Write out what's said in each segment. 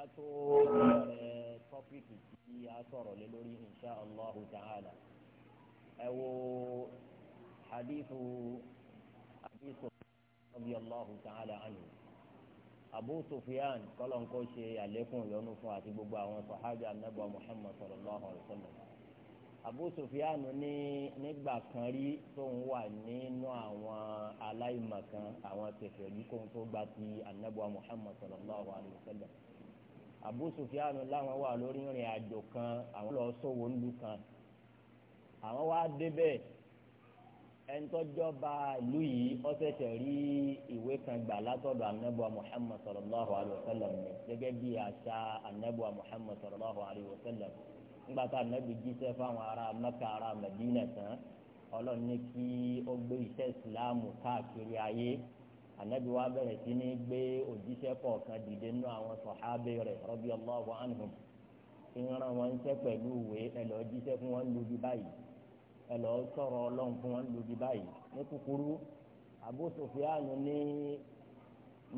ká tó bẹ̀rẹ̀ eh, tọ́pìkì tí a sọ̀rọ̀ lé lórí insha allahu ta'ala ẹ wo hadithu hadithu rabi allahu ta'ala anhu abu sufyan kọlọ́nkó ṣe àlékún ìyọnu fún àti gbogbo àwọn sọ̀hábì anábọ̀ muhammad sallallahu alayhi wa sallam abu sufyan ní nígbà kan rí tóun wà nínú àwọn aláìmọ̀kan àwọn kèfèrí kóun tó gba ti anábọ̀ muhammad sallallahu alayhi wa sallam. Abu Sufyan làwọn wà lórí ìrìn àjò kan àwọn lọ sówó ńlú kan àwọn wá débẹ̀ ẹnitọ́jọba ìlú yìí ọ̀sẹ̀sẹ̀ rí ìwé kan gbà látọ̀dọ̀ anabuwa muhammad sallallahu alayhi wa sallam ni gẹ́gẹ́ bí àṣà anabuwa muhammad sallallahu alayhi wa sallam nígbà tá anabi jíṣẹ́ fáwọn ará mẹ́ka ará madina tán ọlọ́run ní kí ó gbé iṣẹ́ ìsìláàmù káàkiri ayé anabi wa bẹ̀rẹ̀ sí ní gbé òjíṣẹ́ kọ̀ọ̀kan dìde nínú àwọn sọhábẹ rẹ̀ radiyallahu anhum ìran wọn ń sẹ pẹ̀lú ìwé ẹ lọ jíṣẹ́ fún wọn lu bí báyìí ẹ lọ sọ̀rọ̀ Ọlọ́run fún wọn lu bí báyìí ní kúkúrú Abu ní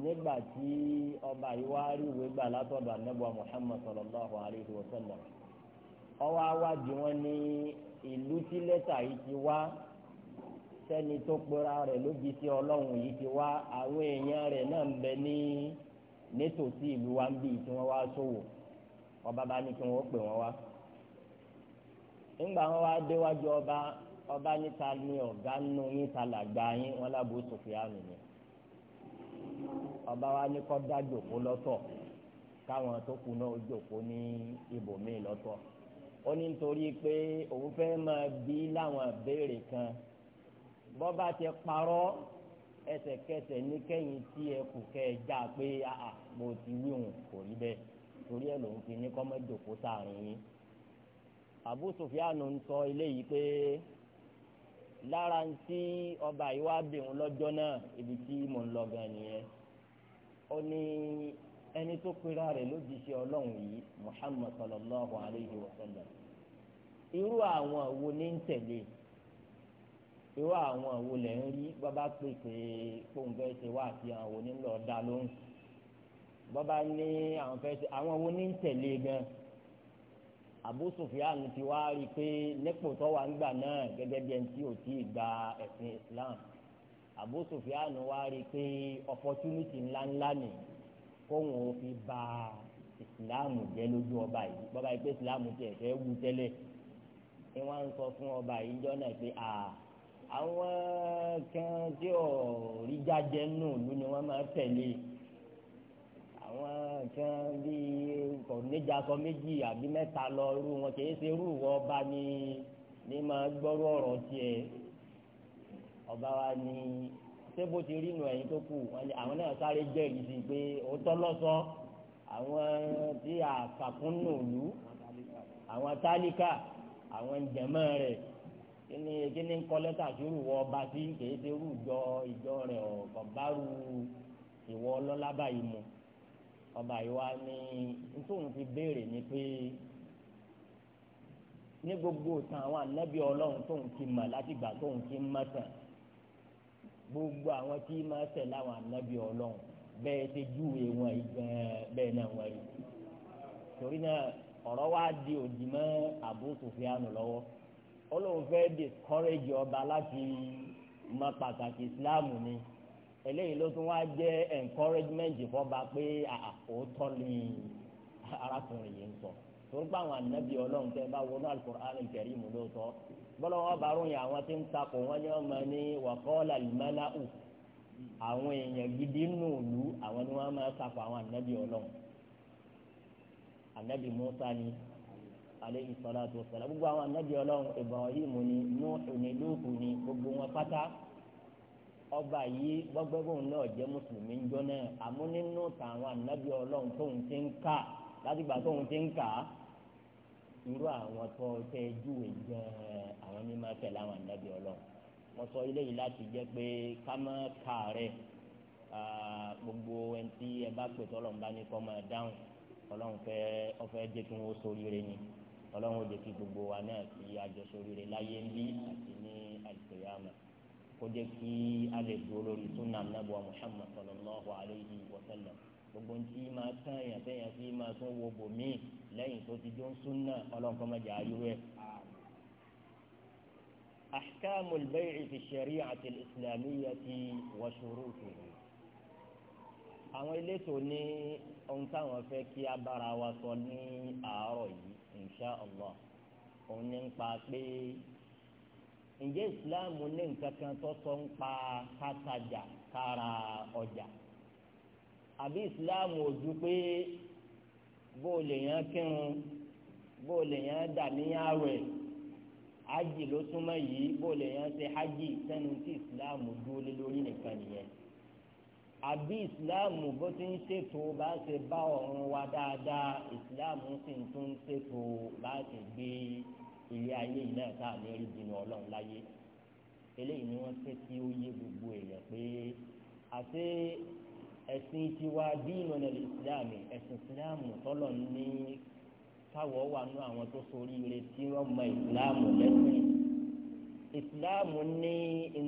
nígbà tí ọba yìí ìwé gbà látọ̀dọ̀ anabi wa Muhammad sallallahu alayhi wa sallam ọwọ́ awájú wọn ní ìlú tí lẹ́tà yìí ti wá. sẹ́ni tó pera rẹ̀ lóbi sí ọlọ́run yìí ti wá àwọn èèyàn rẹ̀ náà ń bẹ ní nítòsí ìlú wa ń bí tí wọ́n wá sówò ọba bá ní kí wọ́n pè wọ́n wá. nígbà wọn wá déwájú ọba ọba níta ni ọ̀gá nínú làgbà yín wọn lábò ni ọba wa ní kọ́ dá jòkó lọ́tọ̀ káwọn tó kù náà jòkó ní ibòmíì lọ́tọ̀ ó ní nítorí pé bọ́ba ti parọ́ ẹsẹ̀kẹsẹ̀ ní kẹ́yìn tí ẹ kù kẹ́ ẹ já pé àà mo ti wí òun kò rí bẹ́ẹ̀ torí ẹ lòun fi ní kọ́mọ́jòkó sáàrin yín. Abu Sufyanu ń sọ eléyìí pé lára ń tí ọba yìí wá bẹ̀ òun lọ́jọ́ náà ibi tí mò ń lọ gan nìyẹn. ó ní ẹni tó pera rẹ̀ lójíṣẹ́ ọlọ́run yìí Muhammad sallallahu alayhi wa sallam irú àwọn wo ní ń tẹ̀lé irú àwọn àwo lẹ̀ ń rí bàbá pè pé fóun fẹ́ ṣe wá àti àwọn onílọ̀ dá lóhùn bàbá ní àwọn fẹ́ ṣe àwọn wo ní gan Abu Sufyan ti wá rí i pé nípò tó wà ń gbà náà gẹ́gẹ́ bí ẹni tí ò tí ì gba ẹ̀sìn Islam Abu Sufyan wá rí i pé opportunity ńláńlá ni kóun ò fi ba Islam jẹ́ lójú ọba yìí bàbá yìí pé Islam tiẹ̀ fẹ́ wú tẹ́lẹ̀ ni wọ́n ń sọ fún ọba yìí jọ́nà pé àà àwọn kan tí ò rí jáde nù lù ni wọ́n máa tẹ̀lé àwọn kan bíi kò níjà sọ méjì àbí mẹ́ta lọ rú wọn kì í ṣe irú ìwọ ọba ni ní máa gbọ́rọ̀ ọ̀rọ̀ tiẹ̀ ọba wa ni ṣé bó ti rí nu ẹ̀yìn tó kù àwọn náà sáré jẹ́rìí sí pé òótọ́ lọ́sọ àwọn tí àkàkùn nù lù àwọn tálíkà àwọn jẹ̀mọ́ rẹ̀ kíni kíni ń kọ lẹ́tà tí irú wọ ọba sí kìí ṣe irú ìjọ ìjọ rẹ̀ ọ̀kan bárù ìwọ ọlọ́lá báyìí mu ọba yìí wá ní nítorí fi béèrè ni pé ní gbogbo tán àwọn anábì ọlọ́run tóun ti mọ̀ láti gbà tóun ti mọ̀ tán gbogbo àwọn tí máa tẹ̀ láwọn anábì ọlọ́run bẹ́ẹ̀ ṣe júwe wọn yìí gan-an bẹ́ẹ̀ náà wọ́n torí náà ọ̀rọ̀ wá di òdì mọ́ Abu Sufyan lọ́wọ́ ọlọ́run fẹ́ discourage ọba láti mọ pàtàkì ìsìláàmù ni eléyìí ló tún wá jẹ́ encouragement fọba pé àkótọ́ ni arákùnrin yìí ń sọ torí pé àwọn ànábì ọlọ́run tẹ́ bá wọnú al-Qur'an al-Karim lóòótọ́ bọ́lá wọn bá ròyìn àwọn tí ń takò wọn ni wọn máa ní wa qala àwọn èèyàn gidi nù lù àwọn ni wọn máa takò àwọn ànábì ọlọ́run ànábì Musa ni aleyhi salatu wa salam gbogbo àwọn anabi Ọlọ́run Ibrahim ni Nuhu ni Lutu ni gbogbo wọn pátá ọba yìí gbọgbẹgbọn náà jẹ mùsùlùmí ń jọnà àmọ́ nínú tàwọn anabi Ọlọ́run tóun ti ń kà láti gbà tóun ti ń kà irú àwọn tó tẹ júwe gan àwọn ní máa tẹ̀lé àwọn anabi Ọlọ́run wọn sọ ilé yìí láti jẹ pé ká kà rẹ gbogbo ẹni ẹ bá pè tọ́lọ̀ ń bá ní kọ́ máa dáhùn ọlọ́run fẹ́ ọ fẹ́ jẹ́ kí wọ́n sórí rẹ ni ọlọ́run ó kí gbogbo wa náà kí àjọṣoríire láyé ń àti ní àlùkòyàmà kó jẹ́ kí a lè dúró lórí súnà nàbọ̀ Muhammad sallallahu alayhi wa sallam gbogbo ntí máa tán èèyàn tẹ́yàn sí máa tún wo bòmí lẹ́yìn tó ti jó ń ọlọ́run kọ́ mọ́jà ayúwe. أحكام البيع في الشريعة الإسلامية وشروطها àwọn elétò ní ohun táwọn fẹ́ kí a bára wa sọ ní àárọ̀ yìí insha allah òun ní ń pa pé ǹjẹ́ ìsìláàmù ní nǹkan kan tó sọ ń pa kátajà kára ọjà àbí ìsìláàmù ò ju pé bó lèèyàn kírun bó lèèyàn dà níyàwẹ̀ hajj ló súnmọ́ yìí bó lèèyàn ṣe hajj sẹ́nu tí ìsìláàmù dúró lé lórí nìkan nìyẹn àbí ìsìláàmù bó ti ń ṣètò bá ṣe bá ọ̀run wa dáadáa ìsìláàmù sì ń tún ṣètò bá ṣe gbé ilé ayé yìí náà tá a ní rí jìnnà ọlọ́run láyé eléyìí ni wọ́n fẹ́ kí ó yé gbogbo èèyàn pé àti ẹ̀sìn tiwa dínú ní ìsìláàmù ẹ̀sìn ìsìláàmù tọ́lọ̀ ní káwọ́ wà nú àwọn tó sórí ire tí wọ́n mọ ìsìláàmù lẹ́sìn ìsìláàmù ní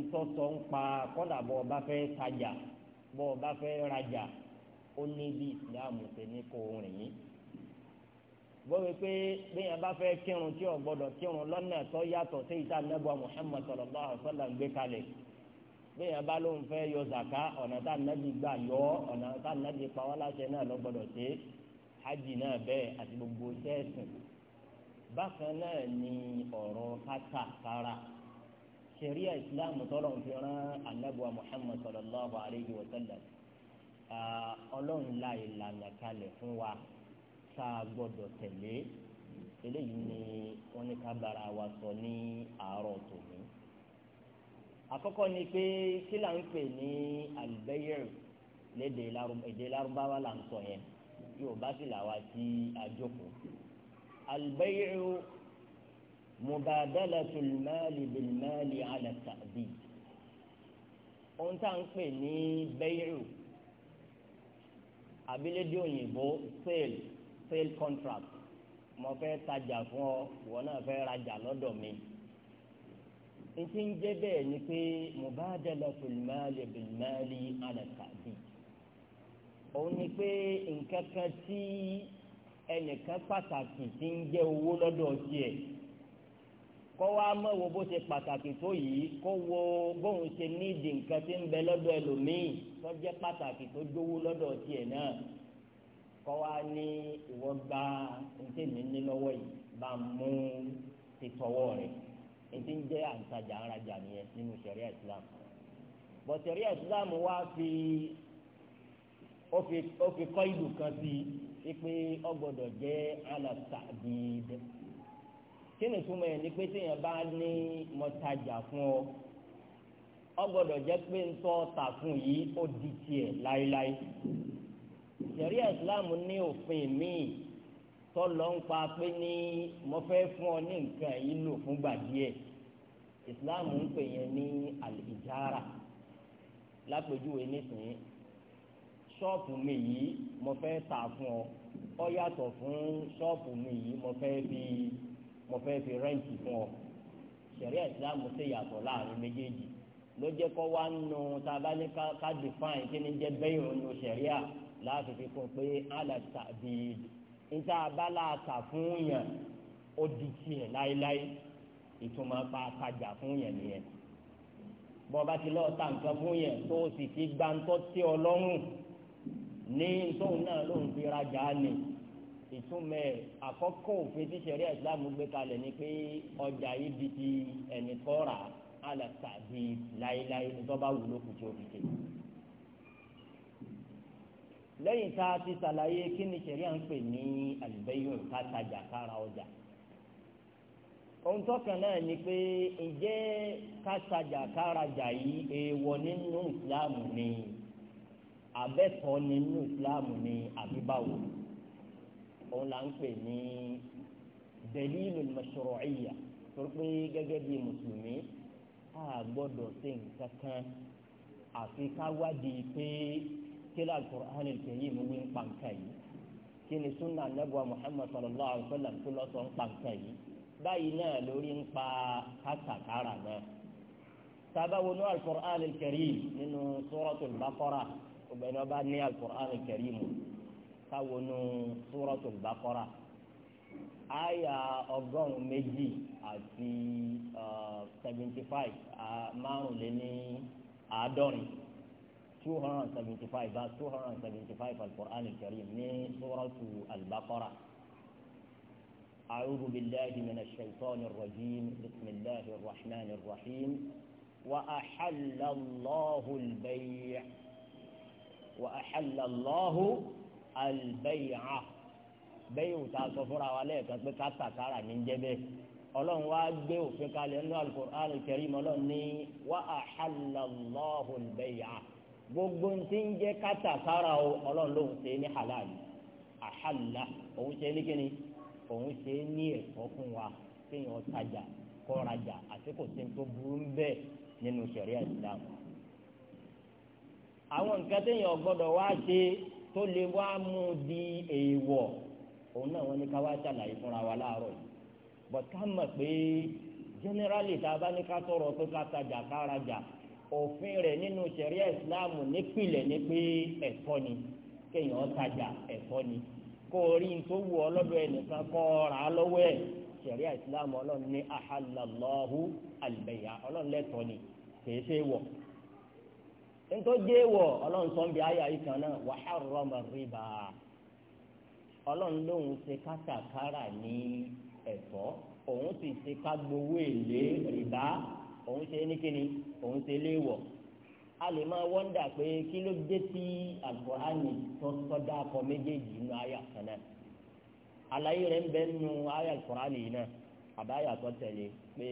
ntọ́sọ̀ ń pa kọ́dà bọ́ ọba fẹ́ tajà bọ́ ọ bá fẹ́ rajà ó ní bí ìsìláàmù ṣe ní kó rìn yín bọ́wé pé bẹ́yẹn bá fẹ́ kírun tí ò gbọ́dọ̀ kírun lọ́nà tó yàtọ̀ sí ìta nẹ́bùa Muhammad sallallahu alaihi wasallam gbé kalẹ̀ bẹ́yẹn bá lóun fẹ́ yọ zaka ọ̀nà tá nẹ́bí gbà yọ ọ̀nà tá nẹ́bí pawọ́ láṣẹ náà lọ gbọ́dọ̀ ṣe hajj náà bẹ́ẹ̀ àti gbogbo sẹ́ẹ̀sìn bákan náà ni ọ̀rọ̀ kátàkárà sẹ̀ríà islam tọ́lọ̀ ń fi rán anábùwà muhammad sallallahu alayhi wa sallam ọlọ́run la ìlànà kalẹ̀ fún wa tá a gbọ́dọ̀ tẹ̀lé eléyìí ni wọ́n ní ká bára wa sọ ní àárọ̀ tòní. àkọ́kọ́ ni pé kí là ń pè ní albẹ́yẹ̀rì lédè èdè là ń sọ yẹn yóò bá sì là wá sí àjòkó albẹ́yẹ̀rì mubadalatul mali bil mali ala ta'bid ohun tá à ń pè ní bẹ́yìrù abilédé òyìnbó sale sale contract mo fẹ́ tajà fún ọ wọ́n náà fẹ́ rajà lọ́dọ̀ mi ntí ń jẹ́ bẹ́ẹ̀ ni pé mubadalatul mali bil ala ta'bid òun ni pé nǹkan tí ẹnìkan pàtàkì ti ń jẹ́ owó lọ́dọ̀ tiẹ̀. kọ́ wa mọ̀ wo bó ṣe pàtàkì tó yìí kó wo bóun ṣe nídìí nǹkan tí ń bẹ lọ́dọ̀ ẹlòmíì tó jẹ́ pàtàkì tó dówó lọ́dọ̀ tiẹ̀ náà kọ́ wa ní ìwọ gba ntẹ̀mí ní lọ́wọ́ yìí bá mú ti tọwọ́ rẹ̀ ètí ń jẹ́ àǹtajà arajà nìyẹn nínú Islam bọ̀ Islam wa fi ó fi kan sí i pé gbọ́dọ̀ jẹ́ kí ni túmọ̀ ẹ̀ ní pé téèyàn bá ní mọ́tajà fún ọ ọ gbọ́dọ̀ jẹ́ pé ń tọ́ ta fún yìí ó di tiẹ̀ láéláé sẹ̀rí islam ní òfin míì tọ́lọ́ ń pa pé ní mo fẹ́ fún ọ ní nǹkan yìí lò fúngbà díẹ̀ islam ń pè yẹn ní alìjára lápèjúwe nísìnyí ṣọ́ọ̀pù mi yìí mo fẹ́ ta fún ọ ọ yàtọ̀ fún ṣọ́ọ̀pù mi yìí mo fẹ́ fi. Bi mo fẹ́ fi rẹ́ǹtì fún ọ ṣẹ̀ríà ìsìlámù ṣe yàtọ̀ láàrin méjèèjì ló jẹ́ kọ́ wá nù tá a bá ní ká define kí ni jẹ́ bẹ́yìn ònú ṣẹ̀ríà láti fi kún pé àlà tàbí níta abala ta fún yàn ó di tiẹ̀ láéláé ìtumọ̀ pa àtajà fún yàn nìyẹn bọ́ba ti lọ́ọ́ ta nǹkan fún yẹn tó o sì ti gbàǹtọ́ tí ọ lọ́rùn ní tóun náà lóun fi rajà á ìtumọ̀ ẹ̀ àkọ́kọ́ òfin tí sẹ̀rí ìsìlámù gbé kalẹ̀ ni pé ọjà yìí di ti ẹni tọ́ra alàtà di láéláé nítorí wúlò kù tí ó fi ṣe. lẹ́yìn tá a ti ṣàlàyé kí ni sẹ̀rí à ń pè ní àlùbẹ́yìn ká tajà kára ọjà. ohun tọ́kàn náà ni pé ǹjẹ́ ká tajà kárajà yìí èèwọ̀ nínú ìsìlámù ni àbẹ́tọ̀ nínú ìsìlámù ni àbí òun là ń pè ní dalilu mashru'iyya tó pé gẹ́gẹ́ bí mùsùlùmí a gbọ́dọ̀ ṣe nǹkan kan àfi ká wádìí pé kílà Al-Qur'an al-Karim wí ń pa nǹkan yìí kí ni sunna nebo Muhammad sallallahu alaihi wa sallam tó lọ sọ ń pa nǹkan yìí báyìí náà lórí ń pa kátàkárà náà sábàwọnú Al-Qur'an al nínú Suratul Baqarah ọgbẹ́ni ọba ní Al-Qur'an mu káwọnú Suratul Baqara àyà ọgọ́rùn-ún méjì seventy five márùnléní àádọ́rin two hundred and seventy five two hundred and seventy five al-Qur'an al-Karim ní Suratul Baqara. أعوذ بالله من الشيطان الرجيم بسم الله الرحمن الرحيم وأحل الله البيع وأحل الله albay'a bẹ́ẹ̀ ò ta sọ fúnra wa lẹ́ẹ̀kan pé kátàkárà ní jẹ́ bẹ́ẹ̀ ọlọ́run wá gbé òfin kalẹ̀ nínú al-Qur'an al-Karim ọlọ́run ní wa ahalla Allahu al-bay'a gbogbo ti ń jẹ́ kátàkárà o ọlọ́run lòun ṣe ní halal ahalla òun ṣe ní kíni òun ṣe ní ẹ̀kọ́ fún wa kéèyàn tajà kọ́rajà àti kò sí tó burú bẹ́ẹ̀ nínú ṣẹ̀ríà Islam àwọn nǹkan téèyàn gbọ́dọ̀ wá ṣe tó lè wá mú di èèwọ̀ òun náà wọn ní ká wá ṣàlàyé fúnra wa láàárọ̀ yìí ká mọ̀ pé generally tá a bá ní ká sọ̀rọ̀ pé ká tajà òfin rẹ̀ nínú ṣẹ̀ríà ìsìláàmù nípìnlẹ̀ ni pé ẹ̀tọ́ ni kéèyàn tajà ẹ̀tọ́ ni kó o rí tó wù ọ lọ́dọ̀ ẹnìkan kọ́ ra lọ́wọ́ ẹ̀ ntọ́jé wọ̀ ọlọ́run sọ ń bi ayé ayé kan náà wa harrama riba ọlọ́run lòun ṣe kátàkárà ní ẹ̀tọ́ òun sì ṣe ká gbowó èlé rìbá òun ṣe ní kíni òun ṣe léèwọ̀ a lè máa wọ́ndà pé kí ló dé sí Al-Qur'ani tó sọ́dá akọ méjèèjì nínú ayé kan náà àlàyé rẹ̀ ń bẹ nínú ayé al yìí náà àbáyà tó tẹ̀lé pé.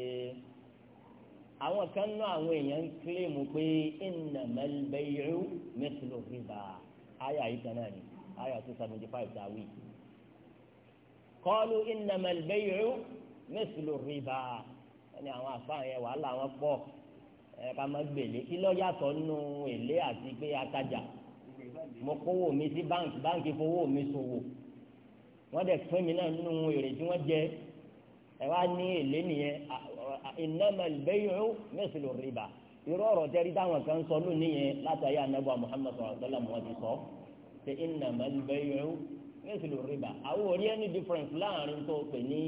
àwọn kan náà àwọn èèyàn ń kílèmù pé innamal bay'u mithlu riba àyà yìí kan náà ni àyà two seventy five ta wí. qalu innamal bay'u mithlu riba ẹni àwọn àfáà yẹn wàhálà wọn pọ̀ ẹ ká má gbèlè kí ló nù èlé àti pé atajà mo kówó mi sí báńkì báńkì fowó mi ṣòwò wọ́n dẹ̀ fún mi náà nínú èrè tí wọ́n jẹ́ ẹ wá ní èlé nìyẹn innamal bay'u mithlu riba irú ọ̀rọ̀ tẹ́rí táwọn kan sọ lónìí yẹn látàrí anábọ̀ Muhammad sallallahu alaihi wasallam wọn ti sọ ṣe innamal bay'u mithlu riba àwọn orí ẹni difference láàrin tó pè ní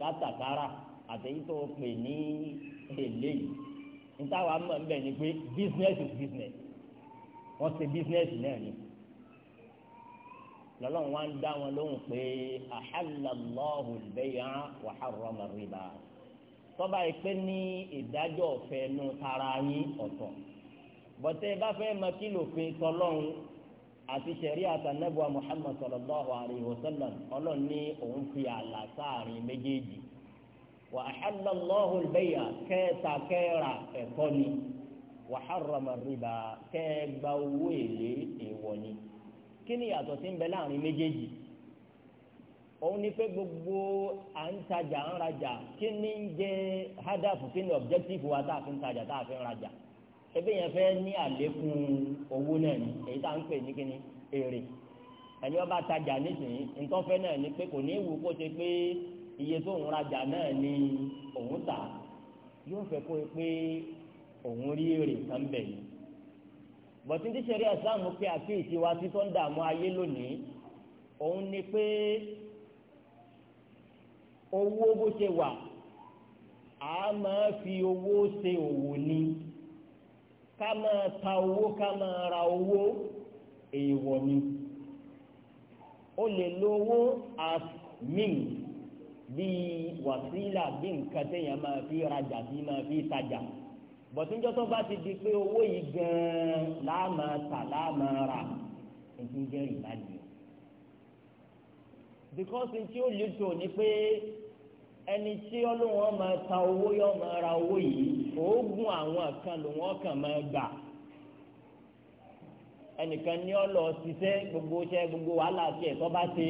kátàkárà àtẹ̀yí tó pè ní èlé yìí nítawà mọ̀ nbẹ̀ ni pé business is business wọ́n ṣe business náà ni lọ́lọ́run wá ń dá wọn lóhùn pé ahallallahu al-bay'a wa harrama ar-riba tọ́ba yìí pé ní ìdájọ́ ọ̀fẹ́ nu tara yín ọ̀tọ̀ bọ́tẹ́ bá fẹ́ mọ kí lòfin tọ́lọ́run àti sẹ̀rí àtànẹ́bùà Muhammad sallallahu alayhi wa sallam ọlọ́run ní òun fi ààlà sáàrin méjèèjì wa ahallallahu al-bay'a kẹ́ẹ̀ta ni wa harrama ar owó èlé èèwọ̀ ni kí ni ìyàtọ̀ tí ń bẹ láàrin méjèèjì òun ni pé gbogbo à ń tajà ń rajà kí ni ń jẹ hádàfù kí ni ọ̀bjẹ́tífù wa tá a fi ń tajà tá a fi ń rajà ebi yẹn fẹ́ ní àlékún owó náà ni èyí tá à ń pè ní kíni èrè ẹni ọba tajà nísìnyí ntọ́fẹ́ náà ni pé kò ní wù kó ṣe pé iye tó ń rajà náà ni òun tà yóò fẹ́ kó pé òun rí èrè kan bẹ̀ yìí bọ̀tún tí sẹ́rí islam pé àkíyèsí wa títọ́ ń dààmú ayé lónìí òun ni pé owó bó ṣe wà á máa fi owó ṣe òwò ni ká máa ta owó ká máa ra owó èèwọ̀ ni o lè lo owó as mean bíi wàsílà bíi nǹkan téèyàn máa fi rajà bíi máa fi tajà bọ̀tíjọ́ tó bá ti di pé owó yìí gan-an láàmà tà láàmà rà ẹ̀sìn jẹ́ rìbá nìyẹn. because tí ó lè tó ni pé ẹni tí ọlọ́wọ́n máa ta owó yọ máa ra owó yìí oògùn àwọn kan lòun kàn máa gbà ẹnìkan ní ọlọ ṣiṣẹ́ gbogbo ṣẹ gbogbo wàhálà àti ẹ̀tọ́ bá ṣe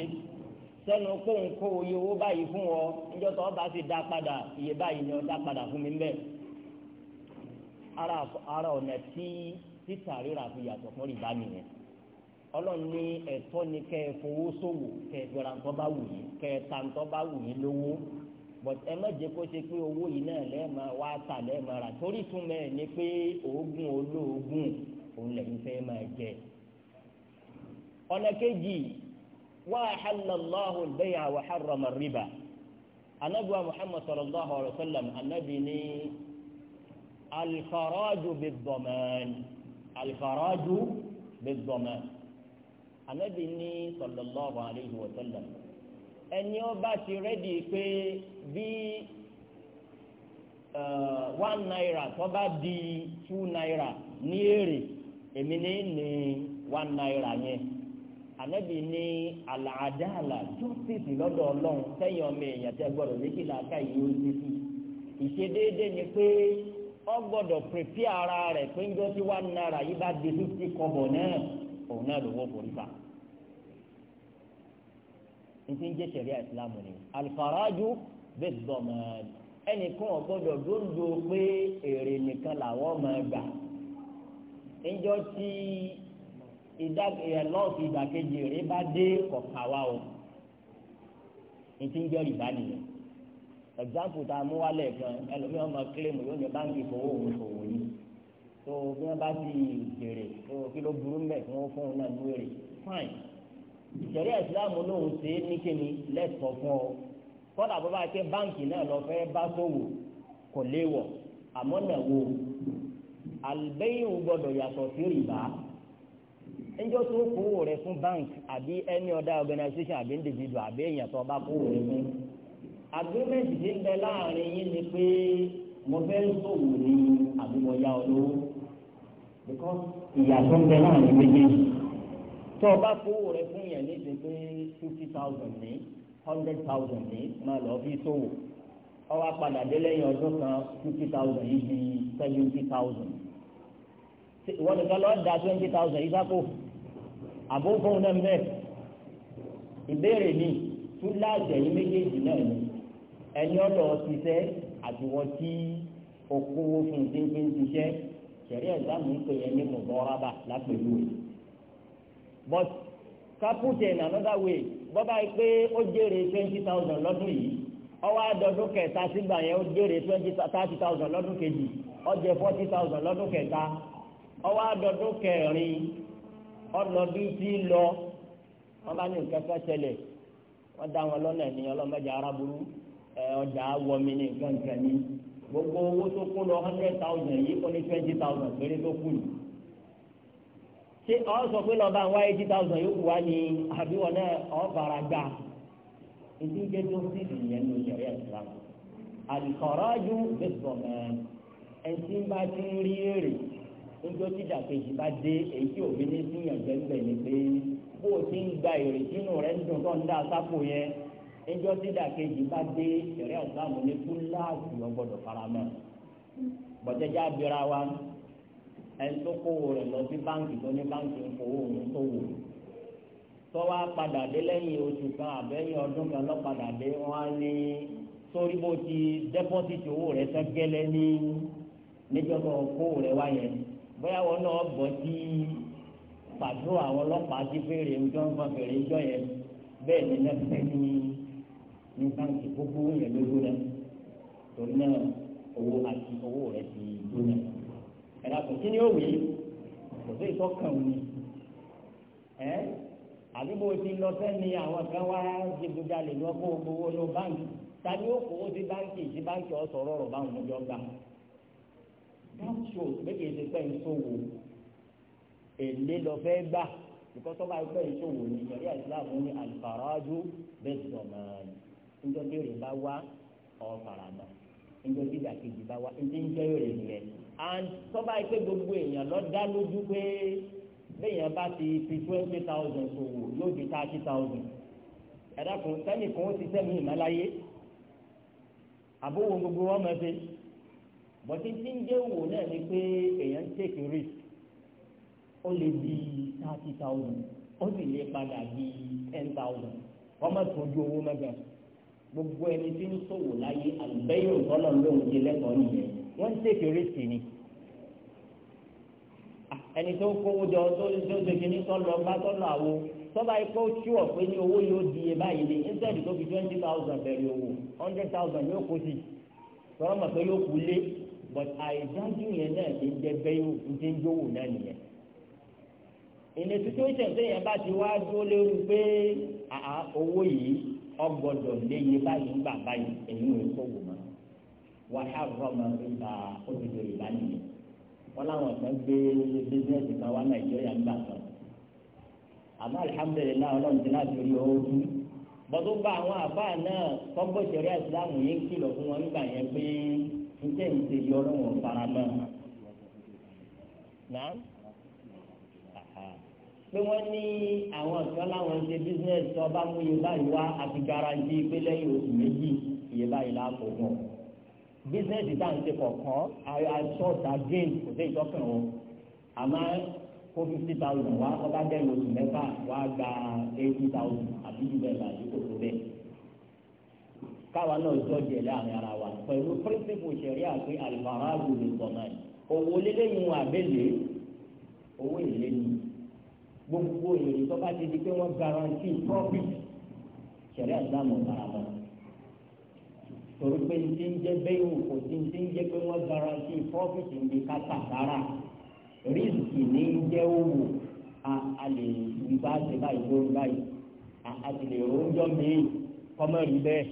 sẹnu kóhun kó oye owó báyìí fún ọ níjọ́ tó bá ti dá padà iye báyìí ni ọ dá padà fún mi bẹ́ẹ̀ ara ọ̀nà tí títà ríra fi yàtọ̀ fún rìbá nìyẹn ọlọ́run ní ẹ̀tọ́ ni kẹ́ ẹ fowó kẹ́ ẹ bá wù yín kẹ́ ta bá wù yín but ẹ má jẹ́ kó ṣe pé owó yìí náà lẹ́ẹ̀ma wá tà lẹ́ẹ̀ma rà torí túmọ̀ ẹ̀ ni pé oògùn olóògùn òun lẹ́yìn fẹ́ máa kejì wa ahalla Allahu wà wa harrama riba anábìwá muhammadu sallallahu alayhi wa sallam anábì ní. alifaraju bi dọmẹn alifaraju bi dọmẹn anabi ní sallallahu alayhi wa sallam ẹni ọba ti rẹ́dì pé bí uh, one naira tọ́ba di two naira ní èrè èmi ní ní one naira yẹn anabi ní alaadala justice lọ́dọ̀ ọlọ́run sẹ́yìn ọmọ èèyàn tẹ́ gbọ́dọ̀ lékìlá ká yìí ó ìṣedéédé ni pé ọ gbọ́dọ̀ pèpè ara rẹ̀ pé ń jọ sí wà náírà yìí bá di fífi kọ́bọ̀ náà òun náà lówó forí fa ntí ń jẹ́ sẹ̀ríà ìsìlámù ni alifaraju bẹ́ẹ̀ gbọ́mọ ẹnìkan ò gbọ́dọ̀ dóńdó pé èrè nìkan làwọn máa gbà ńjọ tí lọ́ọ̀sì ìdàkejì rẹ̀ bá dé kọ̀ọ̀kà wa o ntí ń jẹ́ rìbá nìyẹn example tá a mú wálẹ̀ kan ẹlòmíràn máa claim yóò ní báńkì fowó òun fòwò yìí tó bí wọ́n bá ti jèrè tó kí ló burú mẹ́ kí wọ́n fún un náà lóore fine ìṣẹ̀rí ìsìláàmù lòun ṣe é ní kíni lẹ́tọ̀ọ́ fún ọ kọ́dà bó bá ké báńkì náà lọ fẹ́ bá sòwò kò léwọ̀ àmọ́ náà wò àlùbẹ́yìn gbọ́dọ̀ yàtọ̀ sí rìbá ẹjọ́ tó kówó rẹ fún bank àbí any other organization àbí individual àbí èèyàn tó bá kówó rẹ fún agreement ti ń bẹ láàrin yín ni pé mo fẹ́ sòwò ní àbúmọ̀yá olówó because ìyàtọ̀ ń bẹ láàrin méjèèjì tó o bá kówó rẹ fún yẹn ní pé fifty thousand ní hundred thousand ní máa lọ fi sòwò ọwọ́ padà dé lẹ́yìn ọdún kan fifty thousand yìí di seventy thousand wọ́n nìkan lọ́ọ́ da twenty thousand yìí sáko àbófóun náà mẹ́ẹ̀ ìbéèrè mi tún láàjẹ̀ yìí méjèèjì náà ni. ẹni ọ̀dọ̀ ṣiṣẹ́ àtiwọ́ okòwò fún dídí ń ṣiṣẹ́ sẹ̀rí ẹ̀dáàmù ń pè yẹn ní mọ̀bọ́rábà lápẹ̀lú rẹ̀ but kápútẹ̀ in another way bọ́bá yìí pé ó jèrè twenty thousand lọ́dún yìí ọwọ́ àdọ́dún kẹta sígbà yẹn ó jèrè twenty thirty thousand lọ́dún kejì ó forty thousand lọ́dún kẹta ọwọ́ àdọ́dún kẹrin ọlọ́dún tí lọ ọjà wọmi ní nǹkan ní gbogbo owó tó kún lọ hundred thousand yìí kọ́ ní twenty thousand péré tó kù yìí ṣé ọ sọ pé lọ́ba àwọn eighty thousand yóò wá ní àbíwọ̀n náà ọ fara gbà ètò ìjẹ́jọ́ sí ìyẹn ní ìṣẹ̀rí ìsìlámù àlùkọ́rọ́jú bẹ́sọ̀ mẹ́rin ẹtí bá ti ń rí èrè níjọ́ tí ìdàkejì bá dé èyí tí òbí ní síyàn jẹ́ ń bẹ̀ ni pé bó o ti ń gba èrè sínú rẹ̀ ń dùn tó ń dá sápò yẹn ẹjọ́ dídà kejì bá dé ẹ̀rẹ́ ìsìlámù ní kúláàsì ọgbọ́dọ̀ faramọ́ bọ́tẹ́jà bíra wa ẹni tó kówó rẹ̀ lọ sí báńkì tó ní báńkì ń fowó òun tó wò tọ́wọ́ padà dé lẹ́yìn oṣù kan àbẹ́yìn ọdún kan lọ́padà dé wọ́n á ní sórí bó ti dẹ́pọ́sìtì owó rẹ̀ tán gẹ́lẹ́ ní níjọba kówó rẹ̀ wá yẹn bóyá wọn náà bọ̀ sí pàdúrà àwọn ọlọ́pàá sí fèrè ńjọ́ ń fèrè ńjọ́ yẹn bẹ́ẹ̀ ni nẹ́fẹ̀ẹ́ ní ní báńkì gbogbo yẹn ló gbóná torí náà owó àti owó rẹ̀ ti gbóná ẹ̀dá kò sí ní òwe kò sí ìtọ́kàn òní ẹ̀ àbí ti lọ sẹ́ni àwọn kan wá jìbìjalè lọ kó gbowó lọ báńkì ta ó kówó sí báńkì sí báńkì ọ̀sọ̀ rọrọ̀ báwọn ọjọ́ gbà that shows méjèèjì ti pẹ́ ìṣòwò èlé lọ fẹ́ gbà ìkọ́sọ́ bá ẹgbẹ́ ìṣòwò ní ìṣẹ̀rí àìsíláàmù ní àlùfàràjù bẹ́ẹ̀ sọ̀mọ́ni níjọ́ tí èrè bá wá ọ̀ faramọ́ níjọ́ tí ìdàkejì bá wá ní níjọ́ èrè nìyẹn and sọ́ba ìpè gbogbo èèyàn lọ dá lójú pé béèyàn bá ti fi twenty thousand ṣòwò yóò di thirty thousand ẹ̀dá kan sẹ́ni kan ó ti sẹ́mi ìmáláyé àbówó gbogbo wọn mọ̀ ṣe bọ́tí tí ń jẹ́ òwò náà ni pé èèyàn ń take risk ó lè di thirty thousand ó sì lè padà di ten thousand wọ́n mọ̀ tó ju owó mẹ́gbẹ̀ẹ́ gbogbo ẹni tí ń ṣòwò láyé àlùbẹ́yìn ìtọ́nà lóhùn ti lẹ́kọ̀ọ́ nìyẹn wọ́n ń tètè rìsì ni ah, ẹni tó kówó jọ tó tó tètè ní sọ́lọ bá sọ́lọ àwo tọ́ba ikọ́ tí wọ̀ pé ní owó yóò di báyìí ni instead tó fi twenty thousand bẹ̀rẹ̀ owó hundred thousand yóò kó sí tọ́lọ́ mọ̀ pé yóò kú lé but àìdájú yẹn náà ti ń jẹ bẹ́yìn ti ń jówó náà nìyẹn ìnìtútù ìṣẹ̀ǹtẹ̀ yẹn bá ti wá dúró lérú pé owó yìí ọgbọdọ léyìn báyìí ń gbà báyìí èyí ò kó wò mọ wàhálà rọmọ nípa òdodo ìbá nìyẹn wọn làwọn kan gbé bísíǹsì kan wá nàìjíríà ń gbà kan àmọ́ alihamudulilayi Ọlọ́run ti láti rí owó dún bọ́tú bá àwọn àbá náà tọ́gbọ́ ìṣẹ̀rí àìsílámù yìí ń kìlọ̀ fún wọn nígbà yẹn pé ń tẹ̀ ń ṣe yọ Ọlọ́run fara náà pé wọ́n ní àwọn kan láwọn ṣe bísíǹnẹ̀sì tó bá mú iye báyìí wá àti garanti pé lẹ́yìn oṣù méjì iye báyìí láàpọ̀ mọ́ bísíǹnẹ̀sì tá à ń ṣe kọ̀ọ̀kan àṣọ̀tà gain kò sí ìtọ́kàn wọn àmọ́ kó fifty thousand wá ọba dẹ́nu oṣù mẹ́fà wá gba eighty thousand àbí jù bẹ́ẹ̀ bá yìí kò tó bẹ́ẹ̀ káwa náà jọ́jú ẹ̀ láàrin ara wa pẹ̀lú píríncípù ṣẹ̀ríà pé àlùfáà rà gbogbo èrè tó bá ti di pé wọ́n garanti profit ṣẹlẹ̀ àdámọ bàràbà torí pé ní ti ń jẹ bẹ́ẹ̀ wò kò ti ń jẹ pé wọ́n garanti profit ní kátàkárà rísìkì ní ń jẹ́ òwò a lè rí bá ṣe báyìí tó ń báyìí a ti lè ro oúnjẹ míì kọ́mọ rí bẹ́ẹ̀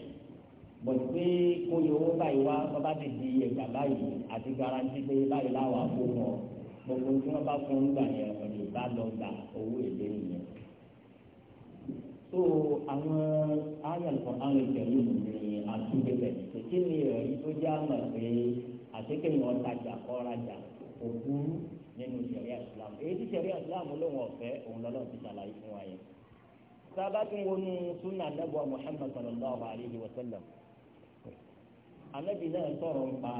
bọ̀ pé kó yọ owó báyìí wá bọ́ bá ti di ẹ̀jà báyìí àti garanti pé báyìí láwọn àpò wọn gbogbo tí wọ́n bá fún gbà yẹn ọ̀dọ̀ bá lọ gbà owó èlé nìyẹn. tó àwọn ayọ̀lùkọ́ àwọn ìjẹ̀lú ni àtúndébẹ̀ tó kí ni ẹ̀rí tó jẹ́ àmọ̀ pé àtẹ́kẹ̀yìn ọ̀tajà kọ́rajà kò burú nínú sẹ̀ríà islam èyí tí sẹ̀ríà islam lóun ọ̀fẹ́ òun lọ́lọ́ ti ṣàlàyé fún wa yẹn. sábà tún wọnú sunna anabu muhammad sallallahu alayhi wa sallam anabi náà sọ̀rọ̀ nípa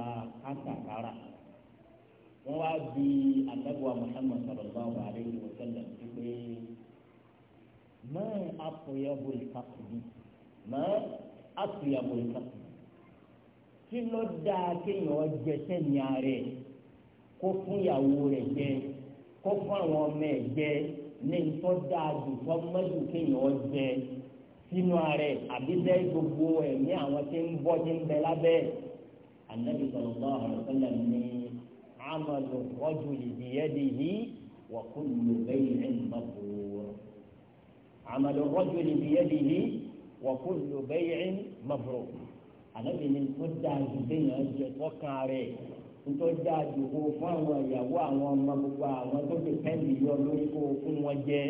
kátàkárà wọ́n wá bí àtẹ́wà Muhammad sallallahu alayhi wa sallam ti pé mọ́ àpòyẹ̀wò ìkàkùnrin mọ́ àpòyẹ̀wò ìkàkùnrin kí ló dáa kéèyàn jẹsẹ́ ní ààrẹ kó fún ìyàwó rẹ̀ jẹ kó fún àwọn ọmọ ẹ̀ jẹ ní ntọ́ dáa jù fún mọ́jú kéèyàn jẹ sínú ààrẹ àbí bẹ́ẹ̀ gbogbo ẹ̀ ní àwọn tí ń bọ́ tí ń bẹ lábẹ́ Ànábì sallallahu alayhi wa sallam ní amalu rajuli biyadihi wa kullu bay'in mabrur amalu rajuli biyadihi wa kullu bay'in mabrur àlọ́bí ni tó dáa ju béèyàn jẹ tọ́kàn rẹ̀ tó dáa ju kó fún àwọn ìyàwó àwọn ọmọ gbogbo àwọn tó ti pẹ́ẹ́lì yọ lórí kó fún wọn jẹ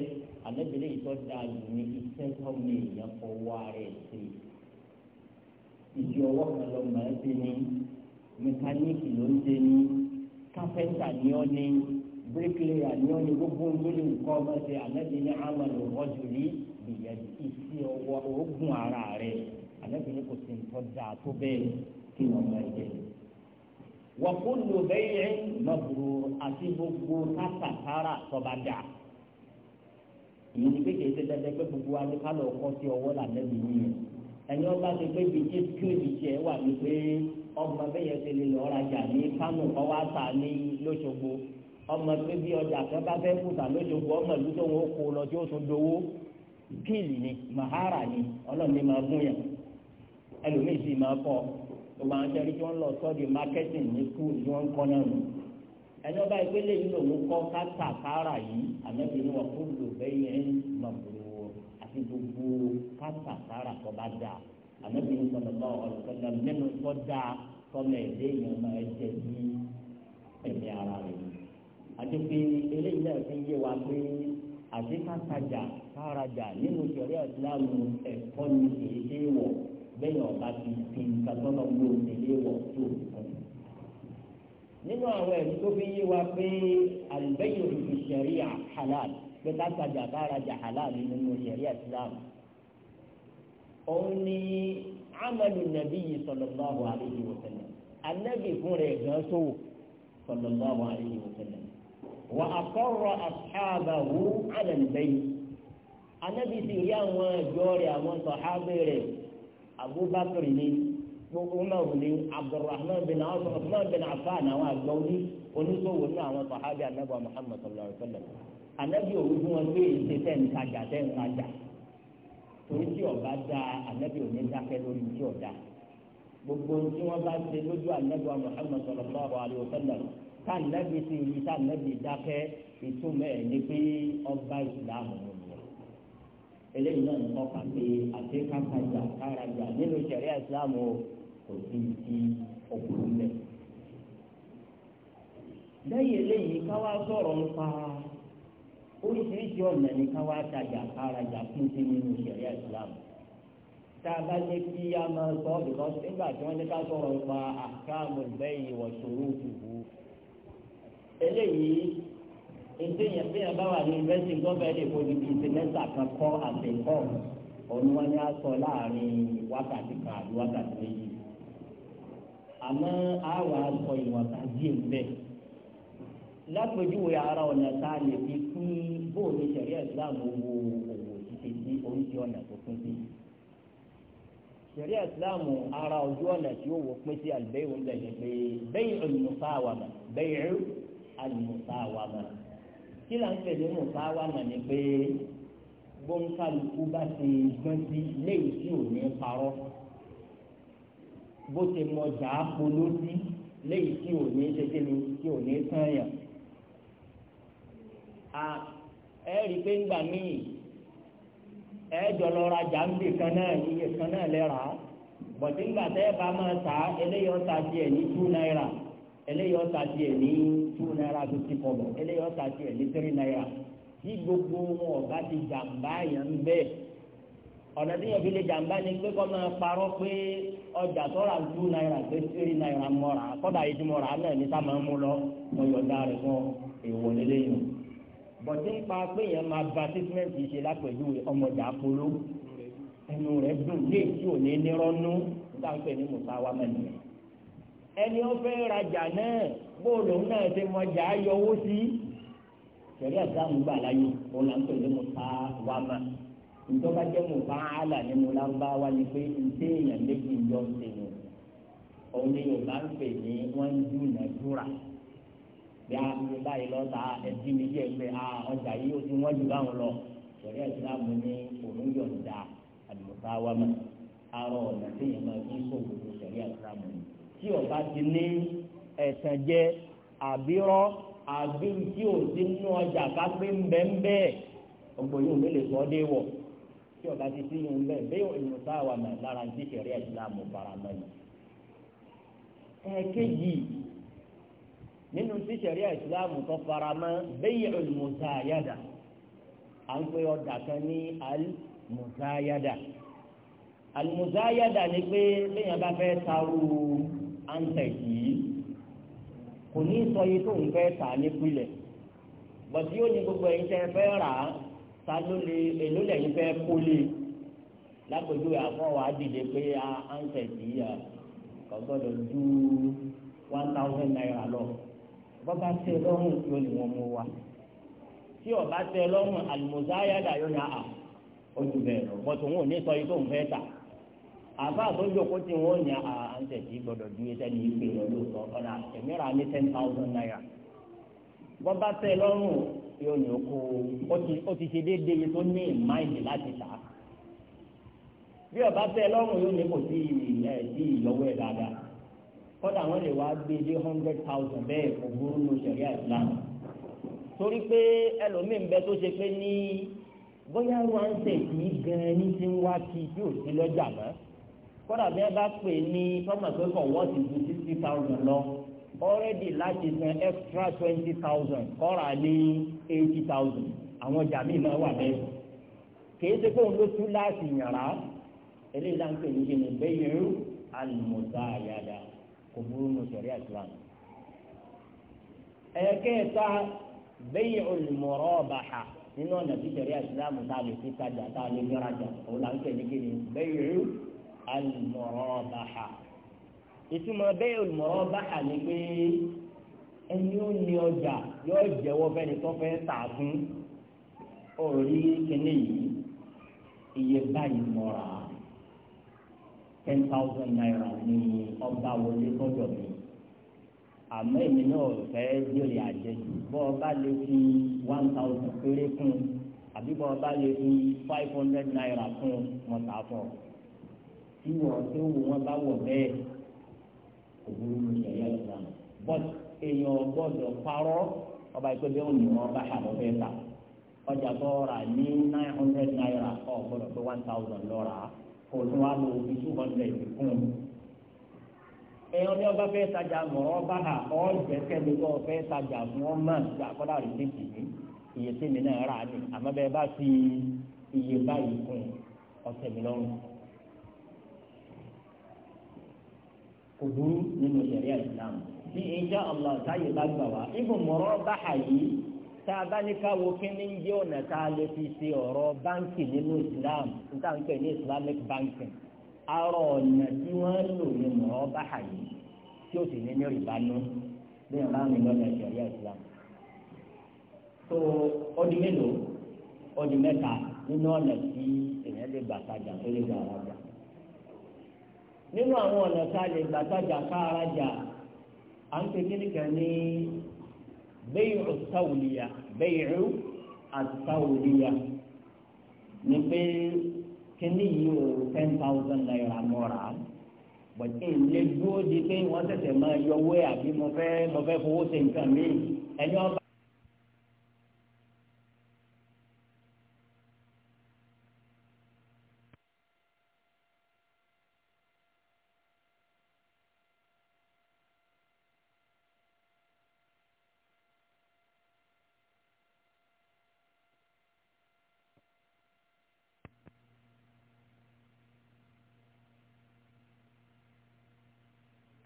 àlọ́bí lè tó dáa ju ní iṣẹ́ tó mi èèyàn fọwọ́ rẹ̀ sí i. ìdí ọwọ́ kan lọ màá ṣe ni mẹkáníìkì ló ń ṣe ni kápẹ́ntà ni ó ní bíríkìlìyà ni ó ní gbogbo ń lórí nǹkan ọmọ ṣe àlẹ́bí ní amadu rọ́jùlí ìyẹn ìsí ọwọ́ oògùn ara rẹ̀ àlẹ́bí ní kò sí nǹkan dáa tó bẹ́ẹ̀ kí ni ọmọ ẹ̀jẹ̀ ni. wàkúlù bẹ́yẹ mọ̀bùrù àti gbogbo kátàkárà tọ́ba dà ìyẹn ní kékeré ṣe dandan pé gbogbo wa kálọ̀ ọkọ sí ọwọ́ làlẹ́bí ní ẹni ọba ti pé bìjẹ́ kí ọmọ bẹ́yẹn ti lè lọ́ọ́ rajà ní kánò kọ́ wá tà ní lóṣogbo ọmọ pé bí ọjà kan bá fẹ́ kùtà lóṣogbo ọmọ ìlú tó ń kó lọ tí ó tún dowó kíìlì ni mahara ni ọlọ́ọ̀ni máa gún yẹn ẹlòmíì sì máa kọ́ gbogbo àwọn tẹ́lẹ̀ tí wọ́n lọ sọ́ọ̀dì marketing ní school tí wọ́n ń kọ́ náà nù ẹni ọba ìpínlẹ̀ yìí lòun kọ́ káta kára yìí àmẹ́bí ni wọ́n kó lò bẹ́yẹn mọ̀gbòrò àti gbogbo káta kára tó bá dáa ànábì sallallahu alaihi wasallam nínú kọjá tọmọ ẹdẹ yẹn máa jẹ ní ẹ̀mí ara rẹ àti pé eléyìí náà fi yé wa pé àti kátajà kárajà nínú sẹ̀rí ìsìlámù ẹ̀kọ́ ni èyí ṣe é wọ̀ bẹ́ẹ̀ ọba ti fi katọ́lọ́ mú òṣèlé wọ̀ tó kàn. nínú àwọn ẹ̀rí tó fi yé wa pé àlùbẹ́yìn òṣèlú sẹ̀rí halal pé kátajà kárajà halal nínú sẹ̀rí ìsìlámù òun ni amadu nabi yìí sallallahu alayhi wa sallam anabi fún rẹ̀ gan sówò sallallahu alayhi wa sallam wa aqarra ashabahu ala al-bayt anabi sì rí àwọn ẹjọ rẹ̀ àwọn sọhábẹ rẹ̀ abubakar ni gbogbo umar ni abdulrahman bin abdulrahman bin afaan àwọn agbọwọlì oníṣòwò ní àwọn sọhábẹ anabi muhammad sallallahu alayhi wa sallam anabi òwú fún wọn pé èsì tẹ̀ ń tajà tẹ̀ ń tajà torí tí ọba da anabi òní dákẹ́ lórí tí ọ̀dà gbogbo tí wọ́n bá ṣe lójú anabi wa Muhammad sallallahu alayhi wa sallam tá anabi ti yí tá anabi dákẹ́ ìtumọ̀ ẹ̀ ní pé ọba ìsìlámù ló ń lọ. eléyìí náà ń tọ́ka pé àti kákàjà kárajà nínú ṣẹ̀ríà ìsìlámù kò sí ti òkúrú mẹ́. lẹ́yìn eléyìí káwá sọ̀rọ̀ ń oríṣiríṣi ọ̀nà nìkan wá tajà arajà fún sí nínú ìṣẹ̀lẹ̀ islam tá a bá lé kí a máa sọ ọ́ bìkọ́ nígbà tí wọ́n ní ká sọ̀rọ̀ nípa àkàmù bẹ́ẹ̀ ìwọ̀sọ̀rọ̀ òkùnkù eléyìí ètò yẹn bí yẹn bá wà ní yunifásitì gọ́ọ̀mẹ̀ntì èkó ní bíi sẹ́mẹ́sà kan kọ́ àtẹ̀kọ́ òun wọn ni a sọ láàrin wákàtí kan àbí wákàtí méjì àmọ́ àwa sọ ìwọ̀n ká díẹ̀ bẹ́ẹ̀ lápèjúwe ara ọ̀nà tá a lè fi kí bóòlù sẹ̀ríà islam wo òwò ṣíṣe sí oríṣi ọ̀nà tó pín sí. sẹ̀ríà islam ara ojú ọ̀nà tí ó wò pín sí àlùbẹ́yìn ọ̀nà ni pé bẹ́yìn olùmùsáwàmà bẹ́yìn olùmùsáwàmà kí là ń pè ní mùsáwàmà ni pé gbọ́nkálukú bá ti gbọ́n sí léyìí tí ò ní parọ́ bó ti mọ̀jà polósí léyìí tí ò ní ṣe kí ni tí ò ní tán yàn. ẹ rí i pé ńgbà míì ẹ lọ ra ńbì kan náà iye kan náà lẹ́ra bọ̀dé ńgbà tẹ́ ẹ bá máa ta eléyìí ti tiẹ̀ ní two naira eléyìí ti tiẹ̀ ní two naira fifty kọ̀bọ̀ eléyìí ti ní naira tí gbogbo ọ̀gá ti jàǹbá yẹn bẹ́ẹ̀ ọ̀nà tí yẹn fi lè jàǹbá ni pé kọ́ máa parọ́ pé ọjà tọ́ra lọ bọ̀dé ń pa pé yẹn máa ba títímẹ́ǹtì ṣe lápẹ̀jú ọmọdé apolo ẹnu rẹ̀ dùn léè tí ò ní nírọ́nú nígbà pé ní musa wa mẹ́nu rẹ̀ ẹni ó fẹ́ rajà náà bóòlù náà ti mọjà yọwó sí sẹ̀rí àdáhùn gbà láyé òun là ń pè ní musa wa mẹ́ ìjọba jẹ́ musa àlà ní mo lá ń bá wa ni pé ǹdé èèyàn méjì ń jọ ń sèwọ̀n òun ni Yorùbá ń pè ní wọ́n ń dúnàdúrà. bí a ti báyìí lọ ta ẹbí a ọjà yìí ó ti wọ́n jù báwọn lọ sọ̀rí ẹ̀sìlámù ní òun ọ̀nà tí yẹn máa fi ni tí ọba ti ní ẹ̀sán jẹ àbírọ́ àbí tí ò ti nú ọjà kápé ńbẹ́ńbẹ́ ọgbọ̀n yóò mélòó sọ ọ́ dé wọ̀ tí ọba ti sí yẹn bẹ́ẹ̀ bẹ́ẹ̀ nínú tí sẹ̀ríà ìsìláàmù tó fara mọ́ bay'ul muzayada à ń pè ọjà kan ní al-muzayada al-muzayada ni pé lẹ́yìn bá fẹ́ taru ansẹ̀ yìí kò ní sọ yìí tó ń fẹ́ tà nípìnlẹ̀ bọ̀dí ó ní gbogbo ẹ̀yin tẹ́ fẹ́ rà á ta ló lè èló lẹ́yìn fẹ́ kólé lápèjúwe àfọwọ́ àdìde pé ansẹ̀ yìí kò gbọ́dọ̀ ju one thousand naira lọ bọ́ba tẹ lọ́rùn yóò ní wọn mú wa tí ọba tẹ lọ́rùn àlùmọ́sáyàdà yóò ní àà ah, ojú bẹ́ẹ̀ lọ bọ́tù wọn ò ní sọ yìí tó ń fẹ́ tà àbá àtọ́jú òkú tí wọ́n ní àà ah, ń tẹ̀sí gbọ́dọ̀ ju ẹsẹ̀ ní ìpè lọ lóòótọ́ ọ̀nà àtẹ̀míra ní ten thousand naira bọ́ba tẹ lọ́rùn yóò ní oko ó ti ṣe déédéé tó ní ìmáìlì láti tà á bí ọba tẹ lọ́rùn yóò ní kò sí ìyọwọ́ ẹ̀ dáadáa kọ́dà wọ́n lè wá gbé dé hundred thousand bẹ́ẹ̀ kò burú ní sẹ̀ríà Islam torí pé ẹlòmíì ń bẹ tó ṣe pé ní bóyá ránṣẹ́ yìí gan-an ní ti ń wá kí tí ò sí lọ́jà mọ́ kọ́dà bí wọ́n bá pè ní sọ́mọ̀ pé kò wọ́n ti ju sixty thousand lọ already láti san extra twenty thousand kọ́ra ní eighty thousand àwọn ọjà míì máa wà bẹ́ẹ̀ kìí ṣe fóun ló tú láti yàrá eléyìí láǹpẹ̀ ní kí ni bẹ́yẹ̀rù àlùmọ̀tá àyàdá kò burú nù sẹ̀rí islam. ẹ̀kẹ́ta bẹ́yìn olùmọ̀rọ̀ bàhà nínú ọ̀nà tí sẹ̀rí islam tá lè fi tajà tá lè fi rajà òun là ń tẹ̀lé kí ni bẹ́yìn olùmọ̀rọ̀ ìtumọ̀ bẹ́yìn olùmọ̀rọ̀ bàhà ni pé ẹni ó ní ọjà yóò jẹ́wọ́ fẹ́ni tó fẹ́ tà fún orí iye báyìí mọ́ra. ten thousand naira ní ọba wọlé gbọ́dọ̀ mi àmọ́ èmi náà fẹ́ jèrè àjẹjù bọ́ ọba lè fi one thousand péré kún àbí bọ́ ọba lè fi five hundred naira kún wọn tà fọ́ tí wọ́n tó wù wọ́n bá wọ̀ bẹ́ẹ̀ kò burú ní ìyá ìgbà bọ́t èèyàn gbọ́dọ̀ parọ́ ọba ìpínlẹ̀ òní wọn bá àlọ́fẹ́ ta ọjà tó rà ní nine hundred naira ọ̀ gbọ́dọ̀ pé one thousand lọ́ra. kò tún wá lò fi two hundred fún un. ẹ̀yàn ní ọba fẹ́ tajà mọ̀ ọba hà ọ́ jẹ́kẹ́ni kọ́ fẹ́ fún rẹ̀ iye tèmi náà rà ní àmọ́ bẹ́ẹ̀ bá fi iye báyìí kún ọ̀sẹ̀ mi lọ́rùn. kò burú nínú ìṣẹ̀rí àìsàn bí ìjà ọ̀la bá gbà wá ibùmọ̀rọ̀ yìí. tá bá ní ká wo kíní yé ọ̀nà lè fi nínú islam níta ń pè islamic banking arọ ọ̀nà tí wọ́n lò ní mọ̀ọ́ bá hà yìí tí ó sì ní ní rìbá bí wọ́n bá ń lọ ní ìṣẹ̀lẹ̀ islam. tó ọdún mélòó ọdún mẹ́ta nínú ọ̀nà tí èèyàn lè gbà tó lè gbà a lè gbà ká bẹ́ẹ̀rù sáwùlìyà bẹ́ẹ̀rù àtàwùlìyà ni pé kíní yìí o ten thousand naira mọ́ra bọ̀dé ilé dúró di pé wọ́n tẹ̀sẹ̀ máa yọwé àbí mo fẹ́ mo fẹ́ fowó ṣe nǹkan mi ẹni ọba.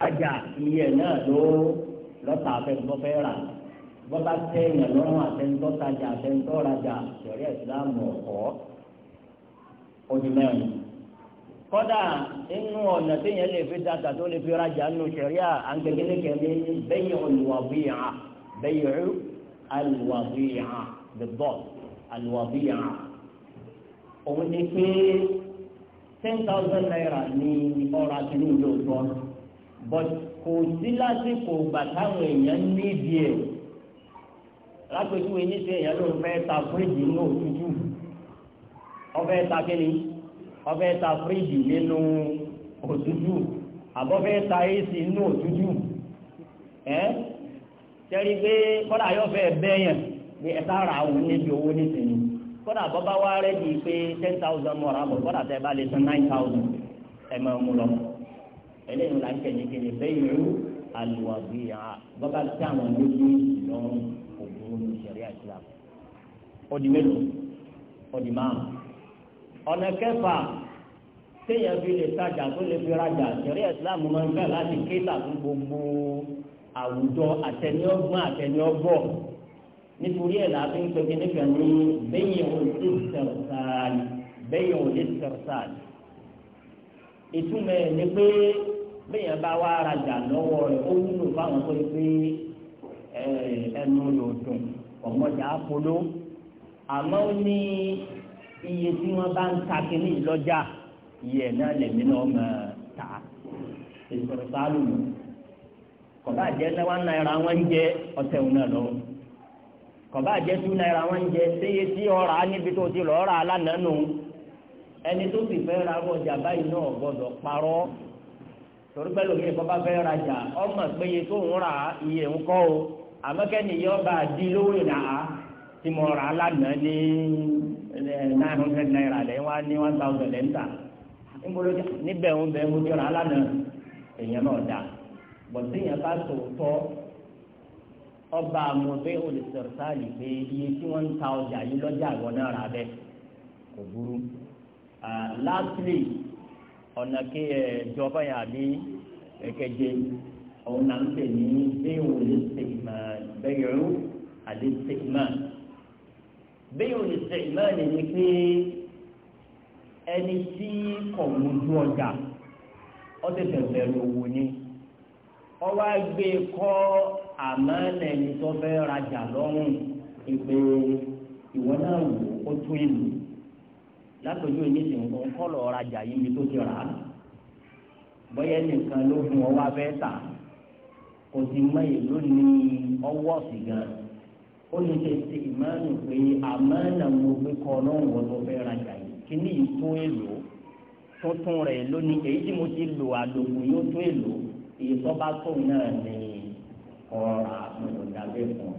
rajà iye náà ló lọ́tà afẹ́ntọ́ fẹ́ rà bọ́tà tẹ̀yìn lọ́rùn afẹ́ntọ́ tajà afẹ́ntọ́ rajà sọ̀rí ẹ̀sìlámù ọ̀kọ́ ojú mẹ́rin. kọ́dà inú ọ̀nà téèyàn lè fi dàgbà tó lè fi rajà nù sẹ̀ríà àǹgẹ̀gẹ̀lẹ̀kẹ̀ ní bẹ́yìn olùwàbíyà bẹ́yìn olùwàbíyà the boss alùwàbíyà òun ni pé ten thousand naira ni ọ̀rọ̀ àti ní ìlú òtún but kò sí lásìkò ìgbà táwọn èèyàn níbi ẹ̀ lápẹ̀tùwé níṣẹ́ èèyàn ló ń fẹ́ ta fíríjì nínú òtútù ọfẹ́ ta kíni ọfẹ́ ta fíríjì nínú òtútù àbọ̀fẹ́ ta ac nínú òtútù ẹ́ tẹ́rí pé kọ́dà yóò fẹ́ bẹ́yàn ní ẹ̀ta ara òun níbi owó nísìnyí kọ́dà bọ́bá wá rẹ́ di pé ten thousand mọ̀ra bọ̀ kọ́dà tẹ́ bá lè san nine thousand ẹ̀ máa mú lọ eléyìí la ń tẹ̀lé kele bẹ́ẹ̀ yóò aluwabi ya bàbá tí àwọn méjì lọ́n ògùn ní sẹ̀ríà Islam ọdí mélòó ọdí máa ọ̀nà kẹfà téèyàn fi lè tajà tó lè fi rajà sẹ̀ríà Islam máa ń fẹ́ láti kéta fún gbogbo àwùjọ àtẹniọ́gbọ́n àtẹniọ́gbọ́ nítorí ẹ̀ la fi ń pè kíní kan ní bẹ́yìn òde sẹ̀rẹ̀sàlì bẹ́yìn òde sẹ̀rẹ̀sàlì ìtumọ̀ ẹ̀ ni pé. bẹ́ẹ̀ bá wá rajà lọ́wọ́ rẹ̀ ó wúlò fáwọn tó gbé ẹnu yóò dùn ọmọdé àpolo àmọ́ ní iye tí wọ́n bá ń ta kínní lọ́jà iye náà lèmi náà mọ̀ ta ìṣòro sáálù mi kọ̀bá jẹ́ náà wọ́n ń jẹ ọ̀tẹ̀ òun náà kọ̀bá jẹ́ wọ́n ń torí pẹ́ lómi ìkọ́ bá fẹ́ rajà ọmọ péye tó ń ra iye ń o àmọ́kẹ́ni yọ bá a di lówó ìlà tí mo rà á lánàá ní nine hundred naira lẹ́yìn wá ní one thousand lẹ́yìn tà níbẹ̀ ń bẹ̀ mo ti rà á lánàá èèyàn náà dà bọ̀dé yẹn bá ọba àmọ̀bẹ́ olùsọ̀rọ̀sáàlì pé iye tí wọ́n ń ta ọjà yìí lọ́jà ah, ọ̀nà kí ẹ jọba yà bí ẹ̀kẹ́jẹ òun náà ń pè ní bẹ́ẹ̀wò lè ṣe ìmọ̀ bẹ́ẹ̀rù àlè ṣe ìmọ̀ bẹ́ẹ̀wò lè ṣe ìmọ̀ nìyí pé ẹni tí kò mójú ọjà ó tẹ̀sẹ̀ bẹ̀rù owó ni ó wá gbé kọ́ àmọ́ ẹni tó fẹ́ rajà lọ́rùn ìpè ìwọ náà wò ó tún ìlú látọjú ìnísìn nǹkan kọlọ ọrajà yìí ni tó ti rà á bóyá nìkan ló fún ọ wá fẹ́ tà kò sì mọ èlò ní ọwọ́ sí gan ó ní ṣe ṣe ìmánu pé àmánà mo gbé kọ ọlọ́run wọn tó fẹ́ rajà yìí kí ní ìtún èlò tuntun rẹ̀ lónìí èyí tí mo ti lò àlòkù yóò tún èlò èyí tó bá tó náà ní ọ̀rọ̀ àmọ̀lòdàgbẹ́ fún ọ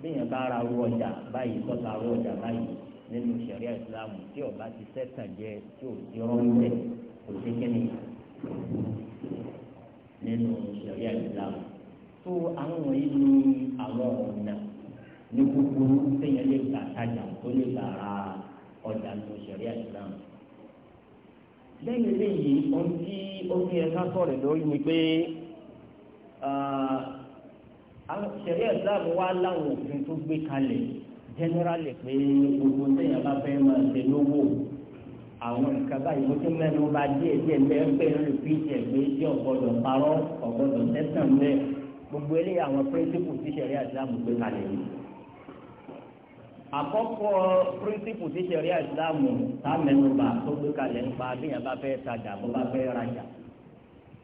bí yẹn bá ra ọjà báyìí tó ta ọjà báyìí nínú sẹ̀ríà ìsìlámù tí ọba ti sẹ́tàn jẹ tí ò ti rán bẹ́ẹ̀ kò sí kíni nínú sẹ̀ríà ìsìlámù. tó àwọn wọ̀nyí ni àwọn ọ̀nà ní kúkúrú téèyàn lè gbà tajà tó lè gbà ra ọjà nínú sẹ̀ríà ìsìlámù. lẹ́yìn eléyìí ohun tí ó fi ẹ̀ka sọ̀rọ̀ lórí ni pé ah, sẹ̀ríà ìsìlámù wá láwọn òfin tó gbé kalẹ̀ yìí generally pé gbogbo téèyàn bá fẹ́ máa ṣe lówó àwọn nǹkan báyìí mo ti mẹ́nu bà díẹ̀ díẹ̀ bẹ́ẹ̀ pé ń repeat ẹ̀ pé tí ọ̀gbọ́dọ̀ parọ́ ọ̀gbọ́dọ̀ tẹ́sán bẹ́ẹ̀ gbogbo eléyìí àwọn principle tí sẹ̀rí àìsílámù gbé kalẹ̀ yìí. àkọ́kọ́ principle tí sẹ̀rí àìsílámù tá mẹ́nu bà tó gbé kalẹ̀ ń pa béèyàn bá fẹ́ tajà bó bá fẹ́ rajà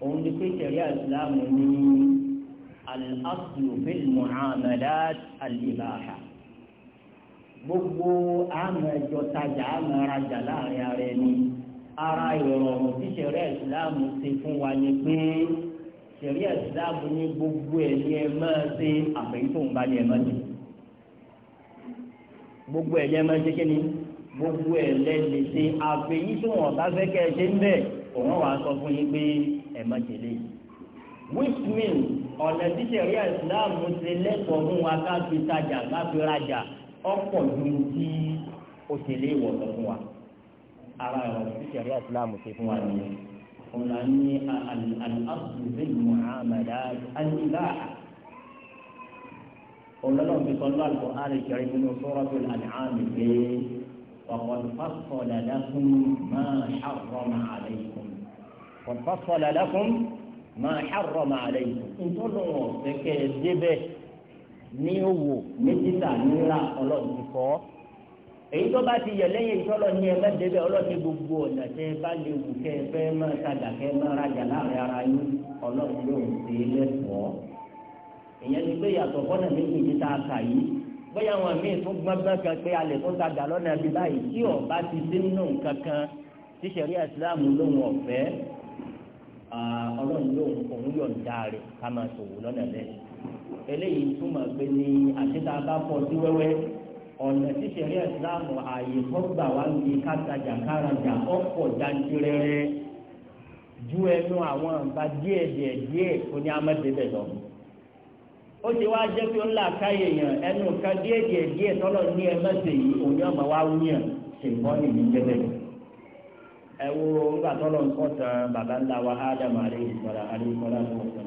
òun ni pé sẹ̀rí àìsílámù ní al-aslu fil gbogbo àmọ́ ẹjọ́ tajà àmọ́ arajà láàrin ara ẹni ara ìrọ̀rùn tí sẹ̀rí ẹ̀sìláàmù ṣe fún wa ni pé sẹ̀rí ẹ̀sìláàmù ní gbogbo ẹ̀ ní ẹ máa ṣe àfẹ́yìntòun bá ní ẹ máa ṣe gbogbo ẹ̀ ní ẹ máa ṣe kí ni gbogbo ẹ̀ lẹ́lẹ̀ ṣe àfẹ́yìntòun ọ̀tá fẹ́ kẹ́ ẹ ṣe ń bẹ̀ òun wàá sọ fún yín pé ẹ máa tẹ̀lé which means ọ̀nà tí sẹ̀rí ẹ̀sìláàmù ṣe lẹ́tọ̀ọ́ fún wa ká fi tajà ká fi rajà ọ̀pọ̀ ju tí òṣèlè ìwọ̀sọ̀ fún wa ara ẹ̀rọ tí sẹ̀rí àtìláàmù ṣe fún wa nìyẹn ọ̀nà ní àlùfẹ́ muhammadu alìlá ọlọ́run ti sọ́nà àlùkò àlùkẹ́rì nínú suratul an'am pé وقد فصل لكم ما حرم عليكم وقد فصل لكم ما حرم عليكم ń tọ́lọ́ ọ̀sẹ̀ kẹ́ débẹ̀ ní òwò ní títà níra ọlọ́run ti kọ́ èyí tó bá ti yẹ lẹ́yìn ìtọ́lọ ní ẹgbẹ́ débẹ̀ ọlọ́run ní gbogbo ọ̀nà tẹ bá lè wù kẹ́ ẹ fẹ́ máa tajà kẹ́ máa rajà láàrin ara yín ọlọ́run ló ń ṣe lẹ́fọ̀ọ́ ìyẹn ti gbé yàtọ̀ fọ́nà méjì ní tá a kà yìí bóyá àwọn míì tún gbọ́ngbọ́n kan pé a lè tún tajà lọ́nà bíi báyìí tí ọba ti sí nínú eléyìí túmọ̀ pé ní àṣetà bá pọ̀ sí wẹ́wẹ́ ọ̀nà tíṣẹ̀rí ẹ̀sìláàmù ààyè tó gbà wá ní kátajà kárajà ọ̀pọ̀ jantirẹrẹ ju ẹnu àwọn nǹkan díẹ̀ díẹ̀ díẹ̀ tó ní amẹ́tẹ́bẹ̀ lọ. ó ti wá jẹ́ pé ó ń là káyè yàn ẹnu nǹkan díẹ̀ díẹ̀ díẹ̀ tọ́lọ̀ ní ẹmẹ́sẹ̀ yìí òní ọmọ wa wú yàn ṣèǹkọ́ nìyí jẹ́bẹ̀. ẹ wo nígbà tọ́lọ̀ ń kọ́ tán bàbá ńlá wa ádámù àríyìn sọ̀rọ̀ àríyìn sọ̀rọ̀ àríyìn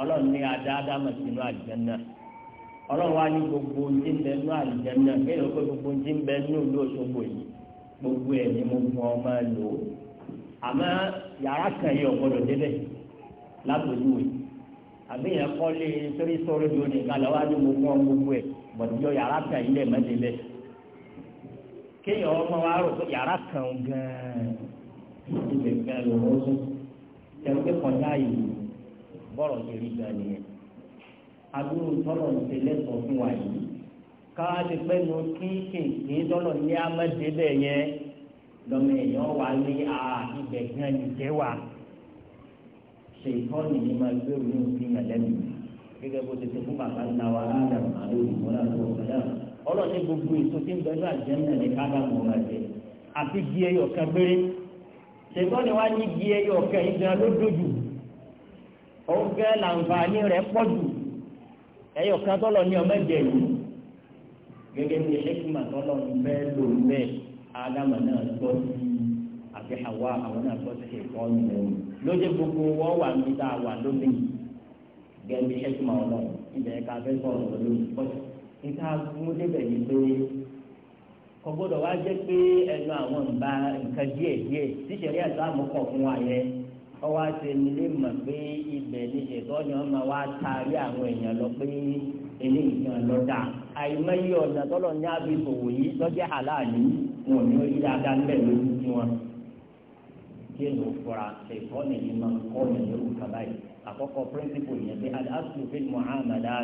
ọlọ́run ní adáadáma sínú àlìjẹ́nà ọlọ́run wá ní gbogbo ní ń bẹ nú àlìjẹ́nà kéèyàn pé gbogbo ní ń bẹ nú ìlú Òṣogbo yìí gbogbo ẹ̀ ni mo fún ọmọ ẹ lò ó àmọ́ yàrá kan yìí ọ̀gbọ́dọ̀ débẹ̀ lágbèjúwe àbí yẹn kọ́lé sórí sórí ló ní kálọ̀ wá ní mo fún ọ gbogbo ẹ̀ gbọ̀dọ̀ yàrá kan yìí lẹ̀ mẹ́tẹ̀lẹ̀ kéèyàn ọmọ wa rò yàrá kan gan-an ibẹ̀ gan-an ló ń sọ ẹ̀rọ bọ́rọ̀ ṣe rí gan nìyẹn agbóró tọ́lọ̀ ń ṣe lẹ́sọ̀ọ́ fún wa yìí káàdì pẹ́nu kínkìnkì tọ́lọ̀ ní amẹ́dẹ́bẹ̀ yẹn lọ́mọ èèyàn wà ní ibẹ̀ gan nìjẹ́ wa ṣe ìtọ́ni ní máa gbé òun ní ìpín mẹ́lẹ́mì gẹ́gẹ́ bó ti ṣe fún bàbá ńlá wa ádàmù àlóyìnbó láti ọ̀gá ọlọ́ọ̀ni gbogbo èso tí ń bẹ́ẹ̀ ní jẹ́ àti gí ẹyọ òun gẹ́ làǹfààní rẹ̀ pọ̀ jù ẹ̀yọ̀ kan tọ́lọ̀ ní ọmọ ẹ̀jẹ̀ yìí gẹ́gẹ́ bí ẹ̀kúmà tọ́lọ̀ ń bẹ́ lò ń bẹ́ ádámà náà gbọ́ sí àti Hawa àwọn náà gbọ́ sí ẹ̀kọ́ nìyẹn lójú gbogbo wọ́n wà ní tá a wà lómi gẹ́gẹ́ bí ẹ̀kúmà ọlọ́run ibẹ̀ ká fẹ́ sọ̀rọ̀ lórí pọ́sì níta mú débẹ̀ yìí pé kò gbọ́dọ̀ wá jẹ́ pé ẹnu àwọn nǹkan díẹ̀ díẹ̀ tíṣẹ̀rí àti àmọ́kọ̀ fún wa yẹn ọwọ́ àti ẹnìlé mọ̀ pé ibẹ̀ ni ṣètọ́jú ọmọ wa taari àwọn èèyàn lọ pé eléyìí náà lọ́dà àìmọye ọ̀nà tọ́lọ̀ ní abibòwò yìí lọ́jẹ́ àláàlú wọn ni ó yí dáadáa ńlẹ̀ lójú tí wọn. jésù fura ṣèkọ́ nìyí máa ń kọ́ ọ̀nà lórí kaba yìí àkọ́kọ́ píríncípù yẹn pé aláṣùfẹ́ muhammadu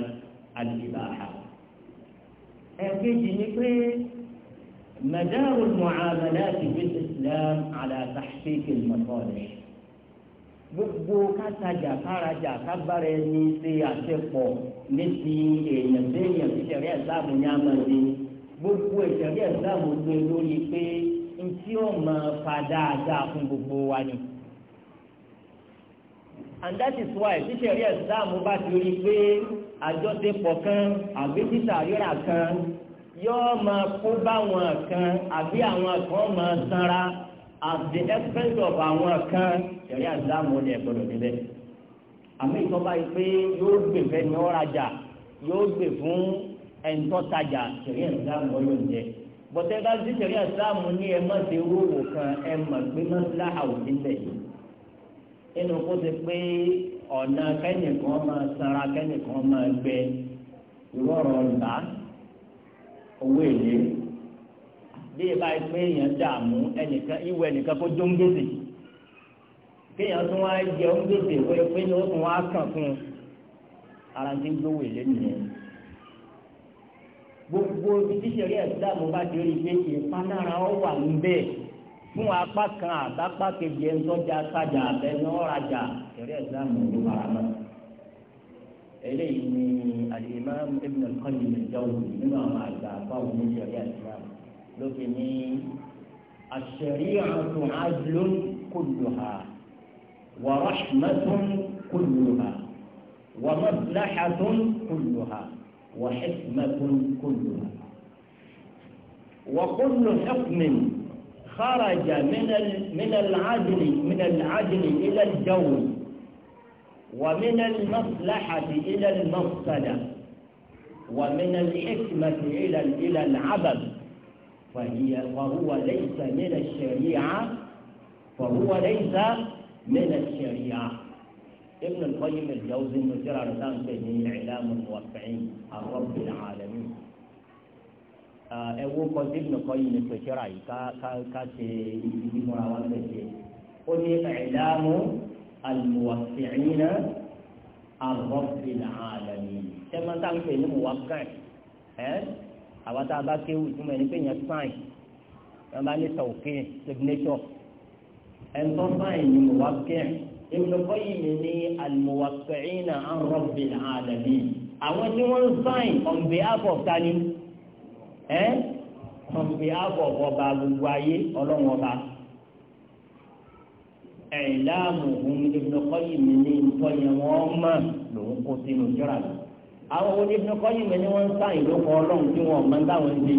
alìbáha. ẹ̀kejì ni pé mẹ̀dáàrú muhammadu ti fi islam gbogbo kátajà kárajà kábàárà ẹni ṣe àṣepọ̀ ní ti èèyàn déèyàn ìṣẹ̀rí ẹ̀sáàmù ní amadi gbogbo ìṣẹ̀rí ẹ̀sáàmù gbé lórí pé ntí ó máa fa dáadáa fún gbogbo wa ni. and that is why ìṣẹ̀rí ẹ̀sáàmù bá ti rí pé àjọṣepọ̀ kan àbí títà rírà kan yóò máa kó báwọn kan àbí àwọn kan máa sanra at the expense of àwọn kan ṣẹ̀rí àdáàmú ni ẹ̀gbọ́dọ̀ níbẹ̀. àmì ìtọ́ba yìí pé yóò gbè fẹ́ ní ọ̀rajà yóò gbè fún ẹ̀ńtọ́tajà ṣẹ̀rí àdáàmú ọyọ̀ ń jẹ. bọ̀tẹ́ bá ti ṣẹ̀rí àdáàmú ní ẹ má ṣe wúwo kan ẹ mọ̀ pé má láhàwù níbẹ̀ yìí. nínú kó ti pé ọ̀nà kẹ́nìkan máa sanra kẹ́nìkan máa gbẹ ìwọ́rọ̀ ọ̀tá owó èlé bí ìbá ìpé èèyàn dààmú ẹnìkan ìwọ ẹnìkan kó jó ń gbèsè kéèyàn tún wá jẹ ń gbèsè pé pé ni ó tún wá kàn fún un ara ti ń gbówó èlé nìyẹn gbogbo ibi tí sẹ́rí ẹ̀sìlámù bá ti rí i pé ìpanára ọ wà ń bẹ̀ fún apá kan àbápá kejì ẹ̀ ń tọ́jà sájà abẹ́nú ọ̀rajà sẹ́rí ẹ̀sìlámù ló fara mọ́ eléyìí ni al-Imam Ibn nínú àwọn àgbà àbáwọn oníṣẹ́rí ẹ̀sìlámù. لوكني الشريعه عدل كلها ورحمه كلها ومصلحه كلها وحكمه كلها وكل حكم خرج من من العدل من العدل الى الجور ومن المصلحه الى المفسده ومن الحكمه الى الى العبث فهي وهو ليس من الشريعة فهو ليس من الشريعة ابن القيم الجوزي من ترى رسام بين إعلام الموقعين عن رب العالمين ẹ wo kọjú ìbùnú kọyìn ní pẹ̀sẹ̀rà yìí ká ká ká ṣe ibi mọ́ra wá lẹ́sẹ̀ ó ní ìlànà alùwàfẹ̀yìnà àrọ́bìnà àlàní tẹ́mọ́tà ń pè ní mùwákàn ẹ́ àwọn tá a bá kéwù ìtumọ̀ ẹni pé yẹn sáìn wọn bá ní sọ̀kè signature ẹ̀ńtọ́ sáìn ni mo wá kẹ́ Ibn Qayyim ní al-muwaqqi'ina an rabbil alamin àwọn tí wọ́n ń sáìn on behalf of tani ẹ́ on behalf of ọba gbogbo ayé ọlọ́run ọba ẹ̀ẹ́dáàmù ohun Ibn Qayyim ní ntọ́yẹ̀ mọ̀ lòun kó sínú jọ́ra lọ àwọn oní Ibn Qayyim ni wọ́n ń sáyìn ló kọ ọlọ́run tí wọ́n máa ń dáwọn ṣe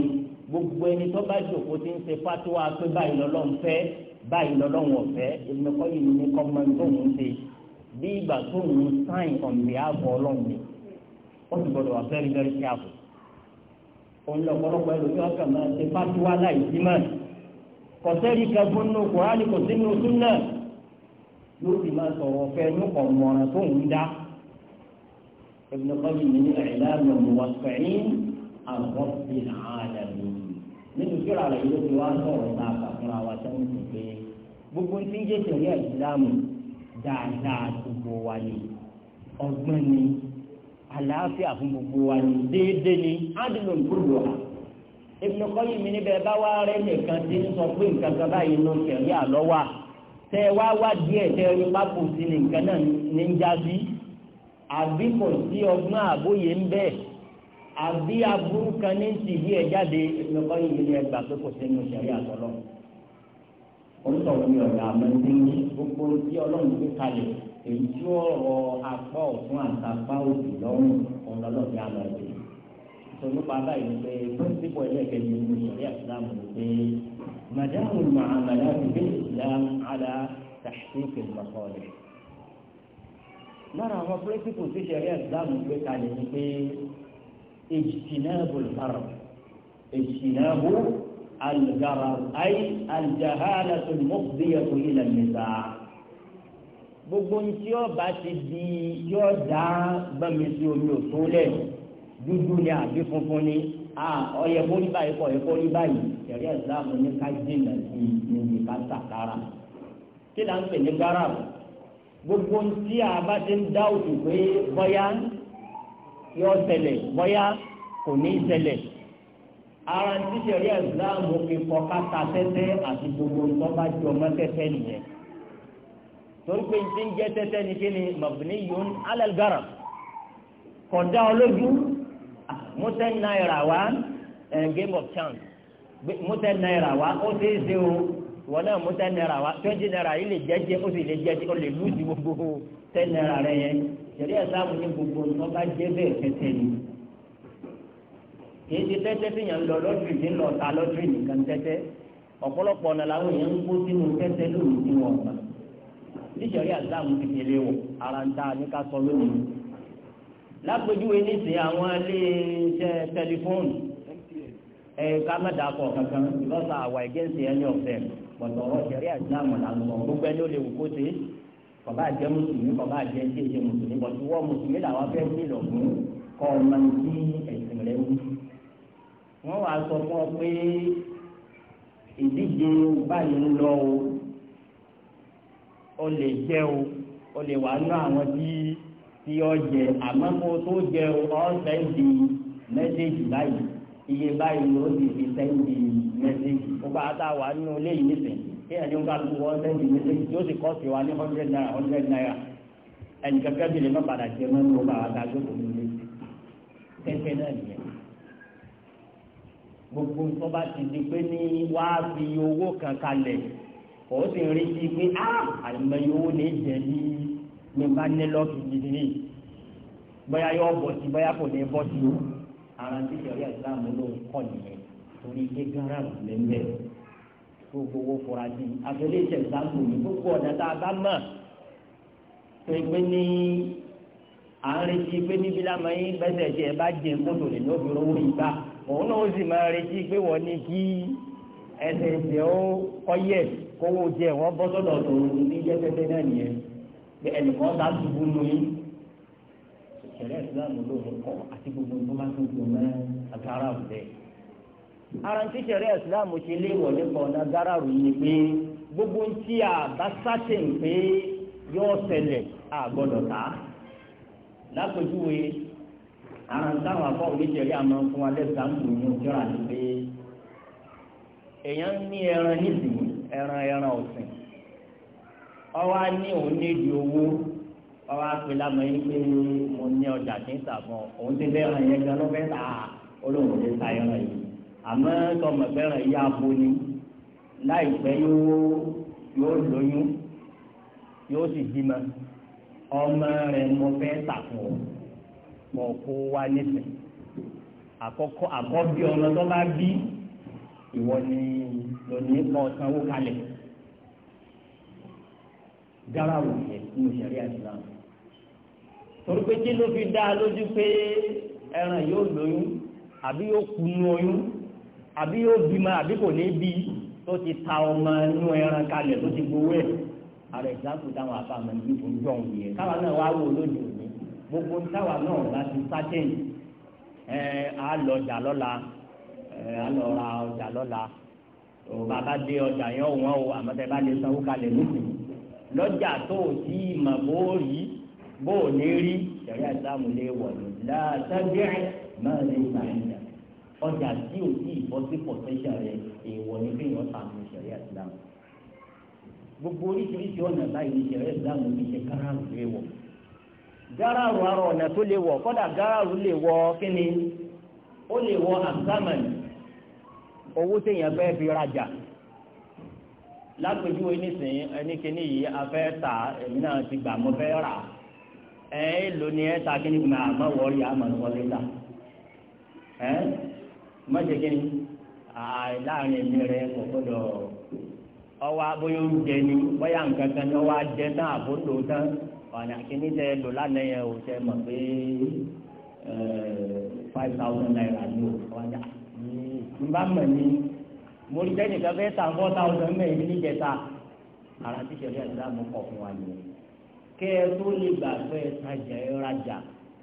gbogbo ẹni tó bá jòkó ti ń ṣe fatuwa pé báyìí lọ́lọ́run fẹ́ báyìí lọ́lọ́run ọ̀fẹ́ Ibn Qayyim ni kọ́ máa ń tóun ṣe bí ìgbà tóun sáyìn ọ̀nbẹ̀ àbọ̀ ọlọ́run ni ó ti gbọdọ̀ wà very very careful òun lọ pọ̀lọpọ̀ ẹlòmí ọkàn máa ṣe fatuwa láì sí mọ́ kọ̀sẹ́rì kan fún nù Kùránì kò sínú súnà yóò sì máa sọ̀rọ̀ ọ̀fẹ́ nù ọ̀mọ̀ràn tóun dá ابن قيم من إعلام الموقعين عن رب العالمين nínú kíra rẹ̀ yóò fi wá sọ̀rọ̀ náà kàfúnra wa tó ń sìn pé gbogbo tí ń jẹ́ ìṣẹ̀lẹ̀ ìsìlámù dáadáa gbogbo wa ni ọgbọ́n ni àlàáfíà fún gbogbo wa ni déédéé ni ádùnnú gbòòrò wa Ibn Qayyim mi níbẹ̀ bá wá rẹ̀ nìkan tí ń sọ pé nǹkan kan báyìí ló ṣẹ̀rí àlọ́ wa tẹ́ wá wá díẹ̀ tẹ́ rí pápó sí ni nǹkan náà ní ń já sí àbí kò sí ọgbọ́n àbóyè ń bẹ àbí aburú kan ní ti bí ẹ jáde ẹnìkan yìí ní ẹgbà pé kò sínú ìṣẹ̀rí àtọ́lọ́ orúkọ̀wé ní ọ̀dà àmọ́ndínlẹ́ gbogbo tí ọlọ́run gbé kalẹ̀ èyí tí ó rọ apá ọ̀tún àtàpá òdì lọ́rùn ọ̀nàlọ́ọ̀dẹ àlọ́ọ̀dẹ ìṣòro bàbá yìí pé pírísìpù ẹlẹ́ẹ̀kẹ́ni ní ìṣẹ̀rí àtìlámù lára àwọn pírẹ́sìpù tí sẹ̀rí ẹ̀dáàmù gbé kalẹ̀ ni pé ejìtìnàbù lùbárà ejìtìnàbù alùbárà ayé alùjáhálà tó ní mọ́kùdíyàtò ilẹ̀ nìta gbogbo ní tí ọba ti di yọ dá gbàmísí omi òtún lẹ̀ dúdú ni àbí funfun ni a ọyẹ kórí báyìí kọ ọyẹ báyìí sẹ̀rí ẹ̀dáàmù ní ká jìnnà sí i níbi ká sàkárà kí là ń pè ní gáràbù gbogbo tí a bá ti ń dá òtù pé bọ́yá yọ ṣẹlẹ̀ bọ́yá kò ní ṣẹlẹ̀ ara ti sẹ̀rí ẹ̀sìláàmù fi fọkàtà tẹ́tẹ́ àti gbogbo ìtọ́ba jọ mọ́ nìyẹn torí pé ti ń jẹ́ tẹ́tẹ́ ni kí ni mabini yun alẹ́gàrà kọ̀dá olójú ah, mú náírà wá eh, game of chance mú ten náírà wá ó ṣeé ṣe o wọn náà mú ten naira wa twenty naira yìí lè jẹjẹ ó sì lè jẹjẹ ó lè lùdì gbogbo ten naira rẹ yẹn ìṣẹ̀lẹ̀ ìsáàmù ní gbogbo nǹkan bá jẹ́ bẹ́ẹ̀ tẹ́tẹ́ ni kì í ṣe tẹ́tẹ́ tí yẹn ń lọ lọ́tìrì ní lọ ta lọ́tìrì nìkan tẹ́tẹ́ ọ̀pọ̀lọpọ̀ ọ̀nà làwọn èèyàn ń kó sínú tẹ́tẹ́ lónìí tí wọ́n gbà níṣẹ̀lẹ̀ ìsáàmù ti kéde wọ̀ ara ń ta ní ká sọ lónìí lápèjúwe nísìnyí àwọn ilé iṣẹ́ tẹlifóònù ẹ̀ka mẹ́ta kọ̀ kankan because our pọ̀tọ̀rọ̀ sẹ̀rí àìsílámù là ń sọ gbogbo ẹni ó lè wù kó ṣe kọ̀bá jẹ́ mùsùlùmí kọ̀bá jẹ́ tí èdè mùsùlùmí bọ̀ tí wọ́n mùsùlùmí làwọn fẹ́ bí lọ fún kọ́ ọmọ ní ẹ̀sìn rẹ̀ wù. wọ́n wàá sọ fún ọ pé ìdíje báyìí ń lọ o ó lè jẹ́ o ó lè wà nú àwọn tí tí ọ jẹ àmọ́ kó tó jẹ o ọ́ sẹ́ńdì mẹ́sẹ̀jì báyìí iye báyìí ló ti fi sẹ́ńdì yìí mẹ́sẹ̀gì gbogbo àtàwà nínú ilé yìí nìsín kí ẹni ń kálukú wọ́n sẹ́ndì mẹ́sẹ̀gì yóò sì kọ́ọ̀sì wa ní hundred naira hundred naira ẹnì kankan sì lè má padà jẹ mọ́ ní ọba àtàwà tó kù nílé tẹ́tẹ́ náà nìyẹn. gbogbo nǹkan bá ti di pé ní wá fi owó kan kalẹ̀ kò sì ń rí sí pé á ah, àìmọye owó lè jẹ ní mi bá ní lọ́ọ̀kì gidi ní bóyá yóò bọ̀ sí bóyá kò ní bọ́ sí o àwọn tí ìjọba ìsìlámù ló ń kọ́ nìyẹn torí pé garam lẹ́ńbẹ̀ gbogbo owó fura sí i àfẹlẹ́sẹ̀ sáàmù ní gbogbo ọ̀nà tá a bá mọ̀ pé pé ní à ń retí pé níbi lámà yín gbẹ́sẹ̀ tí ẹ bá jẹ mọ́tò lè ní obìnrin owó ìgbà òun náà ó sì máa retí pé wọ́n ní kí ẹsẹ̀ ẹsẹ̀ ó kọ́yẹ̀ kówó jẹ wọ́n bọ́ sọ́dọ̀ tó ní jẹ́pẹ́tẹ́ náà nìyẹn pé ẹnìkan bá dùbú nù yín ìṣẹ̀lẹ̀ ìsìlámù ló ń àti gbogbo tó ara ti sẹ̀rẹ̀ ìsìláàmù ṣe léèwọ̀ nípa ọ̀nà gáràrú yìí pé gbogbo ń a bá sáṣẹ̀ ń pé yóò ṣẹlẹ̀ a gbọ́dọ̀ ta ara ń táwọn afọ́wò ní sẹ̀rẹ̀ àmọ́ fún wa lẹ́sàmù ní òjòrà ni pé èèyàn ní ẹran nísìnyí ẹran ẹran ọ̀sìn ọwọ́ á ní òun nídìí owó ọwọ́ á pè yín pé mo ní ọjà tí ń òun ti bẹ́ẹ̀ àmọ́ tọmọ fẹ́ràn yá abo ni láìpẹ́ yóò yóò lóyún yóò sì bímọ ọmọ rẹ̀ mo fẹ́ tàkùn ọ mọ kó wá nísìnyí àkọ́kọ́ àkọ́bí ọmọ tó bá bí ìwọ ni lónìí kọ sanwó kalẹ̀ garawo yẹ nínú sariya islam torí pé kí ló fi dá lójú pé ẹran yóò lóyún àbí yóò kunu oyún àbí yóò bímọ àbí kò ní bí tó ti ta ọmọ inú ẹran kalẹ̀ tó ti gbowó ẹ̀ àrẹ ìdáàbò táwọn afáàmọ ìlú fún jọ òun yẹn káwa náà wá wò lóde òní gbogbo táwa náà bá ti sátẹ̀yìn ẹ á lọ ọjà lọ́la ẹ á lọ ra ọjà lọ́la òun bá dé ọjà yẹn òun o àmọ́tẹ́ bá lè sanwó kalẹ̀ lókùn lọ́jà tó o tí mà bó o rí bó o ní rí ṣẹ̀ríà ìsìlámù lè wọ̀ lọ́jà tábìrì máa lè ọjà tí o ti ìbọ́ sí pọ̀tẹ́ṣà rẹ èèwọ̀ ni bí wọ́n sàmì ìṣẹ̀lẹ̀ islam gbogbo oríṣiríṣi ọ̀nà báyìí ìṣẹ̀lẹ̀ islam ní ṣe káràrù lè wọ̀ gáràrù arọ ọ̀nà tó lè wọ̀ kọ́dà gáràrù lè wọ̀ kíni ó lè wọ̀ àgbàmàn owó téèyàn fẹ́ fi rajà yìí èmi náà ti gbà fẹ́ rà ẹ̀ ẹ́ lónìí ẹ̀ ta àmọ́ ta ẹ̀ má jẹ́ kí ni láàrin èmi rẹ kò gbọ́dọ̀ ọwọ́ abóyá oúnjẹ ni bóyá nǹkan kan ni ọwọ́ ajẹ tán àbótó tán ọ̀nà kìíní tẹ lò lánàá yẹn ò tẹ mọ̀ pé five thousand naira ni o wájà n bá mọ̀ ní mo nìkan fẹ́ ta four thousand mẹ́rin níjẹta ara ti ṣẹlẹ̀ ìsìlámù kọ̀ fún wa nìyẹn kẹ́ ẹ tó lè gbà fẹ́ tajà ẹ rajà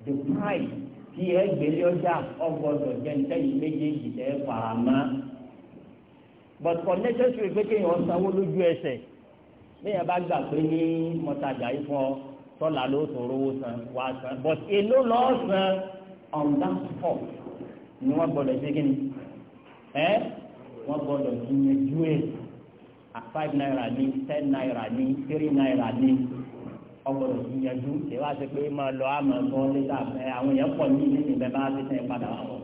the price tí ẹ gbélé ọjà ọgbọdọ jẹnitẹ yìí méjèèjì tẹ ẹ fara mọ́ but for necessary pé kéèyàn sanwó lójú ẹsẹ̀ bẹ́ẹ̀ bá gbà pé ní mọ́tajà yìí fún ọ tọ́lá ló sọ̀rọ̀ owó san wà san but èló lọ́ọ́ san on that spot ni wọ́n gbọ́dọ̀ ṣe kí ni ẹ́ wọ́n gbọ́dọ̀ ṣe yẹn ju ẹ̀ five naira ní ten naira ní three naira ní ọgbọ́dọ̀ yíyanjú ìwà àti pé máa lọ àmọ́ sọ níta àwọn èèyàn pọ̀ ní ìlú ìbẹ bá ti sẹ́yìn padà wà wọn.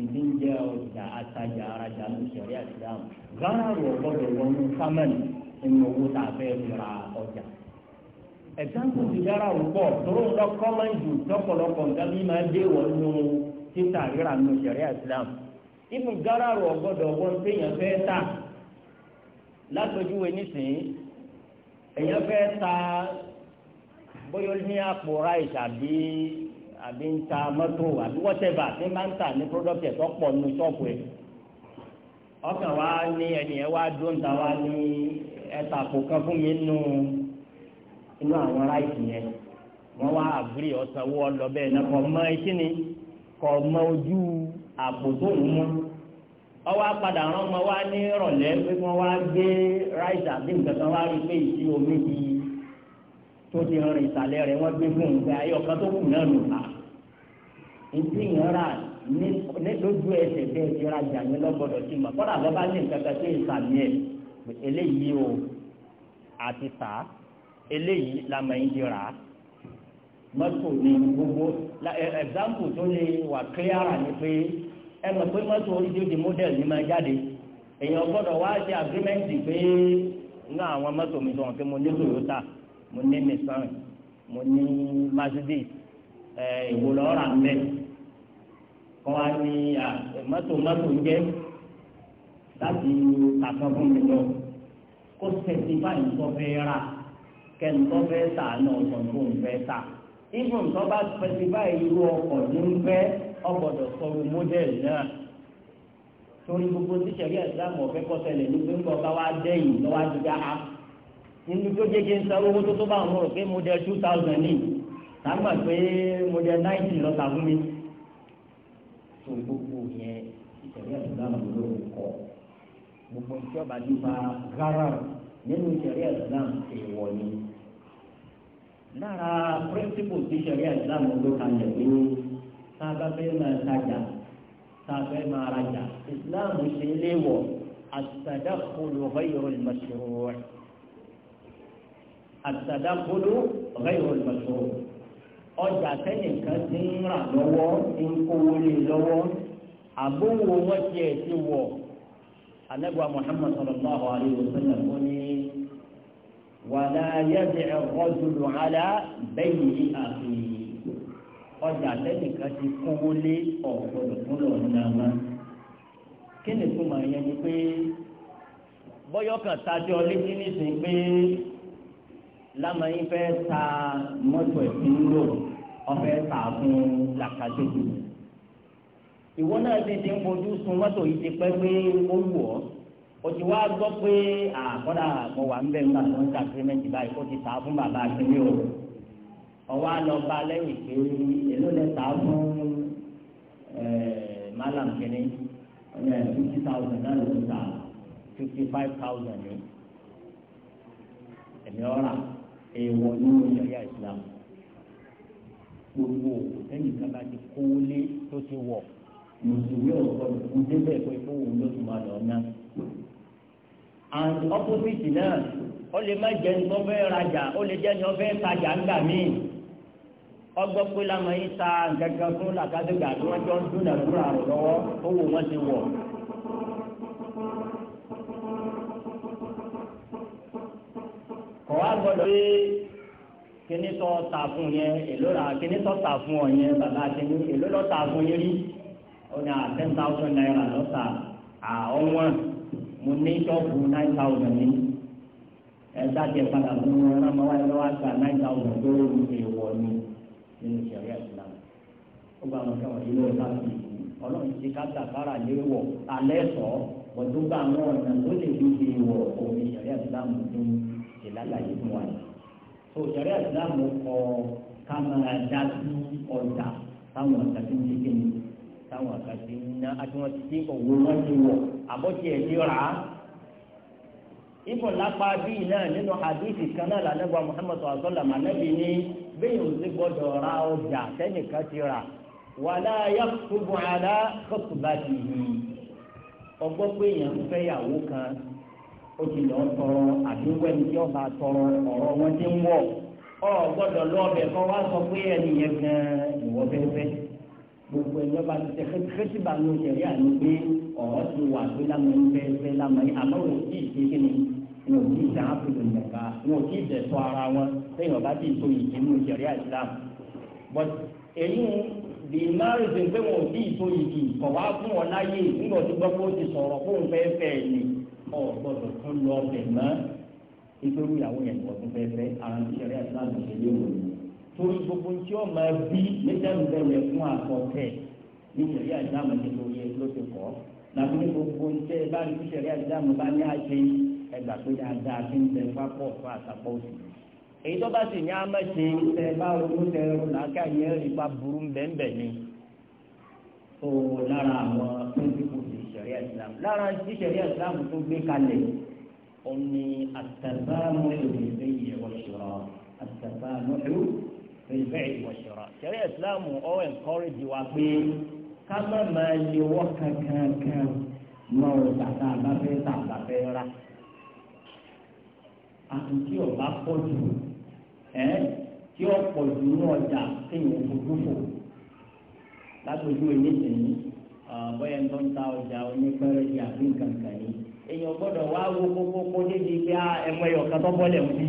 ìdí ń jẹ ọjà àtajà arajà ní sẹrí àtìlámù gáàrù ọgbọ́dọ̀ wọnú sámẹlì nínú owó tá a fẹ́ ra ọjà. ẹ̀sáǹtì ti dára púpọ̀ tóró ń lọ kọ́mẹ́ǹtì tọ́pọ̀lọpọ̀ nǹkan máa dé wọnú títà ríra ní sẹrí àtìlámù. ibùn gáàrù ọgbọ́dọ̀ wọ èèyàn fẹ́ ta bóyá ní àpò ráìs àbí àbí ń ta mọ́tò àbí wọ́tẹ́bà tí máa ń tà ní pọ́dọ́tì ẹ̀ tó pọ̀ nínú ṣọ́ọ̀pù ẹ̀ ọkàn wa ní ẹnìyẹn wá dúró ń ta wá ní ẹ̀ta àpò kan fún mi nù inú àwọn ráìs yẹn wọ́n wá àbúrì ọ̀sán wọ́ lọ náà kọ́ mọ ìkíni kọ́ mọ ojú àpò tó ń mú ọwọ́ apàdà rán ọmọ wa ní ìrọ̀lẹ́ pé wọ́n wá gbé ráìsì àti nǹkan kan wá rí pé ìsí omi yìí tó ti rìn ìsàlẹ̀ rẹ̀ wọ́n gbé fún un pé ayé ọ̀kan tó kù náà nù pa. ìdí yẹn rà ní lójú ẹsẹ̀ bẹ́ẹ̀ ti ra jà ní lọ́gbọ̀dọ̀ sí ma kọ́dà bọ́ bá ní nǹkan kan tó ìsàmì ẹ̀ eléyìí o àti tà eléyìí làmọ̀ yín ti rà mọ́tò ní gbogbo ẹ̀ẹ́dàmpù e, tó lè wà kíláàrà ni pé ẹ mọ̀ pé mọ́tò oríṣiríṣi model ni máa jáde èèyàn gbọ́dọ̀ wá ṣe agreement pé ní àwọn mọ́tò mi sọ̀rọ̀ pé mo ní Toyota mo ní Nissan mo ní Mercedes ẹ̀ ìwò lọ́ọ́ rà kọ́ wa ní mọ́tò mọ́tò jẹ́ láti kàkan fún mi lọ kó tẹ̀sí báyìí tó fẹ́ rà kẹ́ni tó fẹ́ tà náà sọ̀rọ̀ tó ń fẹ́ tà ìfún bá tẹ̀sí irú ọkọ̀ ní ń fẹ́ ọgbọ́dọ̀ sọ̀rọ̀ mọ́dẹ́lì náà torí gbogbo tíṣẹ̀rí ẹ̀sìlámù ọ̀fẹ́ kọ́sẹ̀lẹ̀ ní pé ń bọ̀ bá wá dẹ́yìn lọ́wọ́ àdúgbò ha nínú tó jẹ́ kí n sanwó owó tó tó bá wọn rò pé model two thousand ní sàgbà pé model ninety lọ́ta fún mi. tó gbogbo yẹn ìṣẹ̀rí ẹ̀sìlámù ló ń kọ́ gbogbo tí ọba ti fa gara nínú ìṣẹ̀rí ẹ̀sìlámù ti wọ̀ ni. lára principle tíṣẹ̀rí ẹ̀sìlámù ló kalẹ̀ pé tá a bá fẹ́ máa tajà tá a fẹ́ máa rajà islam ṣe léwọ̀ àtàdàkùlù ọ̀gáyọ̀rọ̀ ìmọ̀ṣẹ̀rọ̀ rẹ̀ àtàdàkùlù ọ̀gáyọ̀rọ̀ ìmọ̀ṣẹ̀rọ̀ ọjà tẹ́nìkan ti ń rà lọ́wọ́ ń kówó lé lọ́wọ́ àbúrò wọn tiẹ̀ ti wọ̀ anagba muhammad sallallahu alayhi wa sallam ó ní wàlá yẹ́dẹ̀ ẹ̀rọ jùlọ ala bẹ́yìí ọjà lẹ́nìkan ti kówó lé ọ̀gbọ́dọ̀ tó lọ nà má. kí ni fún màá yẹn ni pé bọ́yọ̀ kan tajọ létí nísìnyí pé lámàyín fẹ́ ta mọ́tò ẹ̀sìn lò ọ̀fẹ́ ta fún làkàtúntò. ìwọ náà ti ti ń fojú sun mọ́tò yìí ti pẹ́ pé ó wù ọ́ o ti wá gbọ́ pé àkọ́dà mo wà ń bẹ̀ ń bá tó ń ta pé mẹ́tì báyìí ó ti ta fún bàbá àti mi ò rò ọwọ́ àlọ́ba lẹ́yìn pé èló lè ta fún malam kìíní fifty thousand náà ló ń ta fifty five thousand ní ẹ̀mí ọ̀rà èèwọ̀ ní ìyá Islam gbogbo lẹ́yìn kábà ti kówó lé tó ti wọ̀ mùsùlùmí ọ̀gbọ́n kò débẹ̀ pé fóun ló ti máa lọ náà and opposite náà ó lè má jẹ́ ní wọ́n fẹ́ rajà ó lè jẹ́ ní wọ́n fẹ́ tajà ńgbà míì ọgbọ́ pé lámọ̀ yìí ta gẹ́gẹ́ fún làkàdégbà tí wọ́n jọ ń dúnà fúnra rẹ̀ lọ́wọ́ owó wọn ti wọ̀. kọ̀ wá gbọ́dọ̀ pé kíní tó ta fún yẹn èló la kíní tó ta fún ọ yẹn bàbá kíní èló lọ́ ta fún yẹn rí ó ní à ah, ten thousand naira lọ́ta à ọ̀wọ́n mo ní ṣọ́ọ̀bù nine thousand ní ẹ̀ sáà tiẹ̀ padà fún wọn ọmọ wa ẹ̀ lọ́wọ́ àgbà nine thousand tó ń ṣe wọ̀ ni nínú sẹ̀rí islam ó gba àwọn kan wọ̀nyí lórí káàkiri ọlọ́run ti ká sàkárà léwọ̀ alẹ́ sọ wọ́tú gba àwọn ọ̀nà tó lè fi fi wọ̀ omi sẹ̀rí islam tó ṣe lálàyé fún wa yìí tó sẹ̀rí islam kọ kámẹ́rà dá sí ọjà táwọn ọ̀sán tó ń ṣe kéde táwọn ọ̀sán tó ń ná àti wọn ti dín òwò wọn ti wọ̀ àbọ̀tì ẹ̀ ti rà á ibùn lápá bíi náà nínú àdéhìí kan náà lànàgbà muhammadu sallallahu alaihi wasallam ní bẹ́ẹ̀ ò sí gbọ́dọ̀ ra ọjà sẹ́nìkan ti rà wàlá yàtúbù àlá kọ́tùbàtì yìí ọgbọ́ pé èèyàn ń fẹ́ yàwó kan ó ti lọ tọrọ àdúgbò ẹni tí ọba tọrọ ọ̀rọ̀ wọn ti ń wọ̀ ọ gbọ́dọ̀ lọ ọbẹ̀ kan wá sọ pé ẹni yẹn gan-an ìwọ fẹ́fẹ́ gbogbo ẹni ọba ti tẹ kẹ́tìbà ló jẹ̀rí àná pé ọ̀rọ̀ ti wà pé lámọ̀ ń fẹ́fẹ́ lámọ̀ àmọ́ òun kì í ṣe kí ni wọn ò tí ì dáhà tó lè nìka wọn ò tí ì dẹ̀tọ́ ara wọn lẹ́yìn ọba tí ì tó yìí nínú ìṣẹ̀ríà Islam but èyí the marriage pé wọn ò tí ì tó yìí kọ̀ wá fún wọn láyé nígbà tí gbọ́ pé ó ti sọ̀rọ̀ fóun fẹ́ fẹ́ ni ọ̀ gbọ́dọ̀ tún lọ bẹ̀ mọ́ nítorí ìyàwó yẹn kọ̀ fẹ́ fẹ́ ara ìṣẹ̀ríà Islam ṣe lé wọn torí gbogbo tí ó máa bí nígbà tí wọn fún àkọ́kẹ́ ìṣẹ̀ríà Islam ṣe ló ti kọ́ làbí ní gbogbo iṣẹ́ bá ní kíṣẹ̀rí àdìdáàmú bá ní àṣẹ ẹgbà pé dáadáa fi ń bẹ pápọ̀ fún àtàpọ̀ òsì. èyí tó bá sì ní amáṣe tẹ bá ronú tẹ ẹrun làákà yẹn rí pa burú bẹ́ẹ̀ ni. tó lára àwọn píríncípù ti ṣẹ̀rí àdìdáàmú lára ti ṣẹ̀rí àdìdáàmú tó gbé kalẹ̀ ó ní àtàbámu ìròyìn ìfẹ́ ìwọ̀ṣọ̀rọ̀ àtàbámu ìròyìn ká má máa yẹwọ́ kankankan mọ ọ̀sà tá a bá fẹ́ tá a bá fẹ́ rà àtúntí ọ̀bá pọ̀ jù ẹ́ tí ó pọ̀ jù ní ọjà kéèyàn fojúfò lágbèjú oníṣẹ́yìn bóyá ń ń ta ọjà onípẹ́rẹ́ di àbí nǹkankan yìí èèyàn gbọ́dọ̀ wá wo kókókó níbi pé ẹ̀mọ ẹ̀yọ̀ kan tó bọ́lẹ̀ ń bí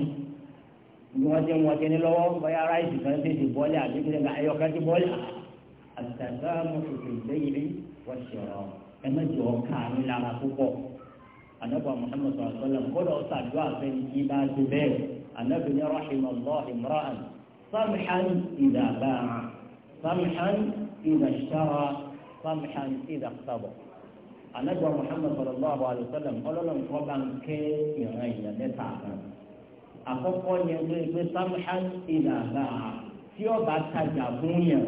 ni wọ́n ti ń wọ́n ti ní lọ́wọ́ bóyá ráìsì kan tètè bọ́lẹ̀ àbí kí ẹ̀yọ̀ kan ti bọ́lẹ̀ àtàlámù ìfìlẹ̀ yìí wọ́n ṣọ̀rọ̀ ẹ má jọ káàánú lára púpọ̀ anábọ̀ muhammed sọ̀rọ̀ sọ́lá kọ́dọ̀ ọ̀sà àdúrà fẹ́ni kí bá ti bẹ́ẹ̀ anábì ní rahimah allah imra'an samhan idha ba'a samhan idha ishtara samhan idha iqtada anábọ̀ muhammed sallallahu alayhi wa sallam ọlọ́lọ́ nǹkan bá ń kẹ́ ìran ìyàn mẹ́ta kan àkọ́kọ́ yẹn pé pé samhan idha ba'a tí ọba tajà fún yẹn.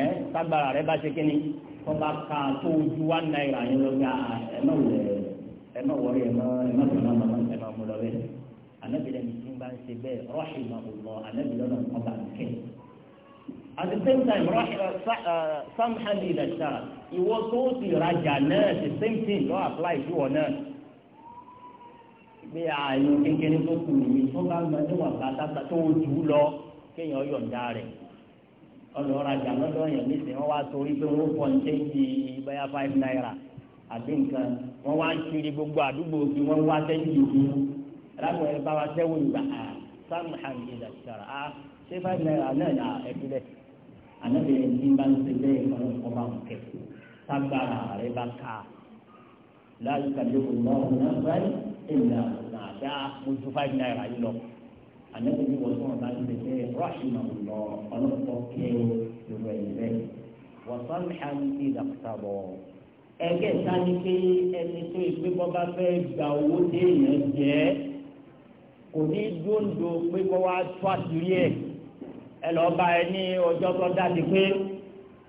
ẹ̀ sábàrà rẹ bá ṣe kí ni wọ́n bá ka tó ju wá náírà yẹn lọ gba ẹ̀ má wọ̀ ẹ̀ má wọ̀ ẹ̀ má ẹ̀ má fún ọmọ ẹ̀ má mú lọ bẹ́ẹ̀ ànábìlẹ̀ mi bá ń ṣe bẹ́ẹ̀ rọ́ọ̀ṣì máa ń lọ ànábìlẹ̀ náà kọ́ bá ń kẹ́ at the same time samhan ilẹ̀ ṣara ìwọ tó ti rajà náà the same thing lọ́ apply sí wọn náà gbé ààyè kékeré tó kù nìyí tó bá ń gbà níwọ̀n bàtà tó jù lọ kéèyàn yọ̀ǹda rẹ̀ ọlọ́rajà lọ́dọ̀ yẹn nísìnyí wọ́n wá torí pé wọ́n pọ̀ ní ṣéǹjì bẹ́yà five naira àbí nǹkan wọ́n wá ń kiri gbogbo àdúgbò bí wọ́n wá ṣéǹjì bí rákùn ẹ̀ bá wa sẹ́wọ̀n ìgbà à sáàmù hàmì ìdàkìtàrà à ṣé five naira náà yà ẹbí rẹ̀ ànábìyẹn ní bá ń ṣe bẹ́ẹ̀ ọlọ́run kọ́ máa sábàrà rẹ̀ bá ká láyé kàdé òun náà ànábi ní wọ́sán ọba ti lè fẹ́ rọ́ọ̀ṣìmọ̀ lọ ọlọ́pọ̀ kẹ́ ìrọ̀ ẹ̀yìn rẹ̀ wọ́sán hàmì ti dàkítàbọ̀ ẹgbẹ́ sani pé ẹni tó ìpè bọ́ba fẹ́ gba owó dé èèyàn jẹ́ kò ní dóńdó pé kó wá tó àṣírí ẹ̀ ẹ lọ́ọ́ bá ẹ ní ọjọ́ tó dájú pé